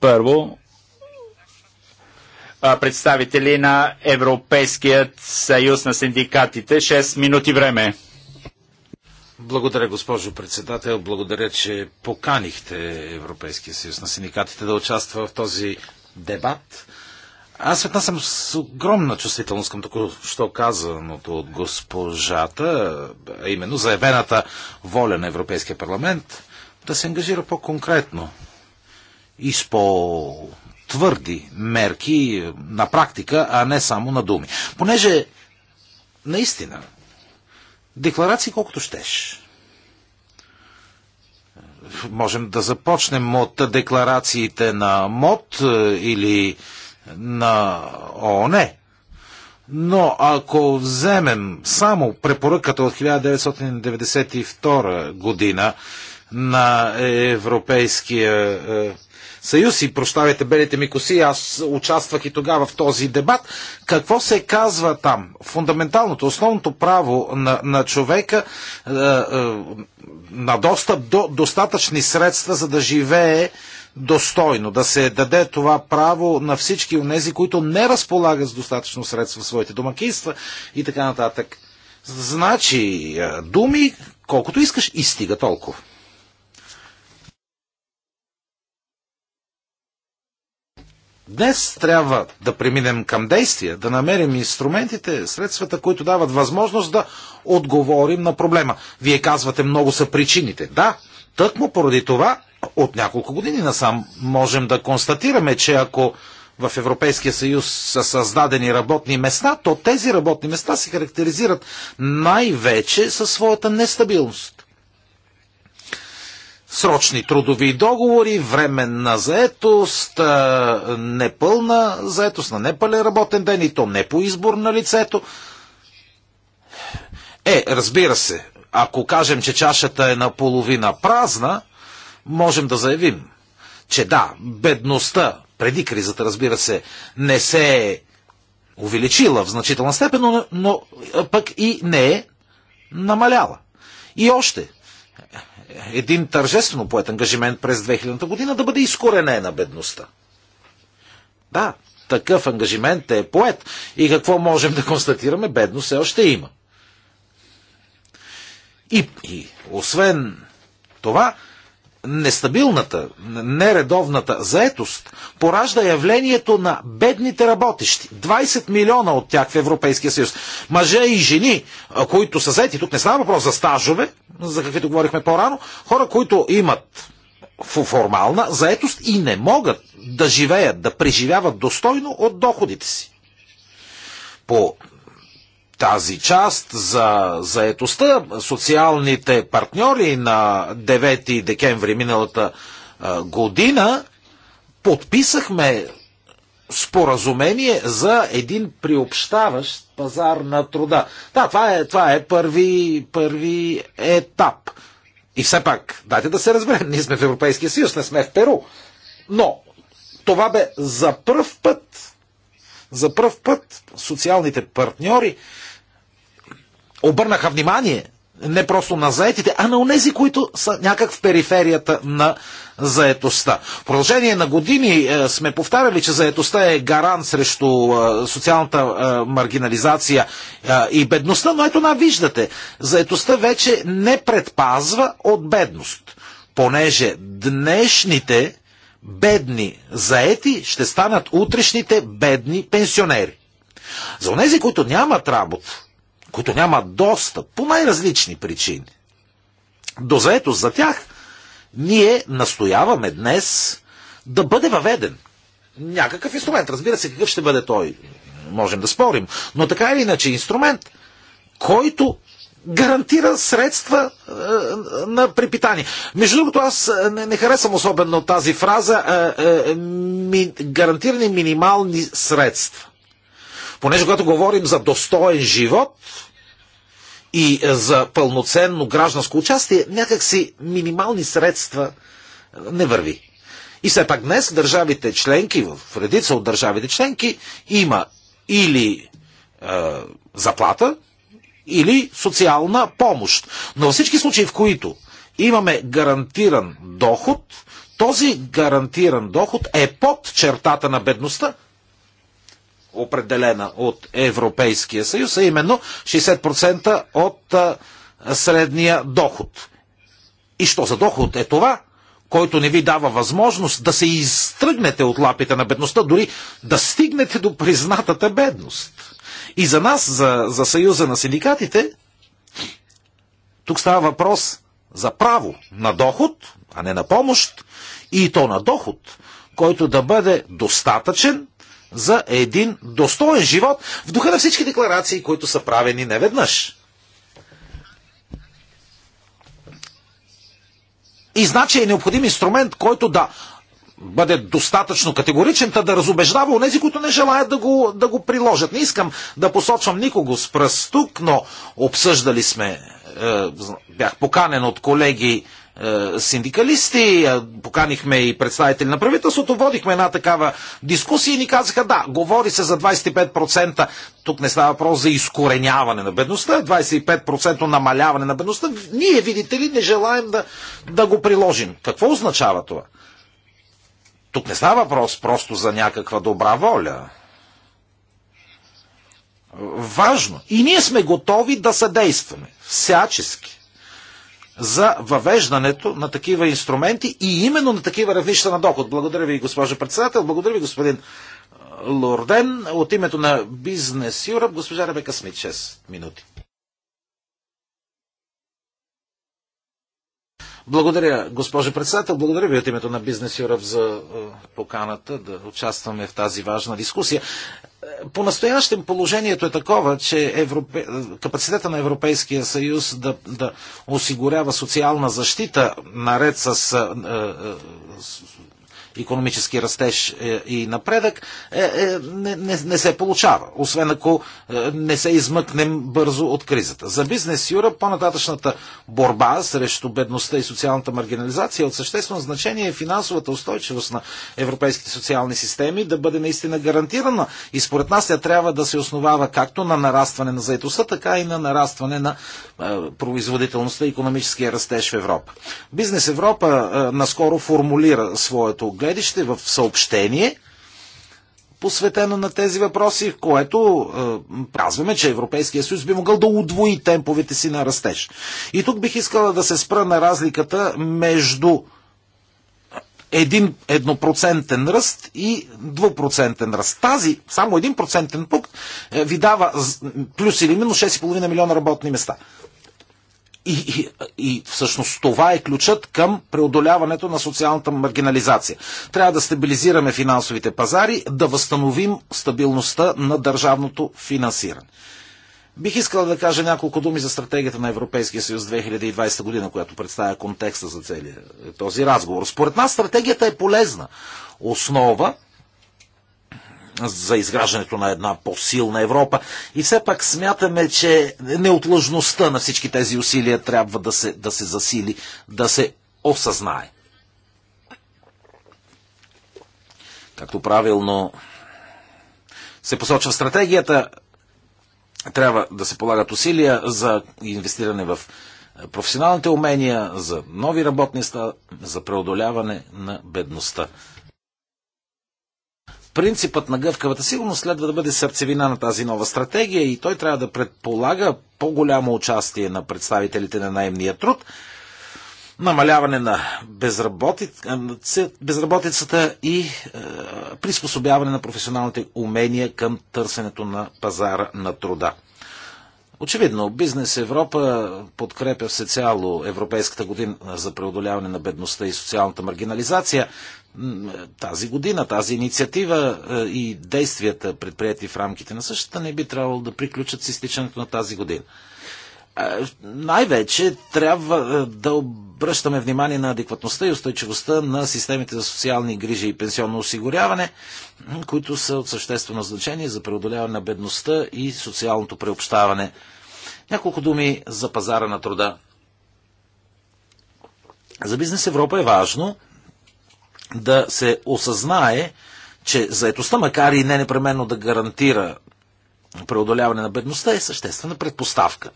Първо представители на Европейският съюз на синдикатите. 6 минути време. Благодаря, госпожо председател. Благодаря, че поканихте Европейския съюз на синдикатите да участва в този дебат. Аз една съм с огромна чувствителност към току-що казаното от госпожата, а именно заявената воля на Европейския парламент да се ангажира по-конкретно и с по-твърди мерки на практика, а не само на думи. Понеже, наистина, декларации колкото щеш. Можем да започнем от декларациите на МОД е, или на ООН. Но ако вземем само препоръката от 1992 година на Европейския е, съюз и прощавайте белите ми коси, аз участвах и тогава в този дебат. Какво се казва там? Фундаменталното, основното право на, на човека е, е, на достъп до достатъчни средства, за да живее достойно, да се даде това право на всички от тези, които не разполагат с достатъчно средства в своите домакинства и така нататък. Значи, думи, колкото искаш, и стига толкова. Днес трябва да преминем към действия, да намерим инструментите, средствата, които дават възможност да отговорим на проблема. Вие казвате, много са причините. Да, тъкмо поради това от няколко години насам можем да констатираме, че ако в Европейския съюз са създадени работни места, то тези работни места се характеризират най-вече със своята нестабилност. Срочни трудови договори, временна заетост, непълна заетост на непълен работен ден и то не по избор на лицето. Е, разбира се, ако кажем, че чашата е наполовина празна, можем да заявим, че да, бедността преди кризата, разбира се, не се е увеличила в значителна степен, но, но пък и не е намаляла. И още, един тържествено поет ангажимент през 2000 година да бъде изкорене на бедността. Да, такъв ангажимент е поет. И какво можем да констатираме? Бедност все още има. И, и освен това, нестабилната, нередовната заетост поражда явлението на бедните работещи. 20 милиона от тях в Европейския съюз. Мъже и жени, които са заети, тук не става въпрос за стажове, за каквито говорихме по-рано, хора, които имат формална заетост и не могат да живеят, да преживяват достойно от доходите си. По тази част за заетостта. Социалните партньори на 9 декември миналата година подписахме споразумение за един приобщаващ пазар на труда. Да, това е, това е първи, първи етап. И все пак, дайте да се разберем, ние сме в Европейския съюз, не сме в Перу. Но това бе за първ път, за първ път социалните партньори обърнаха внимание не просто на заетите, а на онези, които са някак в периферията на заетостта. В продължение на години е, сме повтаряли, че заетостта е гарант срещу е, социалната е, маргинализация е, и бедността, но ето на виждате, заетостта вече не предпазва от бедност, понеже днешните бедни заети ще станат утрешните бедни пенсионери. За онези, които нямат работа, които нямат достъп по най-различни причини до заетост за тях, ние настояваме днес да бъде въведен някакъв инструмент. Разбира се, какъв ще бъде той, можем да спорим, но така или иначе инструмент, който гарантира средства е, на препитание. Между другото, аз е, не, не харесвам особено тази фраза е, е, ми, гарантирани минимални средства. Понеже когато говорим за достоен живот, и е, за пълноценно гражданско участие, някакси минимални средства е, не върви. И все пак днес държавите членки, в редица от държавите членки, има или е, заплата, или социална помощ. Но във всички случаи, в които имаме гарантиран доход, този гарантиран доход е под чертата на бедността, определена от Европейския съюз, а именно 60% от средния доход. И що за доход е това? който не ви дава възможност да се изтръгнете от лапите на бедността, дори да стигнете до признатата бедност. И за нас, за, за Съюза на синдикатите, тук става въпрос за право на доход, а не на помощ, и то на доход, който да бъде достатъчен за един достоен живот в духа на всички декларации, които са правени неведнъж. И значи е необходим инструмент, който да бъде достатъчно категоричен, та да разобеждава онези, които не желаят да го, да го приложат. Не искам да посочвам никого с пръст тук, но обсъждали сме, е, бях поканен от колеги е, синдикалисти, поканихме и представители на правителството, водихме една такава дискусия и ни казаха да, говори се за 25%, тук не става въпрос за изкореняване на бедността, 25% намаляване на бедността, ние, видите ли, не желаем да, да го приложим. Какво означава това? Тук не става въпрос просто за някаква добра воля. Важно. И ние сме готови да съдействаме. Всячески за въвеждането на такива инструменти и именно на такива равнища на доход. Благодаря ви, госпожа председател. Благодаря ви, господин Лорден. От името на Бизнес Юрап, госпожа Ребека Смит, 6 минути. Благодаря, госпожо председател. Благодаря ви от името на Бизнес Юръп за е, поканата да участваме в тази важна дискусия. Е, по-настоящем положението е такова, че Европе... Е, капацитета на Европейския съюз да, да осигурява социална защита наред с, е, е, с економически растеж е, и напредък, е, е, не, не, не се получава, освен ако не се измъкнем бързо от кризата. За бизнес Юра по-нататъчната борба срещу бедността и социалната маргинализация от съществено значение е финансовата устойчивост на европейските социални системи да бъде наистина гарантирана. И според нас тя трябва да се основава както на нарастване на заетостта, така и на нарастване на производителността и економическия растеж в Европа. Бизнес Европа наскоро формулира своето гледище, в съобщение, посветено на тези въпроси, в което е, празваме, че Европейския съюз би могъл да удвои темповете си на растеж. И тук бих искала да се спра на разликата между един еднопроцентен ръст и двупроцентен ръст. Тази, само един процентен пункт, е, ви дава плюс или минус 6,5 милиона работни места. И, и, и всъщност това е ключът към преодоляването на социалната маргинализация. Трябва да стабилизираме финансовите пазари, да възстановим стабилността на държавното финансиране. Бих искал да кажа няколко думи за стратегията на Европейския съюз 2020 година, която представя контекста за целия този разговор. Според нас стратегията е полезна основа за изграждането на една по-силна Европа. И все пак смятаме, че неотлъжността на всички тези усилия трябва да се, да се засили, да се осъзнае. Както правилно се посочва стратегията, трябва да се полагат усилия за инвестиране в професионалните умения, за нови работни за преодоляване на бедността принципът на гъвкавата сигурност следва да бъде сърцевина на тази нова стратегия и той трябва да предполага по-голямо участие на представителите на наемния труд, намаляване на безработица, безработицата и е, приспособяване на професионалните умения към търсенето на пазара на труда. Очевидно, Бизнес Европа подкрепя всецяло Европейската година за преодоляване на бедността и социалната маргинализация тази година, тази инициатива е, и действията, предприяти в рамките на същата, не би трябвало да приключат с изтичането на тази година. Най-вече трябва е, да обръщаме внимание на адекватността и устойчивостта на системите за социални грижи и пенсионно осигуряване, които са от съществено значение за преодоляване на бедността и социалното преобщаване. Няколко думи за пазара на труда. За бизнес Европа е важно – да се осъзнае, че заетостта, макар и не непременно да гарантира преодоляване на бедността, е съществена предпоставка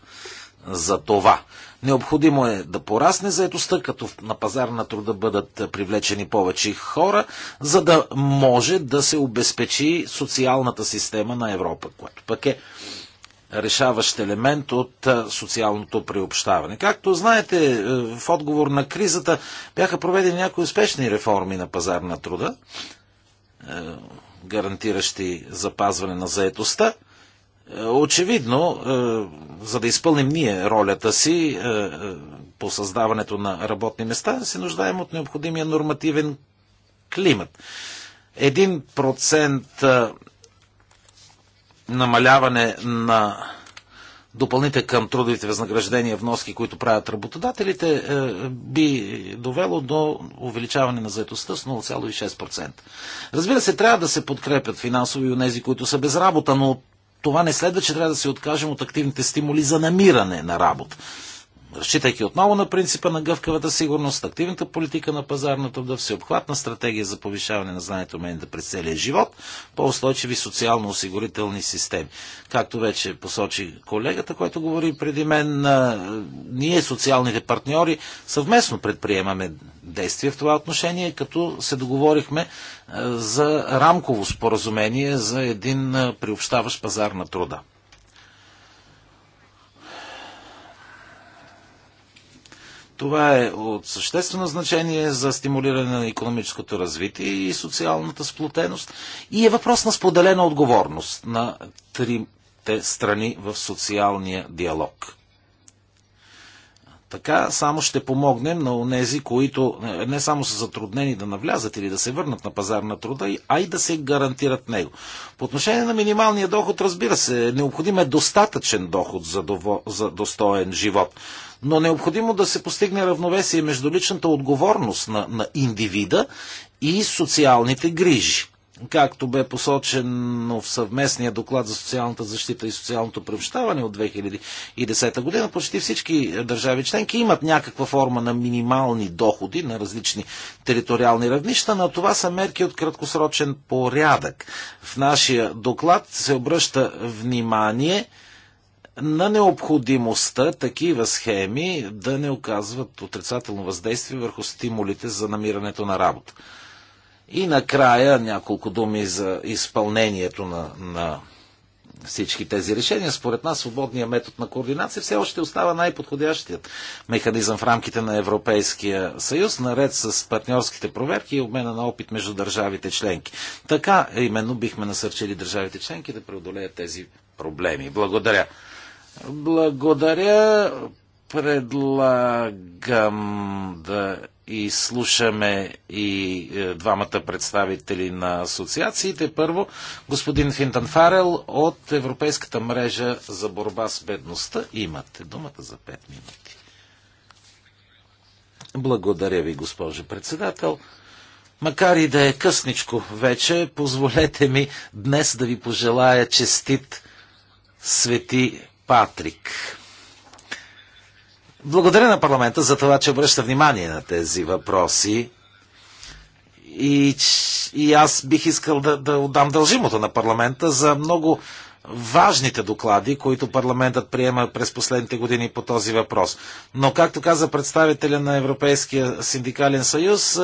за това. Необходимо е да порасне заетостта, като на пазар на труда бъдат привлечени повече хора, за да може да се обезпечи социалната система на Европа, което пък е решаващ елемент от социалното приобщаване. Както знаете, е, в отговор на кризата бяха проведени някои успешни реформи на пазар на труда, е, гарантиращи запазване на заетостта. Е, очевидно, за да изпълним ние ролята си по създаването на работни места, се нуждаем от необходимия нормативен климат. Един процент намаляване на допълните към трудовите възнаграждения вноски, които правят работодателите, е, би довело до увеличаване на заетостта с 0,6%. Разбира се, трябва да се подкрепят финансови у нези, които са без работа, но това не следва, че трябва да се откажем от активните стимули за намиране на работа разчитайки отново на принципа на гъвкавата сигурност, активната политика на на труда, всеобхватна стратегия за повишаване на знанието уменията през целия живот, по-устойчиви социално-осигурителни системи. Както вече посочи колегата, който говори преди мен, ние, социалните партньори, съвместно предприемаме действия в това отношение, като се договорихме за рамково споразумение за един приобщаващ пазар на труда. Това е от съществено значение за стимулиране на економическото развитие и социалната сплотеност и е въпрос на споделена отговорност на трите страни в социалния диалог. Така само ще помогнем на онези, които не само са затруднени да навлязат или да се върнат на пазар на труда, а и да се гарантират него. По отношение на минималния доход, разбира се, необходим е достатъчен доход за, дово... за достоен живот но необходимо да се постигне равновесие между личната отговорност на, на индивида и социалните грижи. Както бе посочено в съвместния доклад за социалната защита и социалното приобщаване от 2010 година, почти всички държави членки имат някаква форма на минимални доходи на различни териториални равнища, но това са мерки от краткосрочен порядък. В нашия доклад се обръща внимание на необходимостта такива схеми да не оказват отрицателно въздействие върху стимулите за намирането на работа. И накрая няколко думи за изпълнението на, на всички тези решения. Според нас свободният метод на координация все още остава най-подходящият механизъм в рамките на Европейския съюз, наред с партньорските проверки и обмена на опит между държавите членки. Така именно бихме насърчили държавите членки да преодолеят тези проблеми. Благодаря. Благодаря. Предлагам да изслушаме и е, двамата представители на асоциациите. Първо, господин Финтан Фарел от Европейската мрежа за борба с бедността. Имате думата за 5 минути. Благодаря ви, госпожо председател. Макар и да е късничко вече, позволете ми днес да ви пожелая честит свети Патрик. Благодаря на парламента за това, че обръща внимание на тези въпроси. И, и аз бих искал да, да отдам дължимото на парламента за много важните доклади, които парламентът приема през последните години по този въпрос. Но, както каза представителя на Европейския синдикален съюз,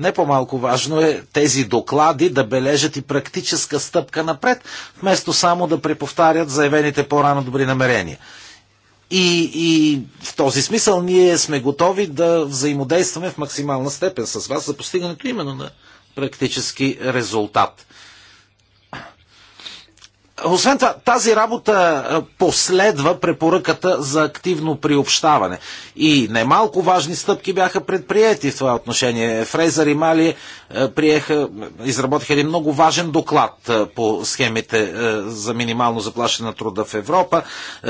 не по-малко важно е тези доклади да бележат и практическа стъпка напред, вместо само да преповтарят заявените по-рано добри намерения. И, и в този смисъл ние сме готови да взаимодействаме в максимална степен с вас за постигането именно на практически резултат. Освен това, тази работа последва препоръката за активно приобщаване. И немалко важни стъпки бяха предприяти в това отношение. Фрейзър и Мали приеха, изработиха един много важен доклад по схемите за минимално заплащане на труда в Европа.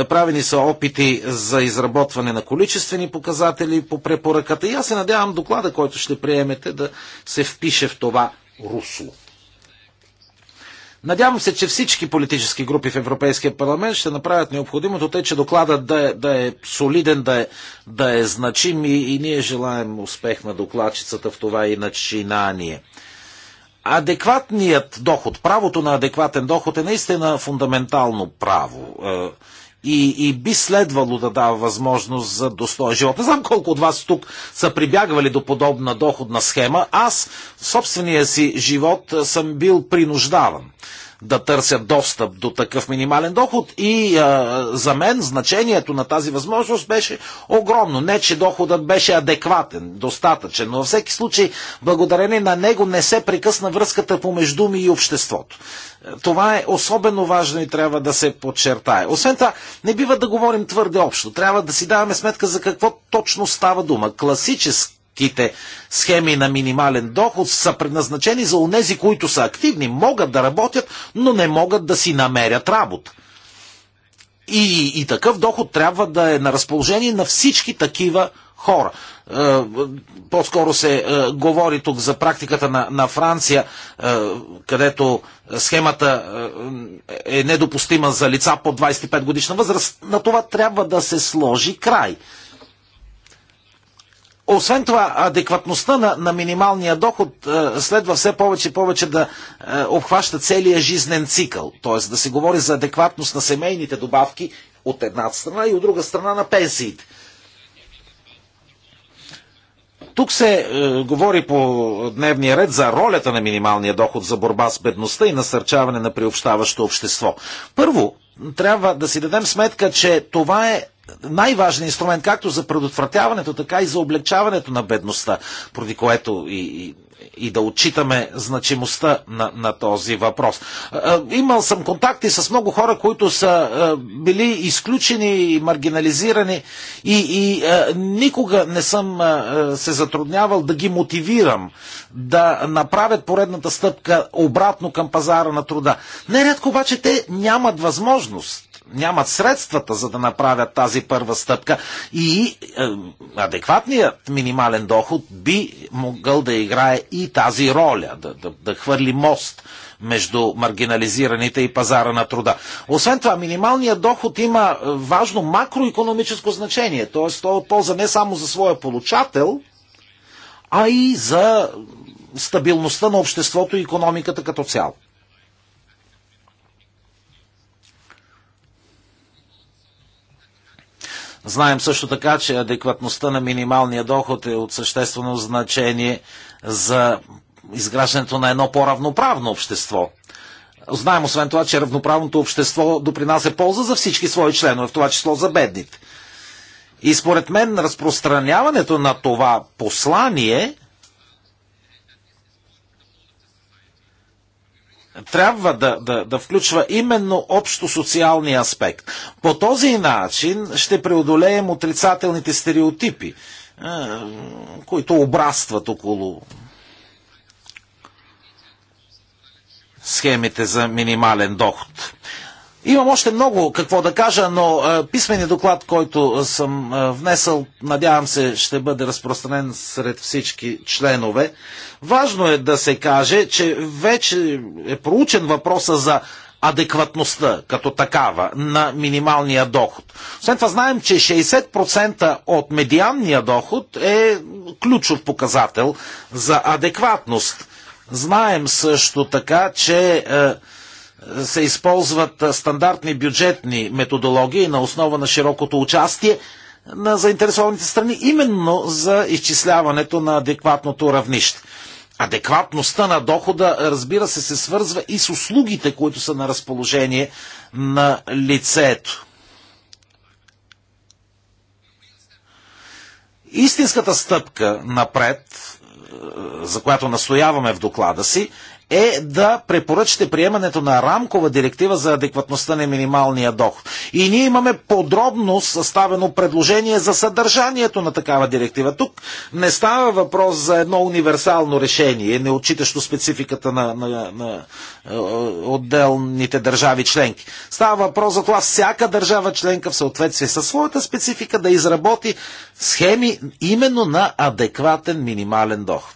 Правени са опити за изработване на количествени показатели по препоръката. И аз се надявам доклада, който ще приемете, да се впише в това русло. Надявам се, че всички политически групи в Европейския парламент ще направят необходимото, тъй че докладът да е, да е солиден, да е, да е значим и, и ние желаем успех на докладчицата в това и начинание. Адекватният доход, правото на адекватен доход е наистина фундаментално право. Е, и, и би следвало да дава възможност за достоен живот. Не знам колко от вас тук са прибягвали до подобна доходна схема. Аз в собствения си живот съм бил принуждаван да търсят достъп до такъв минимален доход и а, за мен значението на тази възможност беше огромно. Не, че доходът беше адекватен, достатъчен, но във всеки случай благодарение на него не се прекъсна връзката помежду ми и обществото. Това е особено важно и трябва да се подчертае. Освен това, не бива да говорим твърде общо. Трябва да си даваме сметка за какво точно става дума. Класически по схеми на минимален доход са предназначени за онези, които са активни, могат да работят, но не могат да си намерят работа. И, и такъв доход трябва да е на разположение на всички такива хора. Е, по-скоро се е, говори тук за практиката на, на Франция, е, където схемата е недопустима за лица под 25 годишна възраст. На това трябва да се сложи край. Освен това, адекватността на, на минималния доход е, следва все повече и повече да е, обхваща целия жизнен цикъл. Т.е. да се говори за адекватност на семейните добавки от една страна и от друга страна на пенсиите. Тук се е, говори по дневния ред за ролята на минималния доход за борба с бедността и насърчаване на приобщаващо общество. Първо, трябва да си дадем сметка, че това е най-важен инструмент както за предотвратяването, така и за облегчаването на бедността, поради което и, и, и да отчитаме значимостта на, на този въпрос. Имал съм контакти с много хора, които са били изключени и маргинализирани и, и никога не съм се затруднявал да ги мотивирам да направят поредната стъпка обратно към пазара на труда. Нередко обаче те нямат възможност нямат средствата, за да направят тази първа стъпка. И е, адекватният минимален доход би могъл да играе и тази роля, да, да, да хвърли мост между маргинализираните и пазара на труда. Освен това, минималният доход има е, важно макроекономическо значение, т.е. той е полза не само за своя получател, а и за стабилността на обществото и економиката като цяло. Знаем също така, че адекватността на минималния доход е от съществено значение за изграждането на едно по-равноправно общество. Знаем освен това, че равноправното общество допринася полза за всички свои членове, в това число за бедните. И според мен разпространяването на това послание – трябва да, да, да включва именно общо социалния аспект. По този начин ще преодолеем отрицателните стереотипи, е, които обрастват около схемите за минимален доход. Имам още много какво да кажа, но е, писменият доклад, който съм е, внесъл, надявам се, ще бъде разпространен сред всички членове. Важно е да се каже, че вече е проучен въпроса за адекватността като такава на минималния доход. Освен това знаем, че 60% от медианния доход е ключов показател за адекватност. Знаем също така, че е, се използват стандартни бюджетни методологии на основа на широкото участие на заинтересованите страни, именно за изчисляването на адекватното равнище. Адекватността на дохода, разбира се, се свързва и с услугите, които са на разположение на лицето. Истинската стъпка напред, за която настояваме в доклада си, е да препоръчате приемането на рамкова директива за адекватността на минималния доход. И ние имаме подробно съставено предложение за съдържанието на такава директива. Тук не става въпрос за едно универсално решение, не отчитащо спецификата на, на, на е, отделните държави членки. Става въпрос за това всяка държава членка в съответствие със своята специфика да изработи схеми именно на адекватен минимален доход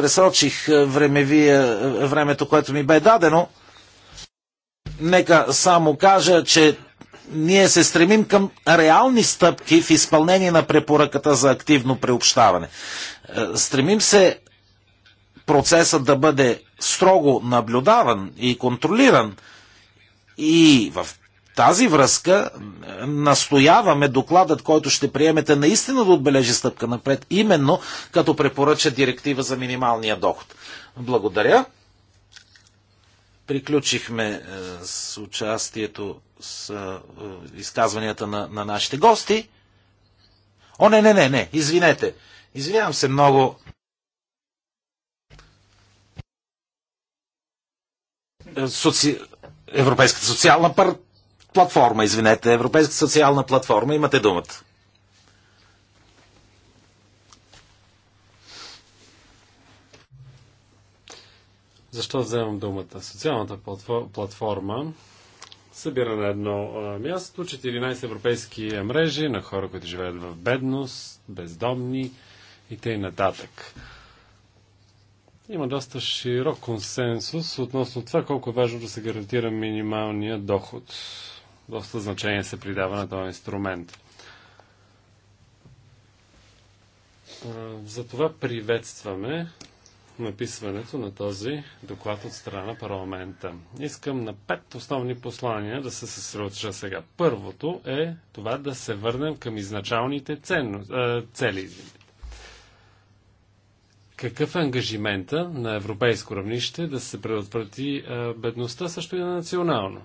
пресрочих е, времевия, е, времето, което ми бе дадено. Нека само кажа, че ние се стремим към реални стъпки в изпълнение на препоръката за активно преобщаване. Е, стремим се процесът да бъде строго наблюдаван и контролиран и в тази връзка е, настояваме докладът, който ще приемете, наистина да отбележи стъпка напред, именно като препоръча директива за минималния доход. Благодаря. Приключихме е, с участието с е, изказванията на, на нашите гости. О, не, не, не, не, извинете. Извинявам се много. Соци... Европейската социална парт платформа, извинете, Европейска социална платформа. Имате думата. Защо вземам думата? Социалната платформа събира на едно място 14 европейски мрежи на хора, които живеят в бедност, бездомни и т.н. Има доста широк консенсус относно това колко е важно да се гарантира минималния доход доста значение се придава на този инструмент. Затова приветстваме написването на този доклад от страна на парламента. Искам на пет основни послания да се съсредоточа сега. Първото е това да се върнем към изначалните ценно, цели. Какъв е ангажимента на европейско равнище да се предотврати бедността също и на национално?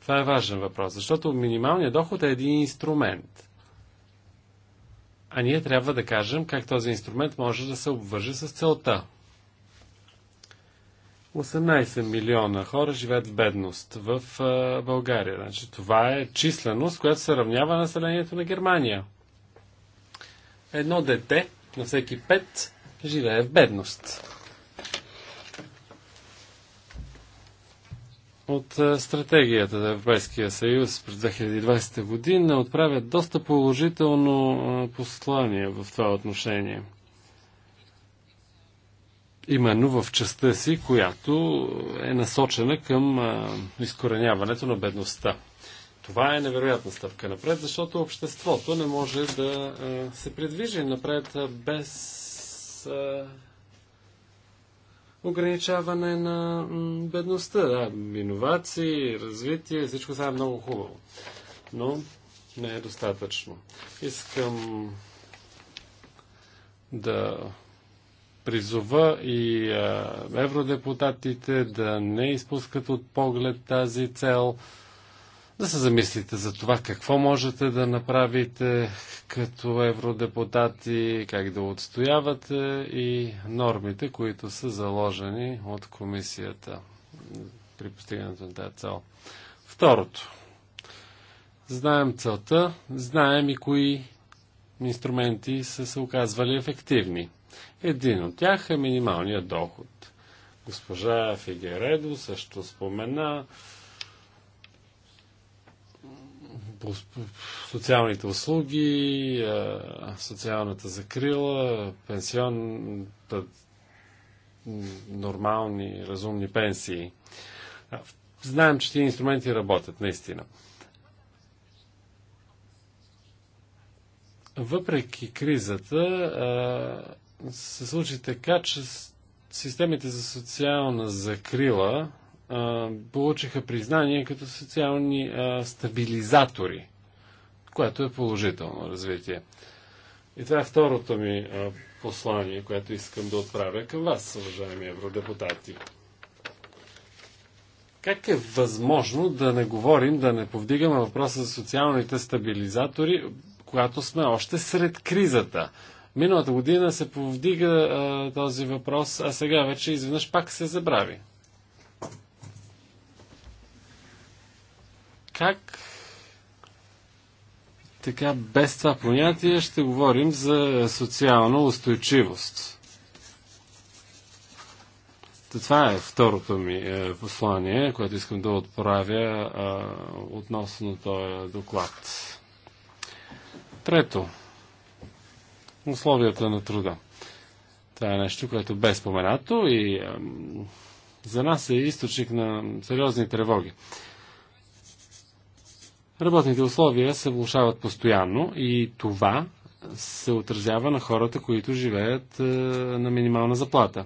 Това е важен въпрос, защото минималният доход е един инструмент. А ние трябва да кажем как този инструмент може да се обвърже с целта. 18 милиона хора живеят в бедност в България. Значи, това е численост, която се равнява населението на Германия. Едно дете на всеки пет живее в бедност. от е, стратегията на Европейския съюз през 2020 година отправят доста положително е, послание в това отношение. Именно в частта си, която е насочена към е, изкореняването на бедността. Това е невероятна стъпка напред, защото обществото не може да се придвижи напред без ограничаване на бедността. Да, иновации, развитие, всичко това е много хубаво. Но не е достатъчно. Искам да призова и евродепутатите да не изпускат от поглед тази цел да се замислите за това какво можете да направите като евродепутати, как да отстоявате и нормите, които са заложени от комисията при постигането на тази цел. Второто. Знаем целта, знаем и кои инструменти са се оказвали ефективни. Един от тях е минималният доход. Госпожа Фигередо също спомена социалните услуги, социалната закрила, пенсион, нормални, разумни пенсии. Знаем, че тези инструменти работят, наистина. Въпреки кризата, се случи така, че системите за социална закрила а, получиха признание като социални а, стабилизатори, което е положително развитие. И това е второто ми а, послание, което искам да отправя към вас, уважаеми евродепутати. Как е възможно да не говорим, да не повдигаме въпроса за социалните стабилизатори, когато сме още сред кризата? Миналата година се повдига а, този въпрос, а сега вече изведнъж пак се забрави. Как така без това понятие ще говорим за социална устойчивост? Това е второто ми е, послание, което искам да отправя е, относно този доклад. Трето. Условията на труда. Това е нещо, което бе споменато и за нас е източник на сериозни тревоги. Работните условия се влушават постоянно и това се отразява на хората, които живеят е, на минимална заплата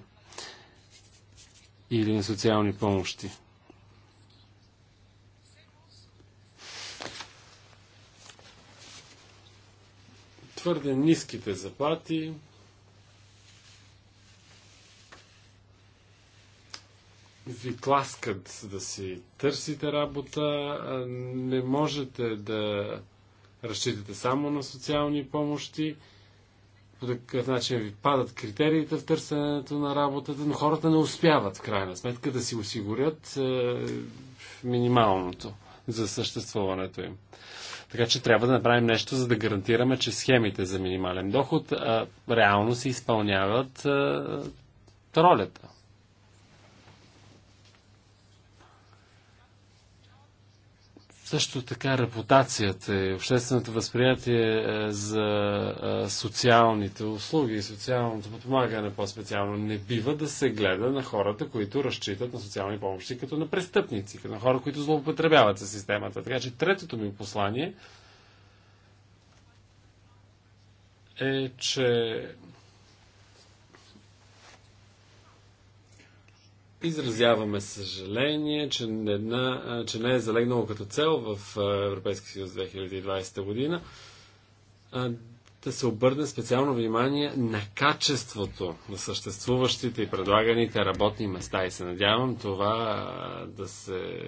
или на социални помощи. Твърде ниските заплати ви тласкат да си търсите работа, не можете да разчитате само на социални помощи, по такъв начин ви падат критериите в търсенето на работата, но хората не успяват в крайна сметка да си осигурят минималното за съществуването им. Така че трябва да направим нещо, за да гарантираме, че схемите за минимален доход а, реално се изпълняват а, ролята. Също така репутацията и общественото възприятие е, за е, социалните услуги и социалното подпомагане по-специално не бива да се гледа на хората, които разчитат на социални помощи като на престъпници, като на хора, които злоупотребяват със системата. Така че третото ми послание е, че Изразяваме съжаление, че, една, че не е залегнало като цел в Европейския съюз 2020 година да се обърне специално внимание на качеството на съществуващите и предлаганите работни места. И се надявам това да се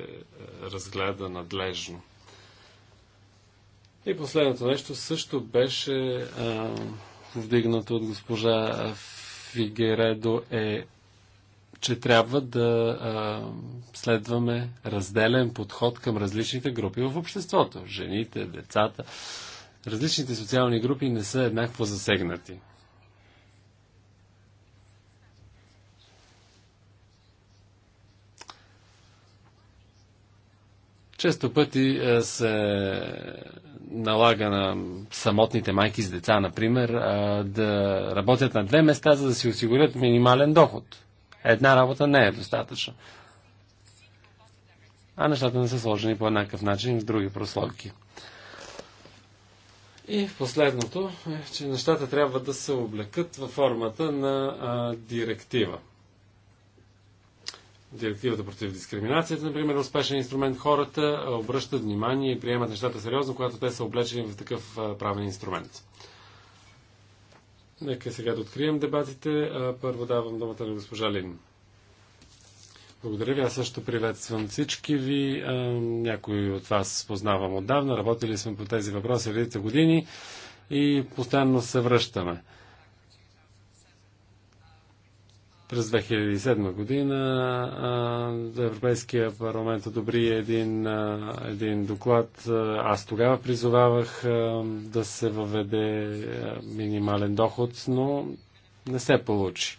разгледа надлежно. И последното нещо също беше повдигнато вдигнато от госпожа Фигередо е че трябва да а, следваме разделен подход към различните групи в обществото. Жените, децата. Различните социални групи не са еднакво засегнати. Често пъти е, се налага на самотните майки с деца, например, е, да работят на две места, за да си осигурят минимален доход една работа не е достатъчна. А нещата не са сложени по еднакъв начин с други прослойки. И последното е, че нещата трябва да се облекат във формата на а, директива. Директивата против дискриминацията, например, е успешен инструмент. Хората обръщат внимание и приемат нещата сериозно, когато те са облечени в такъв а, правен инструмент. Нека сега да открием дебатите. Първо давам думата на госпожа Лин. Благодаря ви. Аз също приветствам всички ви. Някои от вас познавам отдавна. Работили сме по тези въпроси редица години и постоянно се връщаме. През 2007 година Европейския парламент одобри един, един доклад. Аз тогава призовавах да се въведе минимален доход, но не се получи.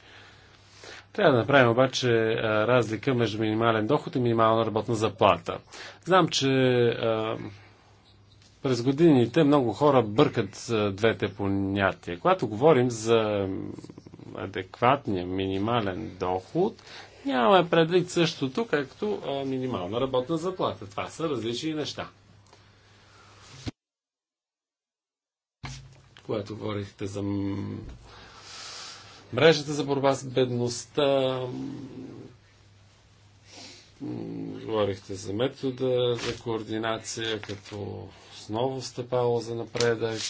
Трябва да направим обаче а, разлика между минимален доход и минимална работна заплата. Знам, че а, през годините много хора бъркат а, двете понятия. Когато говорим за адекватния минимален доход, нямаме предвид същото, както минимална работна заплата. Това са различни неща. Когато говорихте за мрежата за борба с бедността, говорихте за метода за координация като основно стъпало за напредък.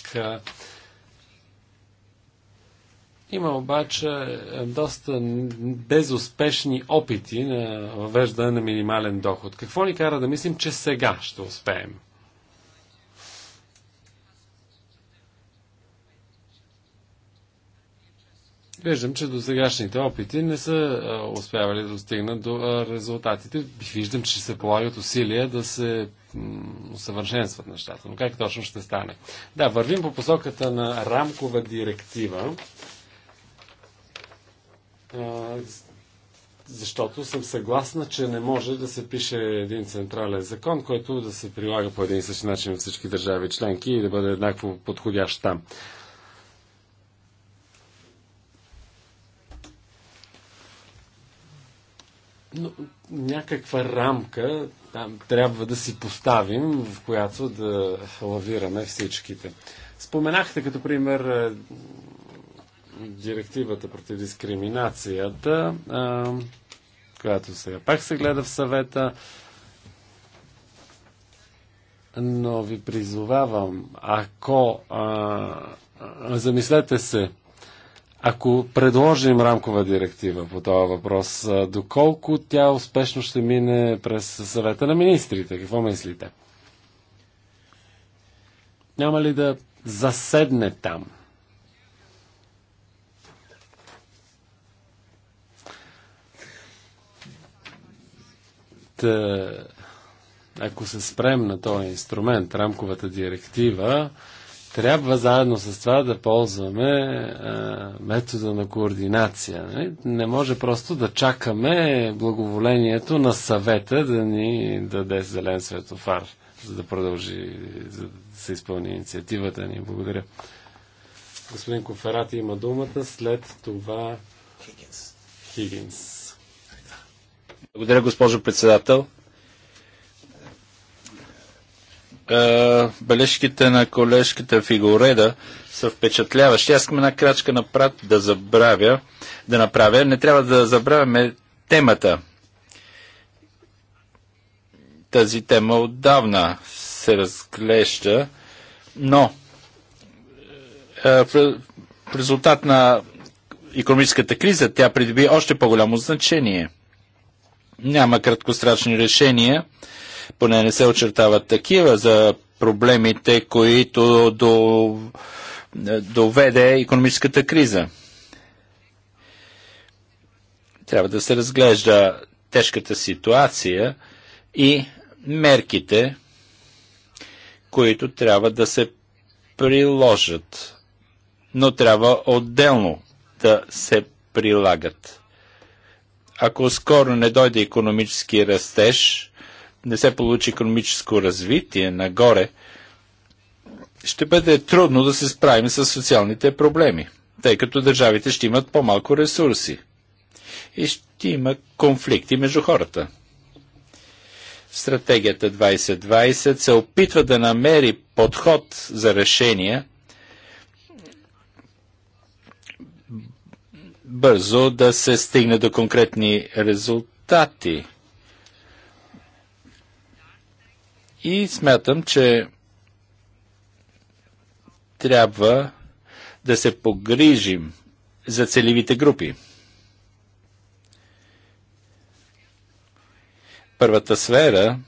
Има обаче е, доста безуспешни опити на въвеждане на минимален доход. Какво ни кара да мислим, че сега ще успеем? Виждам, че до сегашните опити не са е, успявали да достигнат до е, резултатите. Виждам, че се полагат усилия да се усъвършенстват нещата. Но как точно ще стане? Да, вървим по посоката на рамкова директива защото съм съгласна, че не може да се пише един централен закон, който да се прилага по един и същи начин във всички държави членки и да бъде еднакво подходящ там. Но някаква рамка там трябва да си поставим, в която да лавираме всичките. Споменахте като пример директивата против дискриминацията, а, която сега пак се гледа в съвета, но ви призовавам, ако а, замислете се, ако предложим рамкова директива по този въпрос, доколко тя успешно ще мине през съвета на министрите? Какво мислите? Няма ли да заседне там? ако се спрем на този инструмент, рамковата директива, трябва заедно с това да ползваме а, метода на координация. Не? Нали? не може просто да чакаме благоволението на съвета да ни даде зелен светофар, за да продължи, за да се изпълни инициативата ни. Благодаря. Господин Коферати има думата, след това Хигинс. Хигинс. Благодаря, госпожо председател. Е, бележките на колежката Фигуреда са впечатляващи. Аз искам една крачка напред да забравя, да направя. Не трябва да забравяме темата. Тази тема отдавна се разглежда, но е, в резултат на економическата криза тя придоби още по-голямо значение – няма краткосрачни решения, поне не се очертават такива за проблемите, които до, доведе економическата криза. Трябва да се разглежда тежката ситуация и мерките, които трябва да се приложат, но трябва отделно да се прилагат. Ако скоро не дойде економически растеж, не се получи економическо развитие нагоре, ще бъде трудно да се справим с социалните проблеми, тъй като държавите ще имат по-малко ресурси и ще има конфликти между хората. Стратегията 2020 се опитва да намери подход за решения бързо да се стигне до конкретни резултати. И смятам, че трябва да се погрижим за целевите групи. Първата сфера,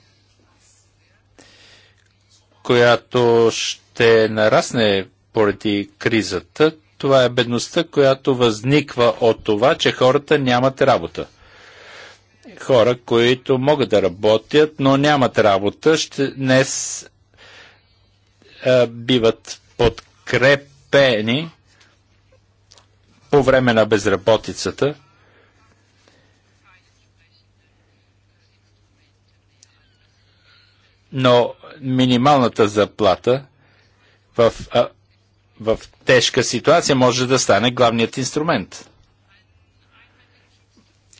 която ще нарасне поради кризата, това е бедността, която възниква от това, че хората нямат работа. Хора, които могат да работят, но нямат работа, ще днес а, биват подкрепени по време на безработицата. Но минималната заплата в а, в тежка ситуация може да стане главният инструмент.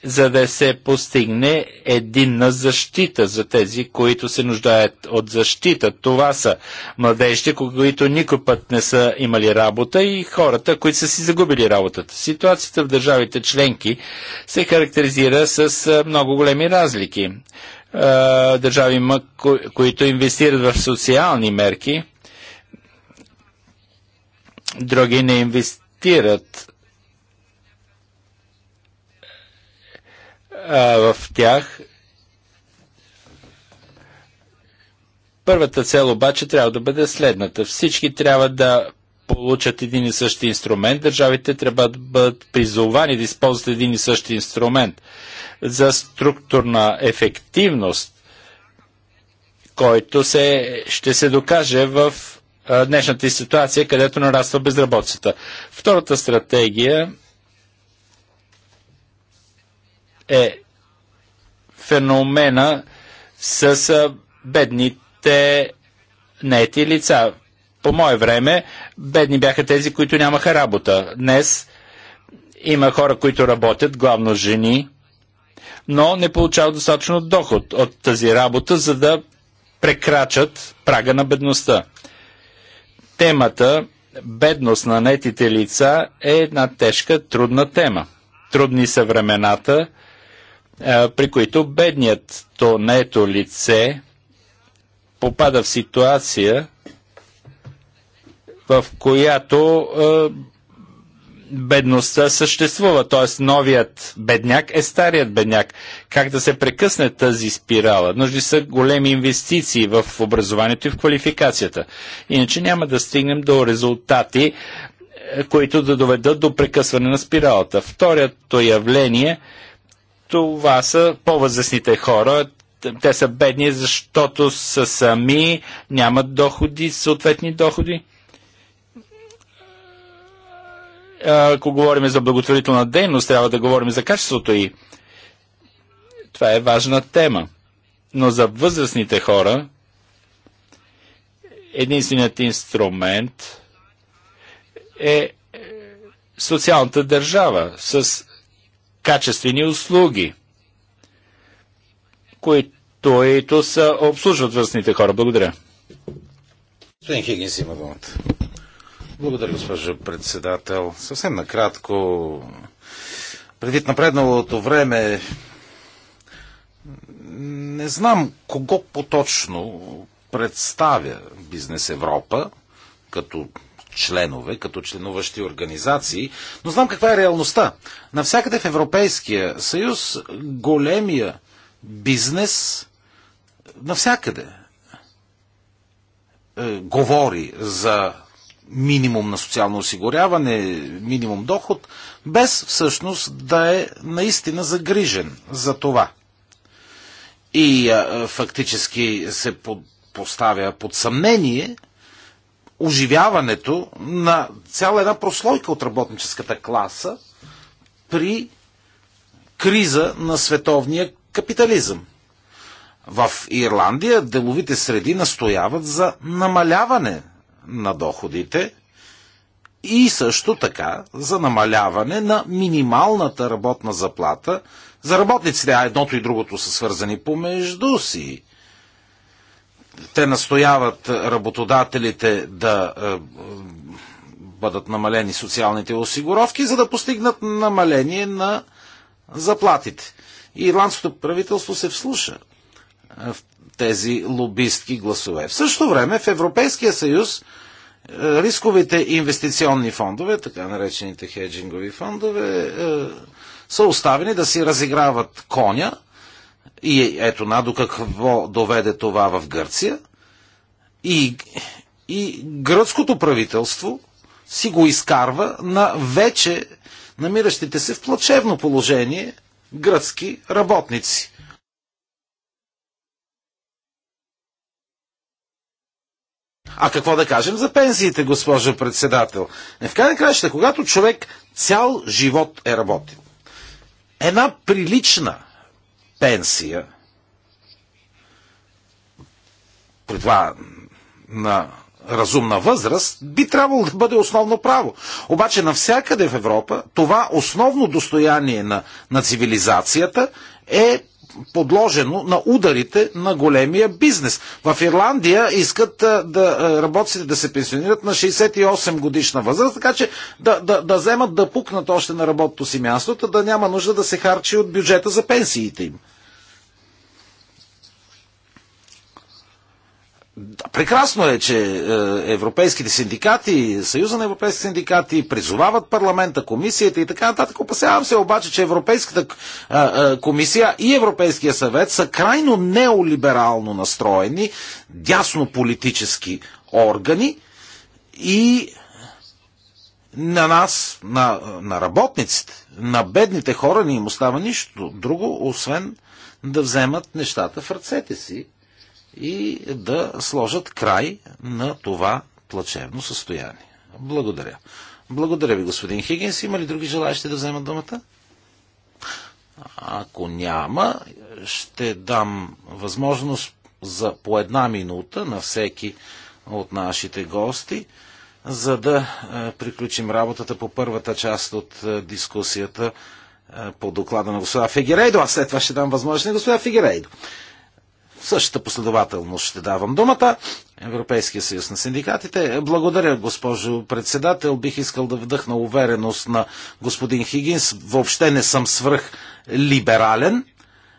За да се постигне единна защита за тези, които се нуждаят от защита. Това са младежите, които никой път не са имали работа и хората, които са си загубили работата. Ситуацията в държавите членки се характеризира с много големи разлики. Държави, които инвестират в социални мерки – други не инвестират а, в тях. Първата цел обаче трябва да бъде следната. Всички трябва да получат един и същи инструмент, държавите трябва да бъдат призовани да използват един и същи инструмент за структурна ефективност, който се, ще се докаже в днешната ситуация, където нараства безработицата. Втората стратегия е феномена с бедните нети лица. По мое време бедни бяха тези, които нямаха работа. Днес има хора, които работят, главно жени, но не получават достатъчно доход от тази работа, за да прекрачат прага на бедността. Темата бедност на нетите лица е една тежка, трудна тема. Трудни са времената, е, при които бедният то нето лице попада в ситуация, в която е, бедността съществува, т.е. новият бедняк е старият бедняк. Как да се прекъсне тази спирала? Нужди са големи инвестиции в образованието и в квалификацията. Иначе няма да стигнем до резултати, е, които да доведат до прекъсване на спиралата. Второто явление, това са по-възрастните хора, те са бедни, защото са сами, нямат доходи, съответни доходи. Ако говорим за благотворителна дейност, трябва да говорим за качеството и това е важна тема. Но за възрастните хора единственият инструмент е, е социалната държава с качествени услуги, които, които са обслужват възрастните хора. Благодаря. Господин Хигинс има думата. Благодаря, госпожо председател. Съвсем накратко, предвид напредналото време, не знам кого поточно представя Бизнес Европа като членове, като членуващи организации, но знам каква е реалността. Навсякъде в Европейския съюз големия бизнес навсякъде е, говори за минимум на социално осигуряване, минимум доход, без всъщност да е наистина загрижен за това. И а, фактически се под, поставя под съмнение оживяването на цяла една прослойка от работническата класа при криза на световния капитализъм. В Ирландия деловите среди настояват за намаляване на доходите и също така за намаляване на минималната работна заплата за работниците, а едното и другото са свързани помежду си. Те настояват работодателите да е, бъдат намалени социалните осигуровки, за да постигнат намаление на заплатите. И ирландското правителство се вслуша в тези лобистки гласове. В същото време в Европейския съюз е, рисковите инвестиционни фондове, така наречените хеджингови фондове, е, са оставени да си разиграват коня и ето на до какво доведе това в Гърция. И, и гръцкото правителство си го изкарва на вече намиращите се в плачевно положение гръцки работници. А какво да кажем за пенсиите, госпожо председател? Не в край на краища, когато човек цял живот е работил, една прилична пенсия, при това на разумна възраст, би трябвало да бъде основно право. Обаче навсякъде в Европа това основно достояние на, на цивилизацията е подложено на ударите на големия бизнес. В Ирландия искат да работците да се пенсионират на 68 годишна възраст, така че да, да, да вземат да пукнат още на работното си място, да няма нужда да се харчи от бюджета за пенсиите им. Прекрасно е, че е, европейските синдикати, Съюза на европейски синдикати призовават парламента, комисията и така нататък. Опасявам се обаче, че Европейската е, е, комисия и Европейския съвет са крайно неолиберално настроени, дясно политически органи и на нас, на, на работниците, на бедните хора не им остава нищо друго, освен да вземат нещата в ръцете си и да сложат край на това плачевно състояние. Благодаря. Благодаря ви, господин Хигинс. Има ли други желаящи да вземат думата? Ако няма, ще дам възможност за по една минута на всеки от нашите гости, за да е, приключим работата по първата част от е, дискусията е, по доклада на господа Фегерейдо. А след това ще дам възможност на господа Фегерейдо същата последователност ще давам думата. Европейския съюз на синдикатите. Благодаря, госпожо председател. Бих искал да вдъхна увереност на господин Хигинс. Въобще не съм свръх либерален.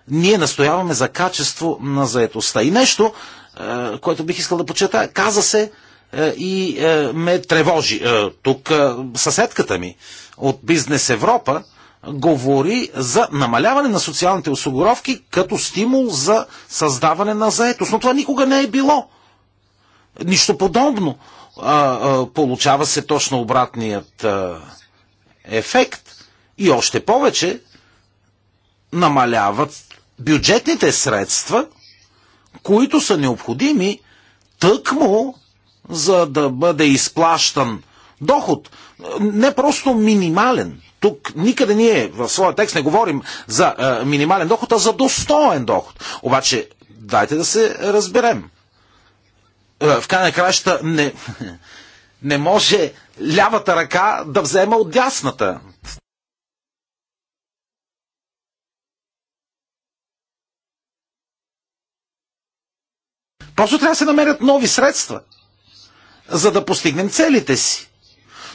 Ние настояваме за качество на заетостта. И нещо, е, което бих искал да почета, каза се е, и е, ме тревожи. Тук съседката ми от Бизнес Европа говори за намаляване на социалните осигуровки като стимул за създаване на заетост. Но това никога не е било. Нищо подобно. А, а, получава се точно обратният а, ефект. И още повече намаляват бюджетните средства, които са необходими тъкмо за да бъде изплащан доход. Не просто минимален. Тук никъде ние в своя текст не говорим за е, минимален доход, а за достоен доход. Обаче, дайте да се разберем. Е, в крайна краща не, не може лявата ръка да взема от дясната. Просто трябва да се намерят нови средства, за да постигнем целите си.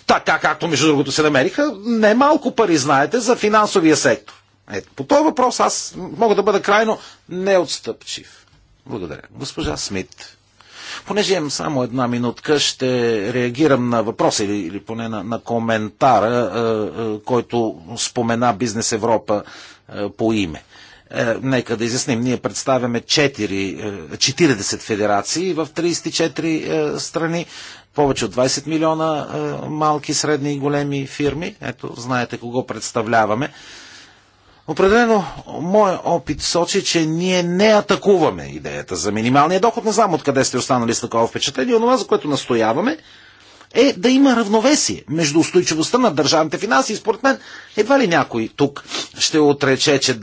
Така както, между другото, се намериха не малко пари, знаете, за финансовия сектор. Ето, по този въпрос аз мога да бъда крайно неотстъпчив. Благодаря. Госпожа Смит. Понеже имам само една минутка, ще реагирам на въпроса или, или поне на, на коментара, е, е, който спомена Бизнес Европа е, по име. Е, нека да изясним, ние представяме 4, 40 е, федерации в 34 е, страни повече от 20 милиона е, малки, средни и големи фирми. Ето, знаете кого представляваме. Определено, моят опит сочи, че ние не атакуваме идеята за минималния доход. Не знам откъде сте останали с такова впечатление. Онова, за което настояваме, е да има равновесие между устойчивостта на държавните финанси. И според мен едва ли някой тук ще отрече, че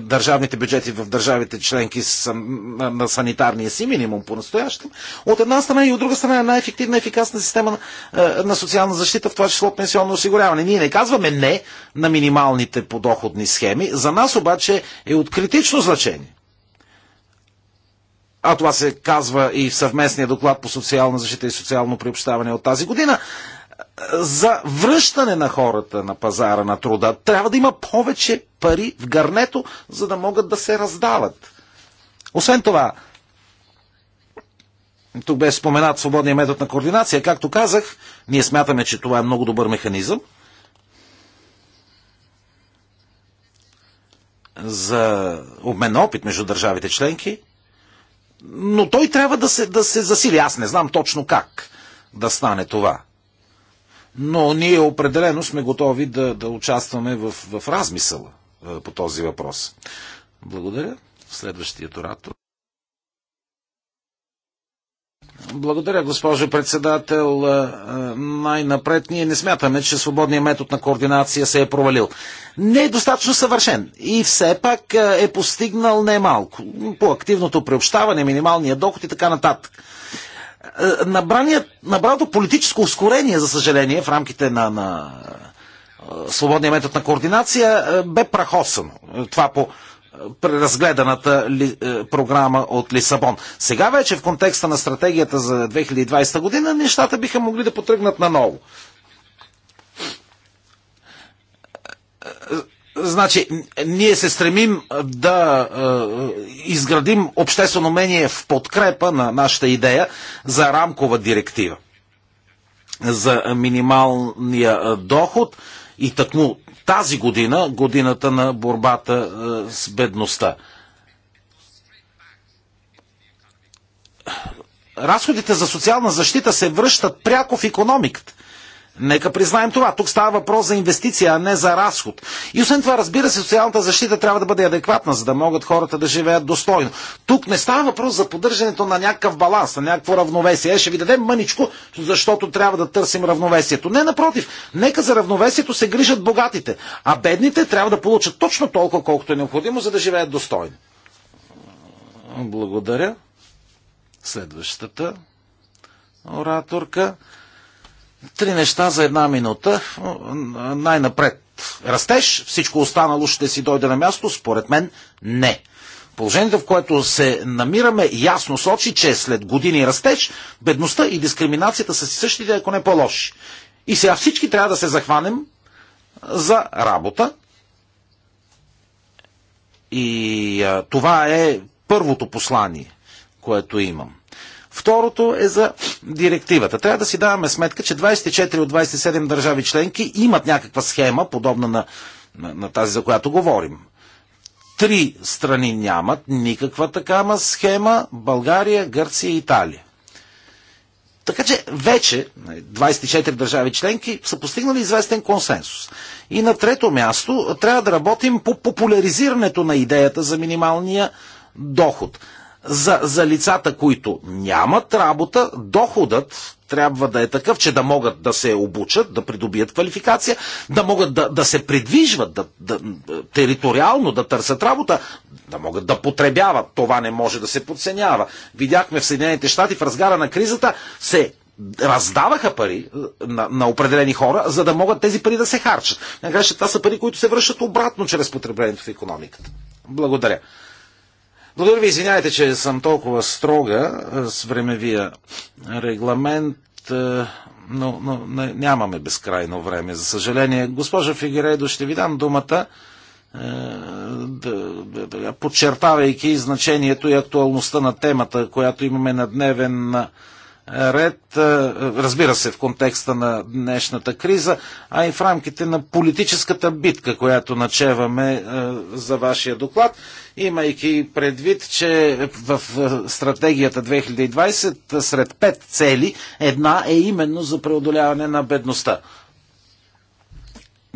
държавните бюджети в държавите членки са на санитарния си минимум по-настоящем. От една страна и от друга страна е най-ефективна ефикасна система на, на социална защита, в това число пенсионно осигуряване. Ние не казваме не на минималните подоходни схеми. За нас обаче е от критично значение а това се казва и в съвместния доклад по социална защита и социално приобщаване от тази година, за връщане на хората на пазара на труда. Трябва да има повече пари в гарнето, за да могат да се раздават. Освен това, тук бе споменат свободния метод на координация. Както казах, ние смятаме, че това е много добър механизъм за обмен на опит между държавите членки – но той трябва да се, да се засили. Аз не знам точно как да стане това. Но ние определено сме готови да, да участваме в, в размисъла е, по този въпрос. Благодаря. Следващият оратор. Благодаря, госпожо председател. Е, е, най-напред ние не смятаме, че свободният метод на координация се е провалил. Не е достатъчно съвършен и все пак е, е постигнал немалко. По активното приобщаване, минималния доход и така нататък. набралото политическо ускорение, за съжаление, в рамките на, на свободния метод на координация бе прахосано. Това по, преразгледаната ли, е, програма от Лисабон. Сега вече в контекста на стратегията за 2020 година нещата биха могли да потръгнат наново. Значи, ние се стремим да е, изградим обществено мнение в подкрепа на нашата идея за рамкова директива за минималния е, доход и такму тази година, годината на борбата е, с бедността. Разходите за социална защита се връщат пряко в економиката. Нека признаем това. Тук става въпрос за инвестиция, а не за разход. И освен това, разбира се, социалната защита трябва да бъде адекватна, за да могат хората да живеят достойно. Тук не става въпрос за поддържането на някакъв баланс, на някакво равновесие. Е, ще ви дадем мъничко, защото трябва да търсим равновесието. Не, напротив, нека за равновесието се грижат богатите, а бедните трябва да получат точно толкова, колкото е необходимо, за да живеят достойно. Благодаря. Следващата ораторка. Три неща за една минута. Най-напред растеж, всичко останало ще си дойде на място, според мен не. Положението, в което се намираме, ясно сочи, че след години растеж, бедността и дискриминацията са си същите, ако не по-лоши. И сега всички трябва да се захванем за работа. И а, това е първото послание, което имам. Второто е за директивата. Трябва да си даваме сметка, че 24 от 27 държави членки имат някаква схема, подобна на, на, на тази, за която говорим. Три страни нямат никаква такава схема България, Гърция и Италия. Така че вече 24 нали, държави членки са постигнали известен консенсус. И на трето място трябва да работим по популяризирането на идеята за минималния доход. За, за лицата, които нямат работа, доходът трябва да е такъв, че да могат да се обучат, да придобият квалификация, да могат да, да се придвижват да, да, териториално, да търсят работа, да могат да потребяват. Това не може да се подценява. Видяхме в Съединените щати в разгара на кризата се раздаваха пари е, на, на определени хора, за да могат тези пари да се харчат. Накрая това са пари, които се връщат обратно чрез потреблението в економиката. Благодаря. Благодаря ви, извинявайте, че съм толкова строга с времевия регламент, но, но не, нямаме безкрайно време, за съжаление. Госпожа Фигерейдо, ще ви дам думата, подчертавайки значението и актуалността на темата, която имаме на дневен ред, разбира се, в контекста на днешната криза, а и в рамките на политическата битка, която начеваме за вашия доклад, имайки предвид, че в стратегията 2020 сред пет цели една е именно за преодоляване на бедността.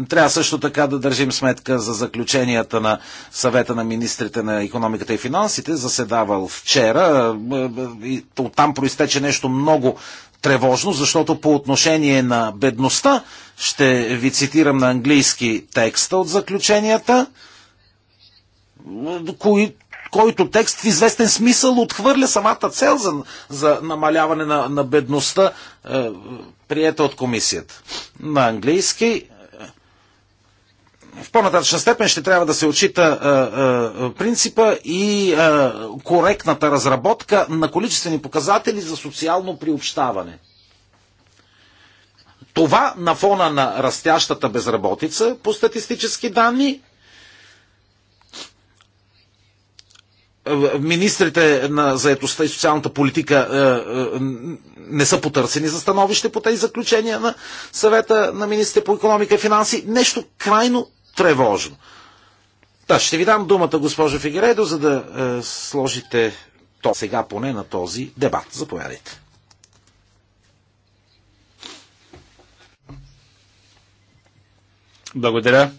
Трябва също така да държим сметка за заключенията на съвета на министрите на економиката и финансите, заседавал вчера. Е, е, оттам проистече нещо много тревожно, защото по отношение на бедността, ще ви цитирам на английски текста от заключенията, е, кои, който текст в известен смисъл отхвърля самата цел за, за намаляване на, на бедността, е, приета от комисията. На английски в по-нататъчна степен ще трябва да се отчита а, а, принципа и а, коректната разработка на количествени показатели за социално приобщаване. Това на фона на растящата безработица по статистически данни министрите на заетостта и социалната политика е, е, не са потърсени за становище по тези заключения на съвета на министрите по економика и финанси. Нещо крайно тревожно. Да, ще ви дам думата, госпожо Фигередо, за да е, сложите то сега поне на този дебат. Заповядайте. Благодаря.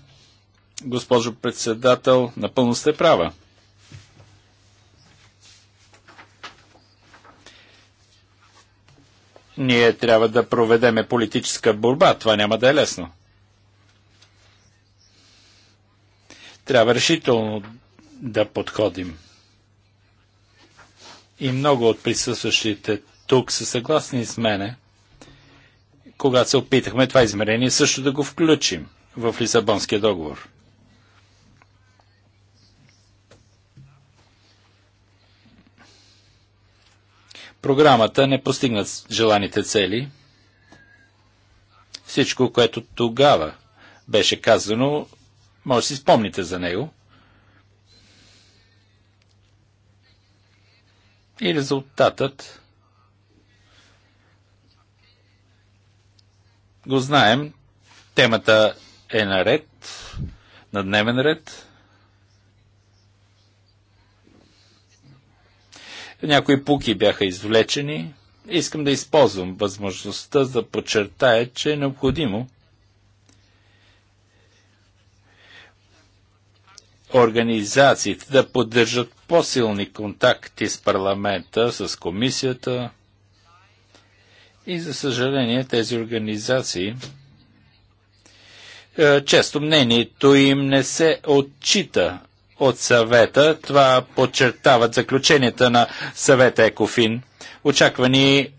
Госпожо председател, напълно сте права. Ние трябва да проведеме политическа борба. Това няма да е лесно. Трябва решително да подходим. И много от присъстващите тук са съгласни с мене, когато се опитахме това измерение също да го включим в Лисабонския договор. Програмата не постигна желаните цели. Всичко, което тогава беше казано, може да си спомните за него. И резултатът го знаем. Темата е наред, на дневен ред. Някои пуки бяха извлечени. Искам да използвам възможността да подчертая, че е необходимо организациите да поддържат по-силни контакти с парламента, с комисията. И за съжаление тези организации е, често мнението им не се отчита от съвета. Това подчертават заключенията на съвета Екофин. Очаквани е,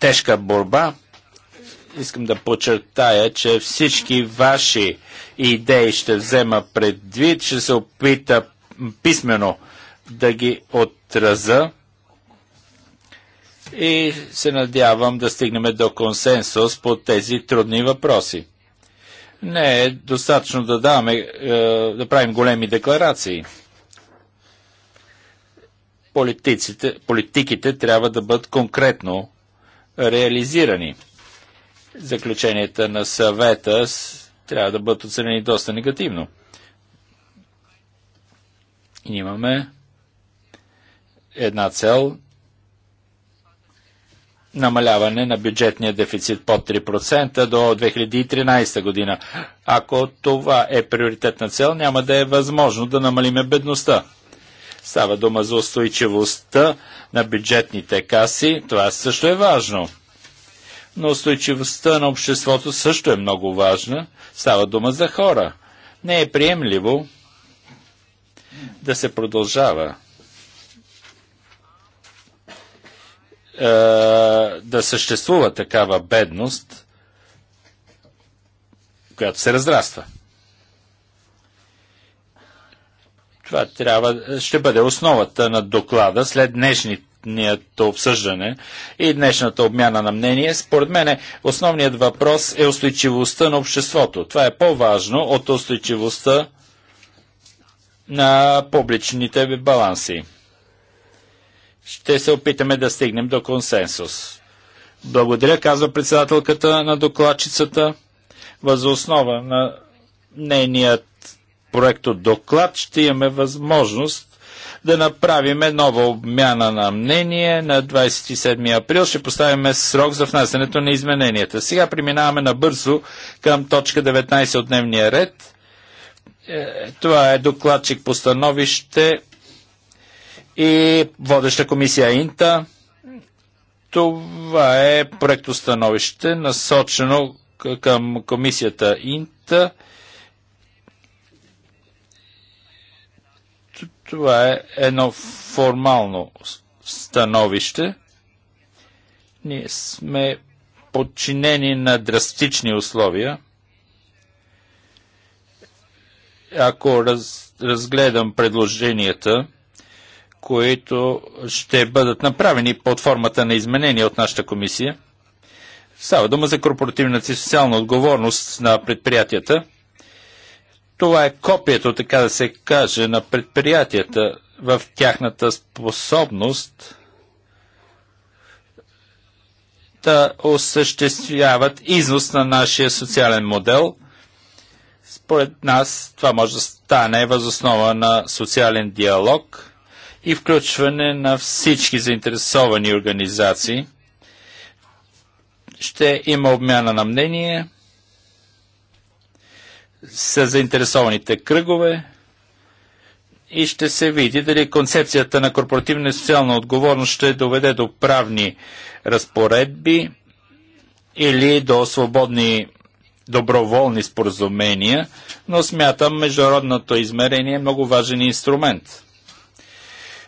тежка борба. Искам да подчертая, че всички ваши идеи ще взема предвид, ще се опита писменно да ги отраза и се надявам да стигнем до консенсус по тези трудни въпроси. Не е достатъчно да даваме, е, да правим големи декларации. Политиците, политиките трябва да бъдат конкретно реализирани. Заключенията на съвета трябва да бъдат оценени доста негативно. И имаме една цел намаляване на бюджетния дефицит под 3% до 2013 година. Ако това е приоритетна цел, няма да е възможно да намалиме бедността. Става дума за устойчивостта на бюджетните каси. Това също е важно но устойчивостта на обществото също е много важна. Става дума за хора. Не е приемливо да се продължава е, да съществува такава бедност, която се разраства. Това трябва, ще бъде основата на доклада след днешните днешното обсъждане и днешната обмяна на мнение, според мен основният въпрос е устойчивостта на обществото. Това е по-важно от устойчивостта на публичните баланси. Ще се опитаме да стигнем до консенсус. Благодаря, казва председателката на докладчицата. Възоснова на нейният проект от доклад ще имаме възможност да направим нова обмяна на мнение на 27 април. Ще поставим срок за внасянето на измененията. Сега преминаваме набързо към точка 19 от дневния ред. Е, това е докладчик по становище и водеща комисия Инта. Това е проектостановище, насочено към комисията Инта Това е едно формално становище. Ние сме подчинени на драстични условия. Ако раз, разгледам предложенията, които ще бъдат направени под формата на изменения от нашата комисия, става дума за корпоративната и социална отговорност на предприятията – това е копието, така да се каже, на предприятията в тяхната способност да осъществяват износ на нашия социален модел. Според нас това може да стане възоснова на социален диалог и включване на всички заинтересовани организации. Ще има обмяна на мнение са заинтересованите кръгове и ще се види дали концепцията на корпоративна и социална отговорност ще доведе до правни разпоредби или до свободни доброволни споразумения, но смятам международното измерение е много важен инструмент.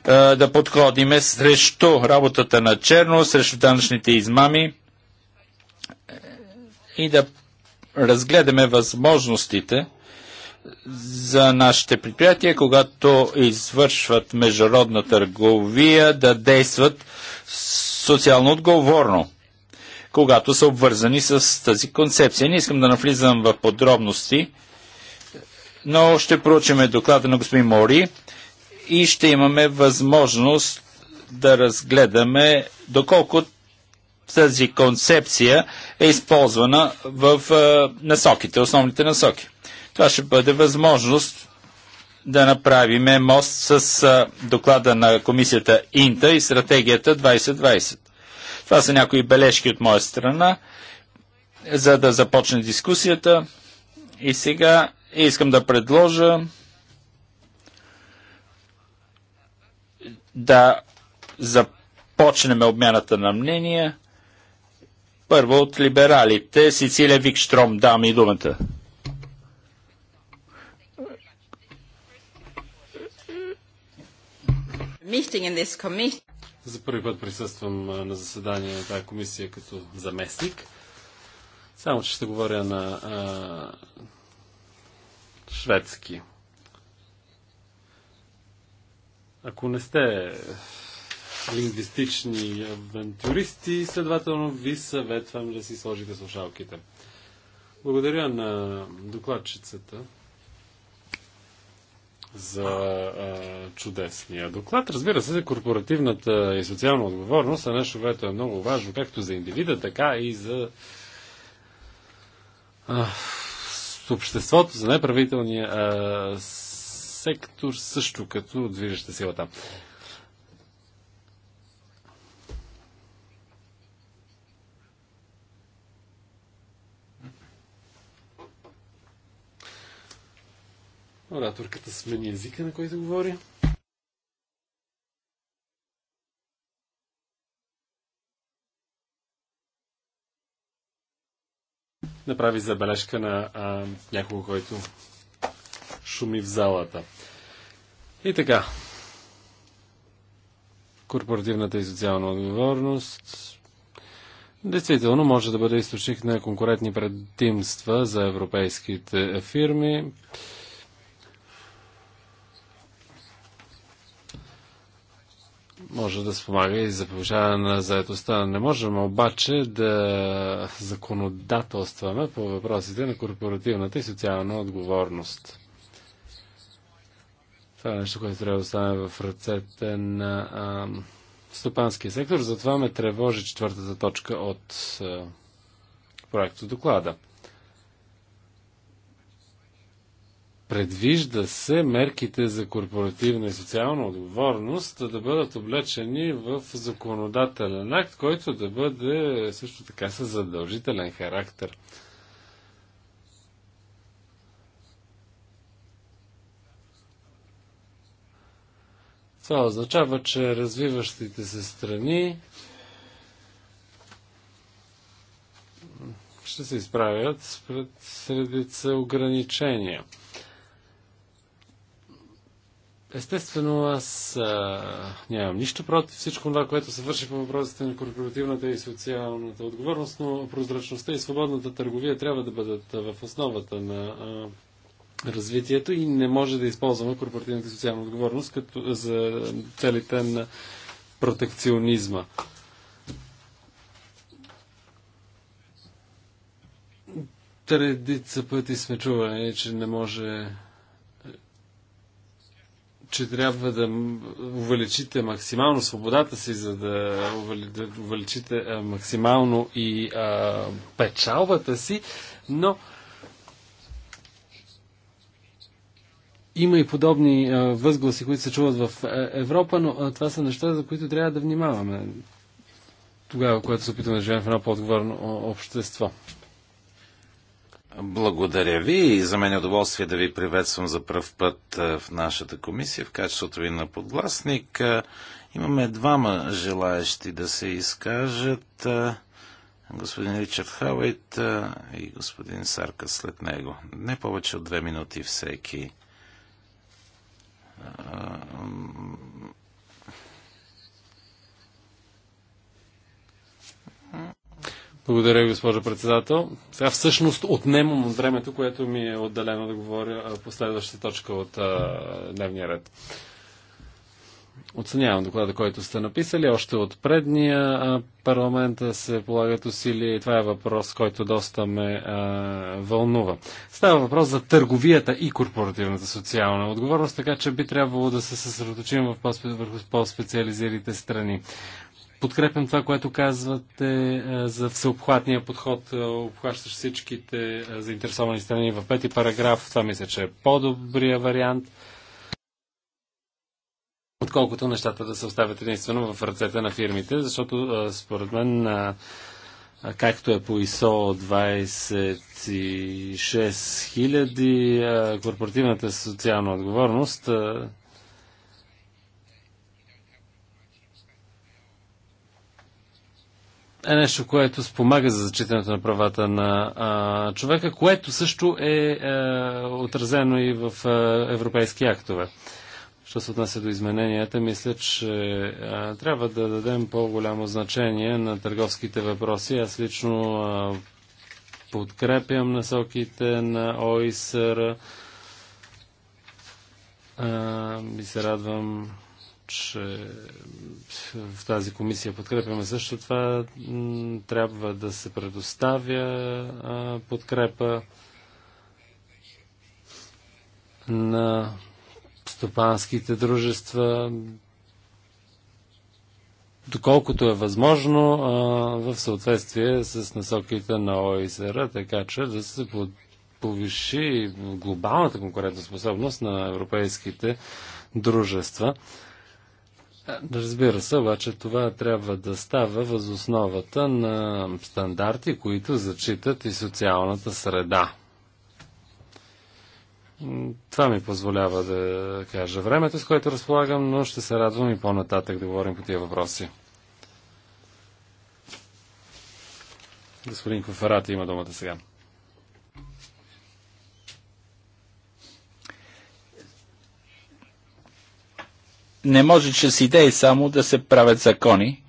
Е, да подходиме срещу работата на черно, срещу данъчните измами е, и да разгледаме възможностите за нашите предприятия, когато извършват международна търговия, да действат социално отговорно, когато са обвързани с тази концепция. Не искам да навлизам в подробности, но ще проучиме доклада на господин Мори и ще имаме възможност да разгледаме доколко тази концепция е използвана в насоките, основните насоки. Това ще бъде възможност да направиме мост с доклада на комисията Инта и стратегията 2020. Това са някои бележки от моя страна, за да започне дискусията. И сега искам да предложа да започнем обмяната на мнения първо от либералите. Сицилия Викштром, дам и думата. За първи път присъствам на заседание на тази комисия като заместник. Само, че ще говоря на а, шведски. Ако не сте лингвистични авантюристи, следователно ви съветвам да си сложите слушалките. Благодаря на докладчицата за а, чудесния доклад. Разбира се, корпоративната и социална отговорност е нещо, което е много важно, както за индивида, така и за а, обществото, за неправителния а, сектор, също като движеща сила там. Ораторката смени езика, на който говори. направи забележка на а, някого, който шуми в залата. И така. Корпоративната и социална отговорност действително може да бъде източник на конкурентни предимства за европейските фирми. може да спомага и за повишаване на заедостта. Не можем обаче да законодателстваме по въпросите на корпоративната и социална отговорност. Това е нещо, което трябва да остане в ръцете на а, стопанския сектор. Затова ме тревожи четвъртата точка от проекта доклада. Предвижда се мерките за корпоративна и социална отговорност да бъдат облечени в законодателен акт, който да бъде също така с задължителен характер. Това означава, че развиващите се страни ще се изправят пред средица ограничения – Естествено, аз а, нямам нищо против всичко това, което се върши по въпросите на корпоративната и социалната отговорност, но прозрачността и свободната търговия трябва да бъдат в основата на а, развитието и не може да използваме корпоративната и социална отговорност като, за целите на протекционизма. Тредица пъти сме чували, че не може че трябва да увеличите максимално свободата си, за да увеличите максимално и а, печалбата си, но има и подобни а, възгласи, които се чуват в Европа, но а, това са неща, за които трябва да внимаваме тогава, когато се опитваме да живеем в едно по-отговорно общество. Благодаря ви и за мен е удоволствие да ви приветствам за пръв път е, в нашата комисия в качеството ви на подгласник. Е, имаме двама желаящи да се изкажат. Е, господин Ричард Хауейт и господин Сарка след него. Не повече от две минути всеки. Благодаря, госпожо председател. Сега всъщност отнемам от времето, което ми е отделено да говоря по следващата точка от а, дневния ред. Оценявам доклада, който сте написали. Още от предния парламент се полагат усилия и това е въпрос, който доста ме а, вълнува. Става въпрос за търговията и корпоративната социална отговорност, така че би трябвало да се съсредоточим в по върху по-специализираните страни. Подкрепям това, което казвате за всеобхватния подход, обхващащ всичките заинтересовани страни в пети параграф. Това мисля, че е по-добрия вариант, отколкото нещата да се оставят единствено в ръцете на фирмите, защото според мен както е по ISO 26000, корпоративната социална отговорност е нещо, което спомага за зачитането на правата на а, човека, което също е а, е, отразено и в а, е, европейски актове. Що се отнася до измененията, мисля, че а, трябва да дадем по-голямо значение на търговските въпроси. Аз лично а, подкрепям насоките на ОИСР а, и се радвам че в тази комисия подкрепяме също това. Трябва да се предоставя подкрепа на стопанските дружества, доколкото е възможно, а, в съответствие с насоките на ОИСР, така че да се повиши глобалната конкурентоспособност на европейските дружества. Разбира се, обаче това трябва да става възосновата на стандарти, които зачитат и социалната среда. Това ми позволява да кажа времето, с което разполагам, но ще се радвам и по-нататък да говорим по тия въпроси. Господин Коферати има думата сега. не може чрез идеи само да се правят закони.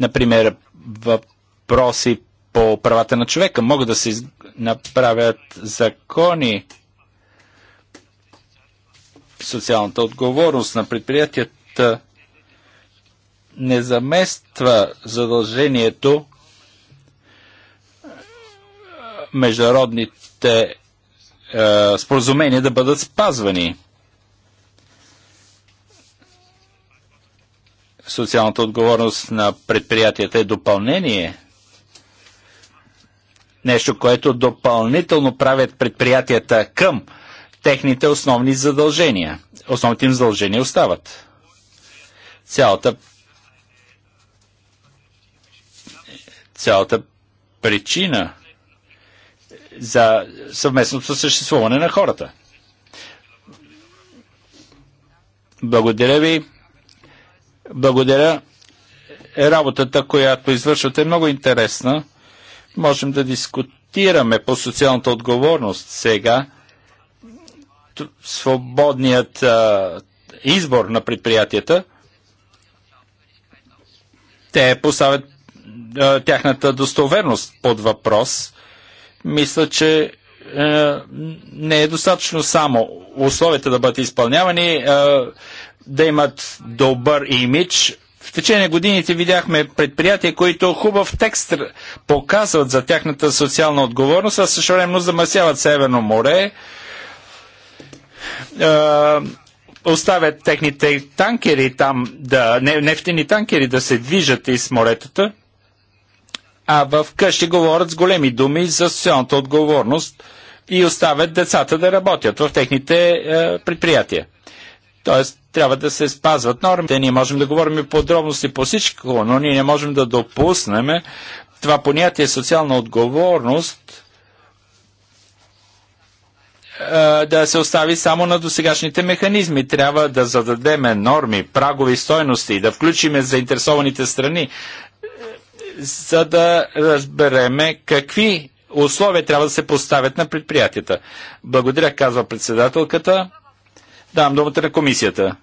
Например, въпроси по правата на човека могат да се направят закони. Социалната отговорност на предприятията не замества задължението международните е, споразумения да бъдат спазвани. социалната отговорност на предприятията е допълнение. Нещо, което допълнително правят предприятията към техните основни задължения. Основните им задължения остават. Цялата цялата причина за съвместното съществуване на хората. Благодаря ви. Благодаря. Е, работата, която извършвате, е много интересна. Можем да дискутираме по социалната отговорност сега. Свободният а, избор на предприятията. Те поставят а, тяхната достоверност под въпрос. Мисля, че не е достатъчно само условията да бъдат изпълнявани, да имат добър имидж. В течение на годините видяхме предприятия, които хубав текст показват за тяхната социална отговорност, а също времено замърсяват Северно море, е, оставят техните танкери там, да, нефтени танкери да се движат из моретата, а в къщи говорят с големи думи за социалната отговорност и оставят децата да работят в техните е, предприятия. Т.е. трябва да се спазват нормите. Ние можем да говорим и подробности по всичко, но ние не можем да допуснем това понятие социална отговорност е, да се остави само на досегашните механизми. Трябва да зададеме норми, прагови стойности, да включиме заинтересованите страни, е, за да разбереме какви условия трябва да се поставят на предприятията. Благодаря, казва председателката. Давам думата на комисията.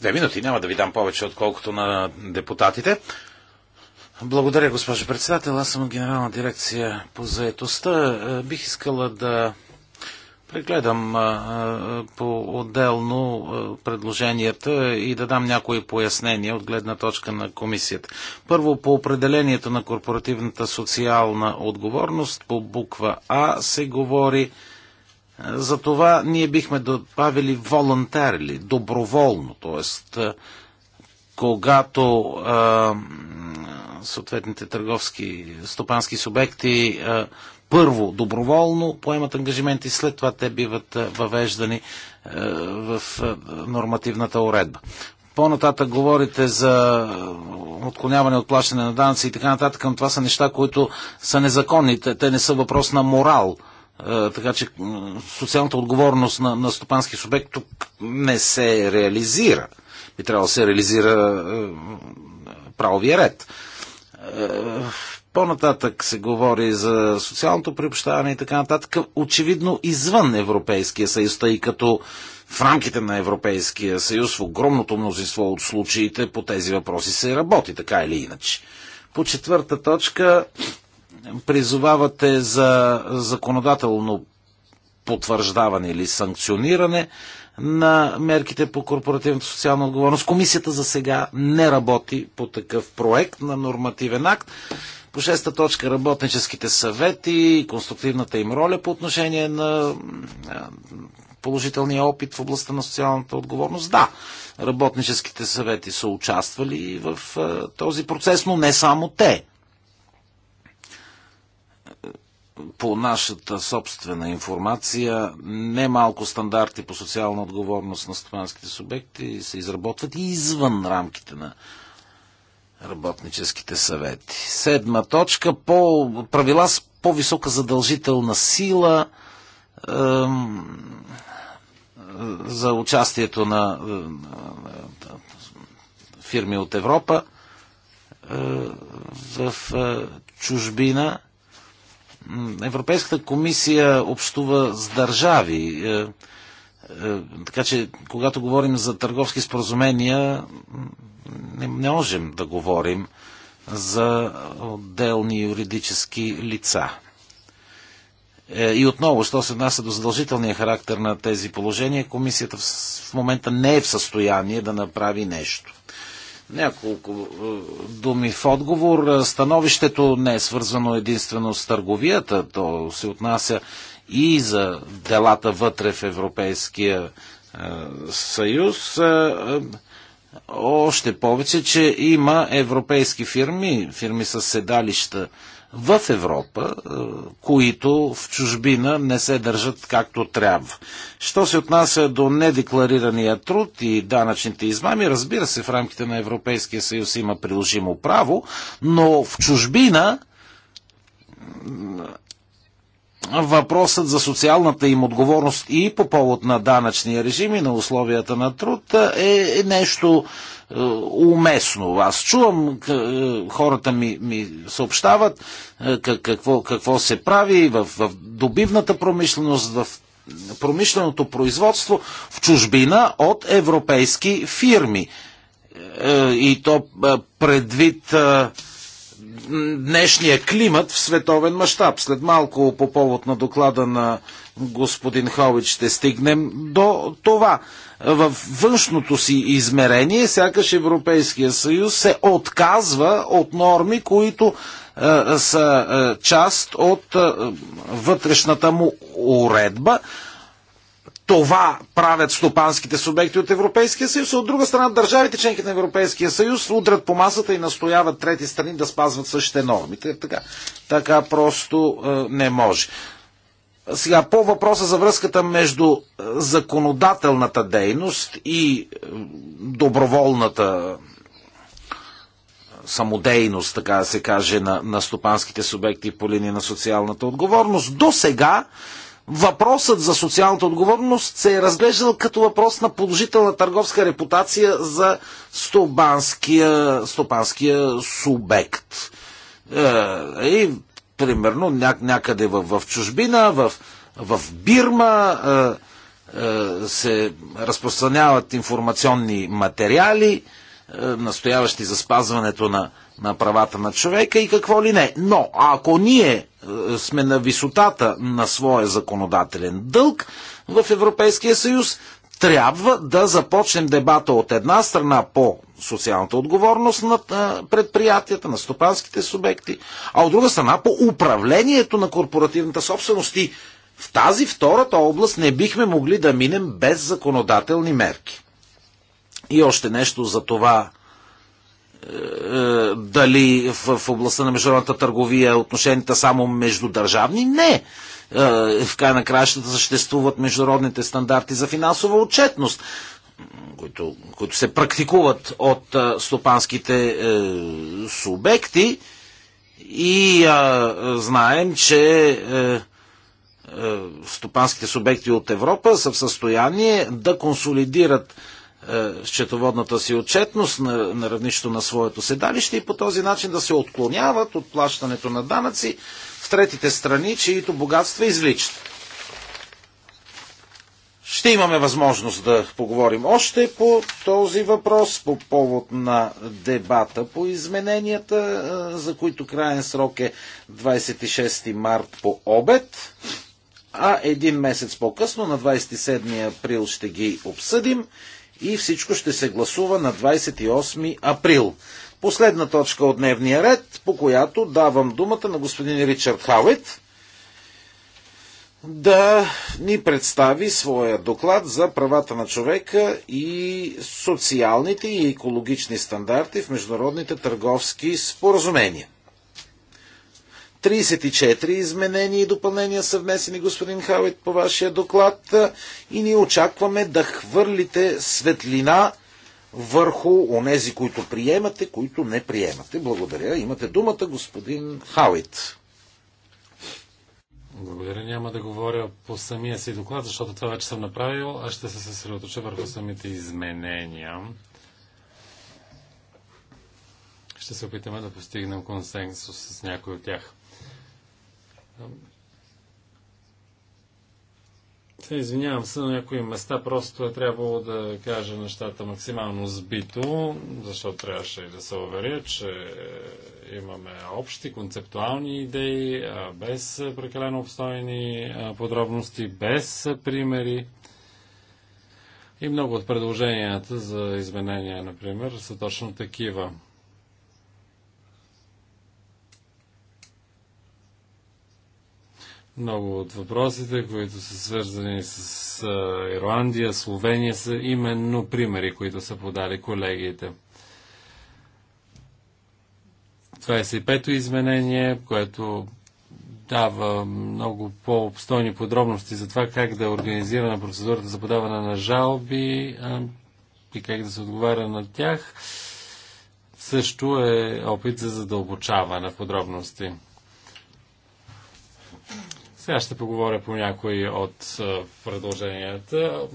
Две минути няма да ви дам повече, отколкото на депутатите. Благодаря, госпожо председател. Аз съм от Генерална дирекция по заетостта. Е, бих искала да прегледам е, е, по-отделно предложенията и да дам някои пояснения от гледна точка на комисията. Първо, по определението на корпоративната социална отговорност, по буква А се говори за това ние бихме добавили волонтерли, доброволно, т.е. когато а, съответните търговски стопански субекти а, първо доброволно поемат ангажименти, след това те биват въвеждани а, в нормативната уредба. По-нататък говорите за отклоняване от плащане на данъци и така нататък, но това са неща, които са незаконни. Те, не са въпрос на морал. Е, така че социалната отговорност на, на стопански субект тук не се реализира. Би трябвало да се реализира е, правовия ред. Е, по-нататък се говори за социалното приобщаване и така нататък. Очевидно извън Европейския съюз, тъй като в рамките на Европейския съюз в огромното мнозинство от случаите по тези въпроси се работи, така или иначе. По четвърта точка призовавате за законодателно потвърждаване или санкциониране на мерките по корпоративната социална отговорност. Комисията за сега не работи по такъв проект на нормативен акт. По шеста точка работническите съвети и конструктивната им роля по отношение на положителния опит в областта на социалната отговорност. Да, работническите съвети са участвали в този процес, но не само те по нашата собствена информация немалко стандарти по социална отговорност на стопанските субекти се изработват и извън рамките на работническите съвети. Седма точка по правила с по-висока задължителна сила ем, е, за участието на е, е, е, фирми от Европа е, в е, чужбина – Европейската комисия общува с държави. Е, е, така че, когато говорим за търговски споразумения, не, не можем да говорим за отделни юридически лица. Е, и отново, що се отнася до задължителния характер на тези положения, комисията в момента не е в състояние да направи нещо. Няколко е, думи в отговор. Е, становището не е свързано единствено с търговията, то се отнася и за делата вътре в Европейския е, съюз. Още повече, че има европейски фирми, фирми с седалища в Европа, е, които в чужбина не се държат както трябва. Що се отнася до недекларирания труд и данъчните измами, разбира се, в рамките на Европейския съюз има приложимо право, но в чужбина въпросът за социалната им отговорност и по повод на данъчния режим и на условията на труд е, е нещо е, уместно. Аз чувам, е, хората ми, ми съобщават какво, какво се прави в, в добивната промишленост, в промишленото производство в чужбина от европейски фирми. И то предвид днешния климат в световен мащаб. След малко по повод на доклада на господин Хович ще стигнем до това. В външното си измерение сякаш Европейския съюз се отказва от норми, които е, са е, част от е, вътрешната му уредба, това правят стопанските субекти от Европейския съюз, а от друга страна държавите членки на Европейския съюз удрят по масата и настояват трети страни да спазват същите норми. Така, така просто е, не може. Сега по въпроса за връзката между е, законодателната дейност и е, доброволната е, самодейност, така да се каже, на, на стопанските субекти по линия на социалната отговорност. До сега въпросът за социалната отговорност се е разглеждал като въпрос на положителна търговска репутация за стопанския, стопанския субект. Е, и, примерно, някъде в, в чужбина, в, в Бирма е, е, се разпространяват информационни материали, е, настояващи за спазването на, на правата на човека и какво ли не. Но ако ние е, сме на висотата на своя законодателен дълг в Европейския съюз, трябва да започнем дебата от една страна по социалната отговорност на е, предприятията, на стопанските субекти, а от друга страна по управлението на корпоративната собственост. И в тази втората област не бихме могли да минем без законодателни мерки. И още нещо за това е, е, дали в, в областта на международната търговия отношенията само между държавни? Не. Е, в край на краищата съществуват международните стандарти за финансова отчетност, които, които се практикуват от стопанските субекти и а, знаем, че е, стопанските субекти от Европа са в състояние да консолидират е, счетоводната си отчетност на, на равнището на своето седалище и по този начин да се отклоняват от плащането на данъци в третите страни, чието богатства извличат. Ще имаме възможност да поговорим още по този въпрос, по повод на дебата по измененията, е, за които краен срок е 26 март по обед, а един месец по-късно, на 27 април, ще ги обсъдим и всичко ще се гласува на 28 април. Последна точка от дневния ред, по която давам думата на господин Ричард Хауит да ни представи своя доклад за правата на човека и социалните и екологични стандарти в международните търговски споразумения. 34 изменения и допълнения внесени, господин Хауит, по вашия доклад и ние очакваме да хвърлите светлина върху онези, които приемате, които не приемате. Благодаря. Имате думата, господин Хауит. Благодаря. Няма да говоря по самия си доклад, защото това вече съм направил, а ще се съсредоточа върху самите изменения. Ще се опитаме да постигнем консенсус с някой от тях. Те, извинявам се, на някои места просто е трябвало да кажа нещата максимално сбито, защото трябваше и да се уверя, че имаме общи концептуални идеи, без прекалено обстойни подробности, без примери. И много от предложенията за изменения, например, са точно такива. Много от въпросите, които са свързани с Ирландия, Словения, са именно примери, които са подали колегите. 25-то изменение, което дава много по-обстойни подробности за това как да е организирана процедурата за подаване на жалби а, и как да се отговаря на тях, също е опит за задълбочаване подробности. Сега ще поговоря по някои от предложенията.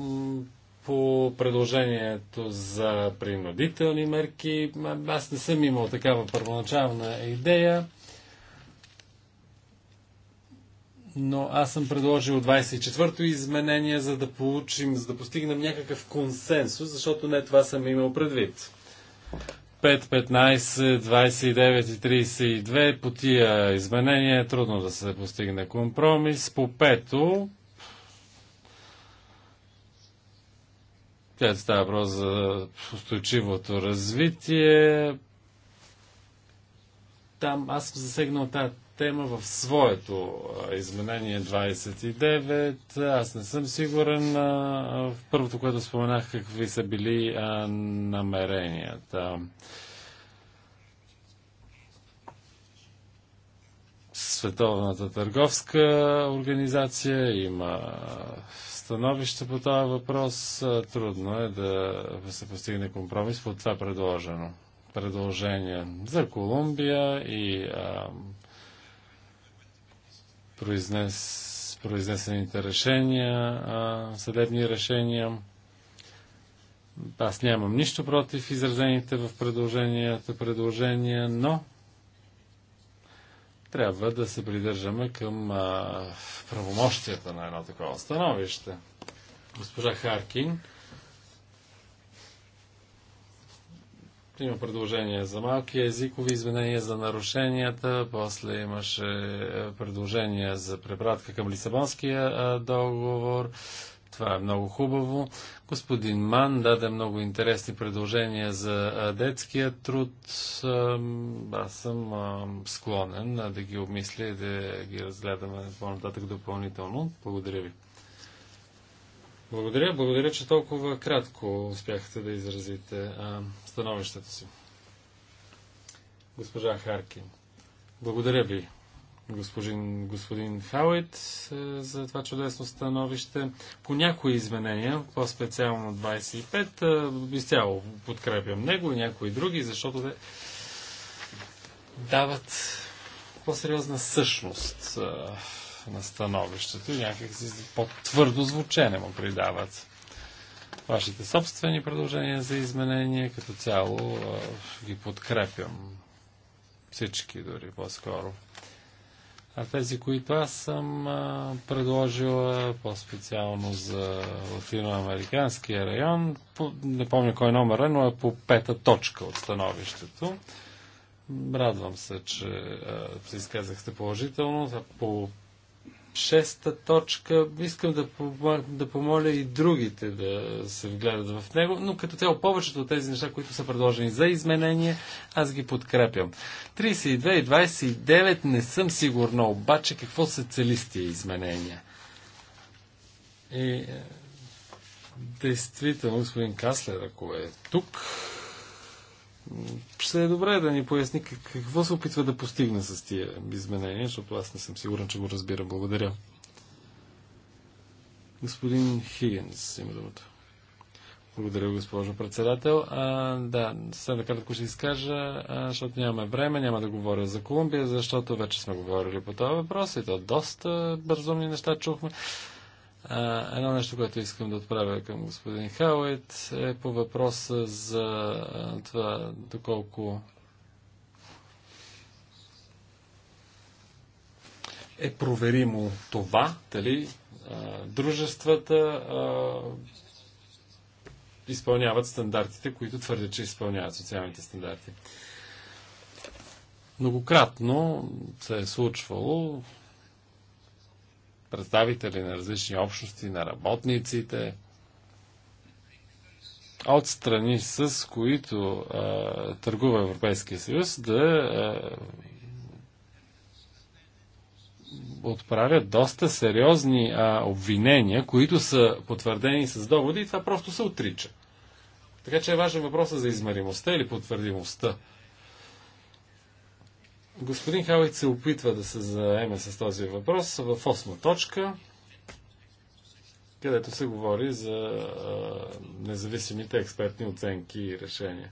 По предложението за принудителни мерки, аз не съм имал такава първоначална идея, но аз съм предложил 24-то изменение, за да получим, за да постигнем някакъв консенсус, защото не това съм имал предвид. 5, 15, 29 и 32 по тия изменения е трудно да се постигне компромис. По пето тя става въпрос за устойчивото развитие. Там аз съм засегнал тази тема в своето изменение 29. Аз не съм сигурен в първото, което споменах, какви са били а, намеренията. Световната търговска организация има становище по този въпрос. Трудно е да се постигне компромис по това предложено предложение за Колумбия и а, произнес, произнесените решения, съдебни решения. Аз нямам нищо против изразените в предложенията предложения, но трябва да се придържаме към правомощията на едно такова становище. Госпожа Харкин Има предложение за малки езикови изменения за нарушенията, после имаше е, предложение за препратка към Лисабонския е, договор. Това е много хубаво. Господин Ман даде много интересни предложения за е, детския труд. Аз съм склонен да ги обмисля и да ги разгледаме по-нататък допълнително. Благодаря ви. Благодаря, благодаря, че толкова кратко успяхте да изразите а, становището си. Госпожа Харкин, благодаря ви, господин, господин Хауит, е, за това чудесно становище. По някои изменения, по-специално 25, е, изцяло подкрепям него и някои други, защото те дават по-сериозна същност е, на становището и някакси по-твърдо звучене му придават. Вашите собствени предложения за изменение като цяло ги подкрепям. Всички дори по-скоро. А тези, които аз съм предложила, по-специално за латиноамериканския район, не помня кой номер е, но е по пета точка от становището. Радвам се, че се изказахте положително. По шеста точка. Искам да, помоля, да помоля и другите да се вгледат в него, но като цяло повечето от тези неща, които са предложени за изменение, аз ги подкрепям. 32 и 29 не съм сигурна обаче какво са цели с тия изменения. И е, действително, господин Каслер, ако е тук, ще е добре да ни поясни какво се опитва да постигне с тия изменения, защото аз не съм сигурен, че го разбира. Благодаря. Господин Хигенс има думата. Благодаря, госпожо председател. А, да, сега да кратко ще изкажа, защото нямаме време, няма да говоря за Колумбия, защото вече сме говорили по този въпрос и то доста бързо неща чухме едно нещо, което искам да отправя към господин Хауит е по въпроса за това доколко е проверимо това, дали дружествата изпълняват стандартите, които твърдят, че изпълняват социалните стандарти. Многократно се е случвало представители на различни общности, на работниците, от страни, с които а, търгува Европейския съюз, да а, отправят доста сериозни а, обвинения, които са потвърдени с доводи и това просто се отрича. Така че е важен въпросът за измеримостта или потвърдимостта Господин Халит се опитва да се заеме с този въпрос в 8 точка, където се говори за независимите експертни оценки и решения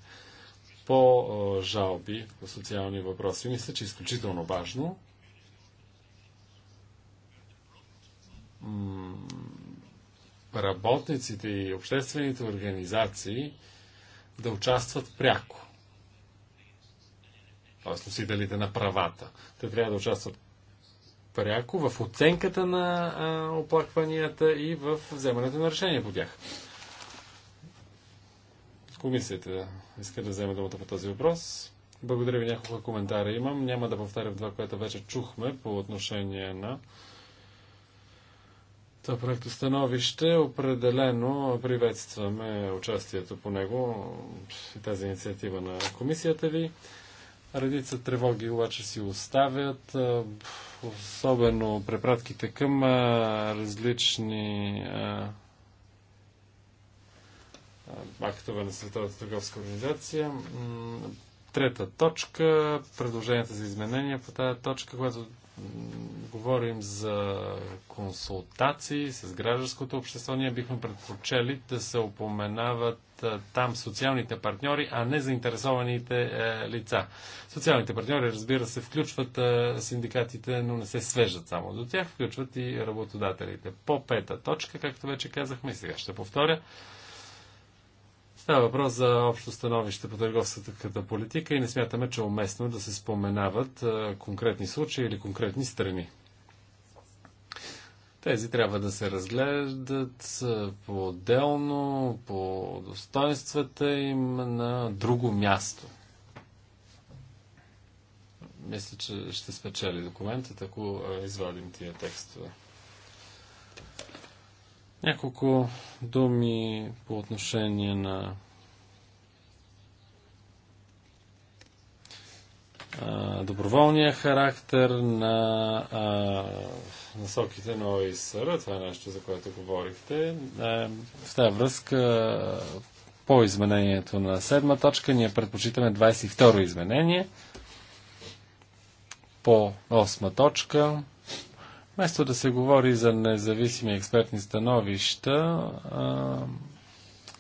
по жалби, по социални въпроси. Мисля, че е изключително важно работниците и обществените организации да участват пряко т.е. носителите на правата. Те трябва да участват пряко в оценката на оплакванията и в вземането на решение по тях. Комисията иска да вземе думата по този въпрос. Благодаря ви, няколко коментара имам. Няма да повтарям това, което вече чухме по отношение на това проекто становище. Определено приветстваме участието по него и тази инициатива на комисията ви. Редица тревоги обаче си оставят, особено препратките към различни актове на Световната търговска организация. Трета точка, предложенията за изменения по тази точка, която говорим за консултации с гражданското общество, ние бихме предпочели да се упоменават там социалните партньори, а не заинтересованите е, лица. Социалните партньори, разбира се, включват синдикатите, но не се свеждат само до тях, включват и работодателите. По пета точка, както вече казахме, сега ще повторя, Става въпрос за общо становище по търговската политика и не смятаме, че е уместно да се споменават конкретни случаи или конкретни страни. Тези трябва да се разглеждат по-отделно, по достоинствата им на друго място. Мисля, че ще спечели документът, ако извадим тия текстове. Няколко думи по отношение на доброволния характер на а, насоките на ОИСР. Това е нещо, за което говорихте. В тази връзка по изменението на седма точка ние предпочитаме 22 изменение. По осма точка Вместо да се говори за независими експертни становища а,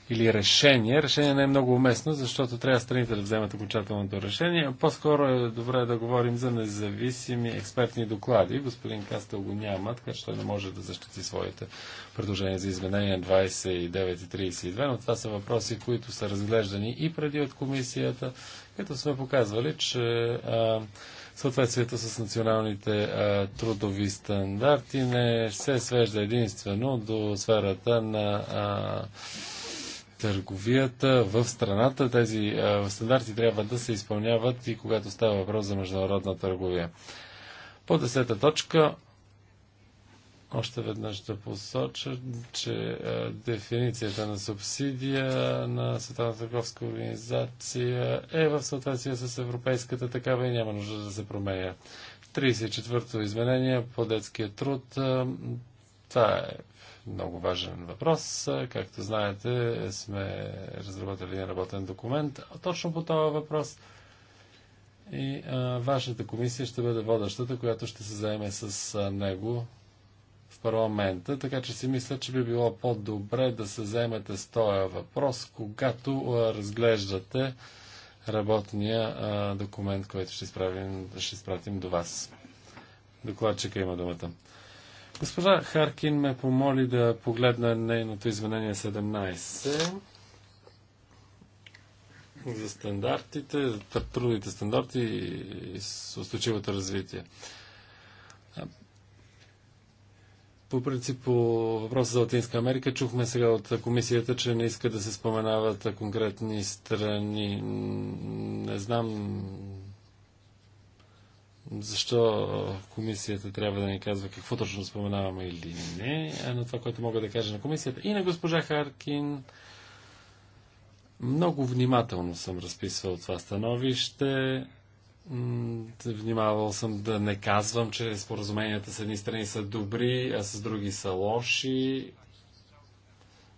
или решение, решение не е много уместно, защото трябва страните да вземат окончателното решение. По-скоро е добре да говорим за независими експертни доклади. Господин Кастел го няма, така че той не може да защити своите предложения за изменения 29 и 32, но това са въпроси, които са разглеждани и преди от комисията, като сме показвали, че а, съответствието с националните а, трудови стандарти не се свежда единствено до сферата на а, търговията в страната. Тези а, стандарти трябва да се изпълняват и когато става въпрос за международна търговия. По десета точка още веднъж да посоча, че дефиницията на субсидия на Световната търговска организация е в съответствие с европейската такава и няма нужда да се променя. 34-то изменение по детския труд. Това е много важен въпрос. Както знаете, сме разработили един работен документ точно по този въпрос. И а, вашата комисия ще бъде водещата, която ще се заеме с а, него в парламента, така че си мисля, че би било по-добре да се вземете с този въпрос, когато разглеждате работния документ, който ще, изправим, ще изпратим до вас. Докладчика има думата. Госпожа Харкин ме помоли да погледна нейното изменение 17 за стандартите, трудовите стандарти и устойчивото развитие. По принцип, по въпроса за Латинска Америка, чухме сега от комисията, че не иска да се споменават конкретни страни. Не знам защо комисията трябва да ни казва какво точно споменаваме или не, но това, което мога да кажа на комисията и на госпожа Харкин, много внимателно съм разписвал това становище. Внимавал съм да не казвам, че споразуменията с едни страни са добри, а с други са лоши,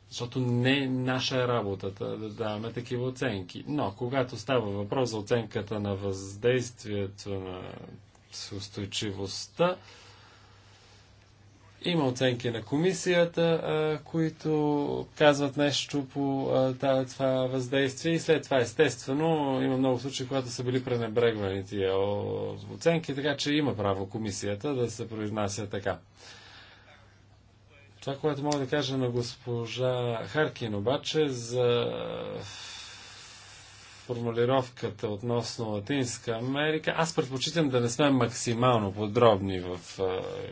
защото не е наша е работата да даваме такива оценки. Но когато става въпрос за оценката на въздействието на устойчивостта, има оценки на комисията, а, които казват нещо по а, това въздействие и след това естествено има много случаи, когато са били пренебрегвани тия оценки, така че има право комисията да се произнася така. Това, което мога да кажа на госпожа Харкин обаче за формулировката относно Латинска Америка, аз предпочитам да не сме максимално подробни в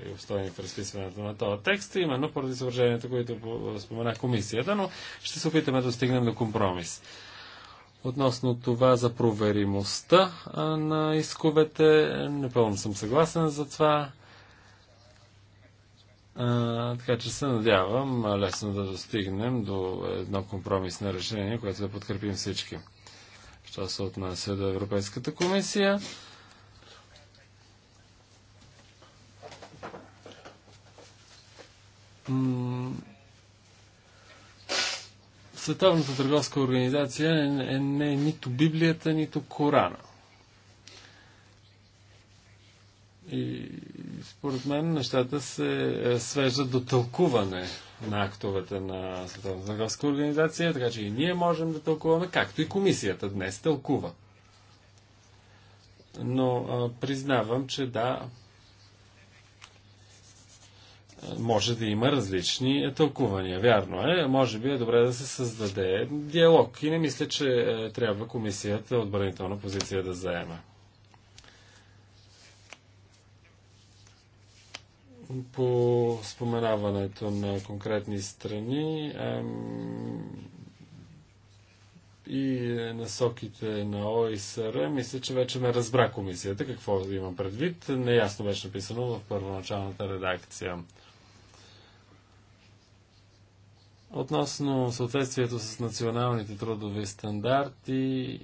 и обстойни в разписването на този текст, именно поради съображението, които спомена комисията, но ще се опитаме да стигнем до компромис. Относно това за проверимостта на исковете, непълно съм съгласен за това. А, така че се надявам лесно да достигнем до едно компромисно решение, което да подкрепим всички. Това се отнася до Европейската комисия, Световната търговска организация е, е, не е нито Библията, нито Корана. И според мен нещата се е, свеждат до тълкуване на актовете на Световната търговска организация, така че и ние можем да тълкуваме, както и комисията днес тълкува. Но а, признавам, че да, може да има различни тълкувания. Вярно е, може би е добре да се създаде диалог и не мисля, че е, трябва комисията отбранителна позиция да заема. По споменаването на конкретни страни и насоките на ОИСР, мисля, че вече ме разбра комисията какво има предвид. Неясно беше написано в първоначалната редакция. Относно съответствието с националните трудови стандарти,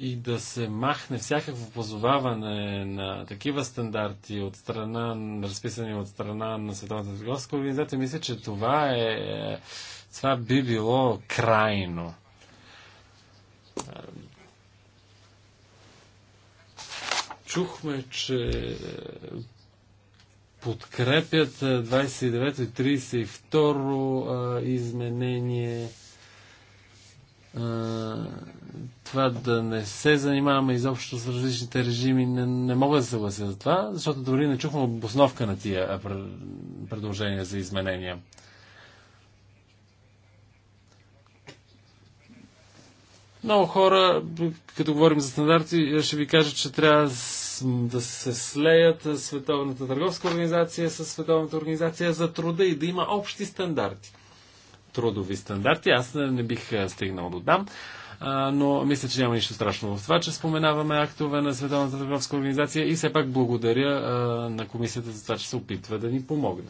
и да се махне всякакво позоваване на такива стандарти от страна, разписани от страна на Световната търговска организация, мисля, че това е това би било крайно. Чухме, че подкрепят 29 и 32 изменение това да не се занимаваме изобщо с различните режими, не, не мога да се съглася за това, защото дори не чухме обосновка на тия предложения за изменения. Много хора, като говорим за стандарти, ще ви кажа, че трябва да се слеят Световната търговска организация с Световната организация за труда и да има общи стандарти трудови стандарти. Аз не бих стигнал до там. Но мисля, че няма нищо страшно в това, че споменаваме актове на Световната търговска организация и все пак благодаря на комисията за това, че се опитва да ни помогне.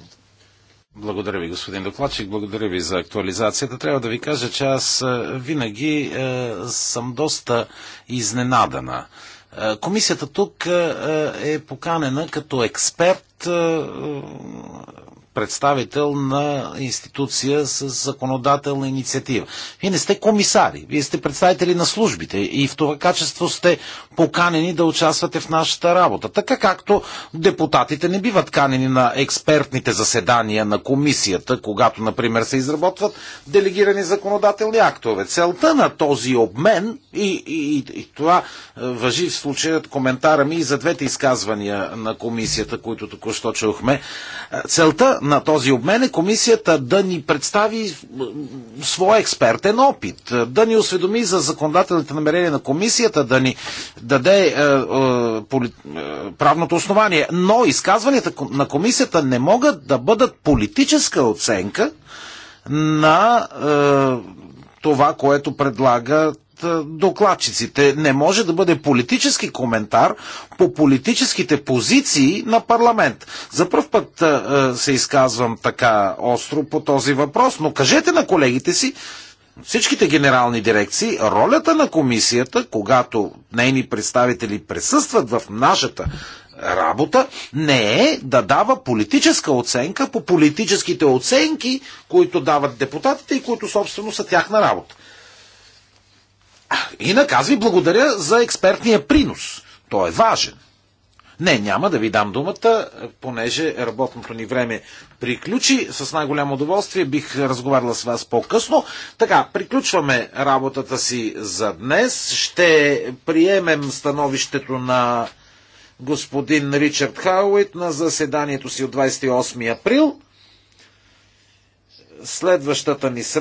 Благодаря ви, господин докладчик. Благодаря ви за актуализацията. Трябва да ви кажа, че аз винаги е, съм доста изненадана. комисията тук е, поканена като експерт представител на институция с законодателна инициатива. Вие не сте комисари, вие сте представители на службите и в това качество сте поканени да участвате в нашата работа. Така както депутатите не биват канени на експертните заседания на комисията, когато, например, се изработват делегирани законодателни актове. Целта на този обмен и, и, и това е, въжи в случаят коментара ми и за двете изказвания на комисията, които току-що чухме. Е, целта на този обмен е комисията да ни представи своя експертен опит, е, да ни осведоми за законодателните намерения на комисията, да ни даде е, е, поли, е, правното основание. Но изказванията на комисията не могат да бъдат политическа оценка на е, това, което предлага е, докладчиците. Не може да бъде политически коментар по политическите позиции на парламент. За първ път е, е, се изказвам така остро по този въпрос, но кажете на колегите си, всичките генерални дирекции, ролята на комисията, когато нейни представители присъстват в нашата работа, не е да дава политическа оценка по политическите оценки, които дават депутатите и които собствено са тяхна работа. И наказва ви благодаря за експертния принос. Той е важен. Не, няма да ви дам думата, понеже работното ни време приключи. С най-голямо удоволствие бих разговаряла с вас по-късно. Така, приключваме работата си за днес. Ще приемем становището на господин Ричард Хауит на заседанието си от 28 април. Следващата ни среща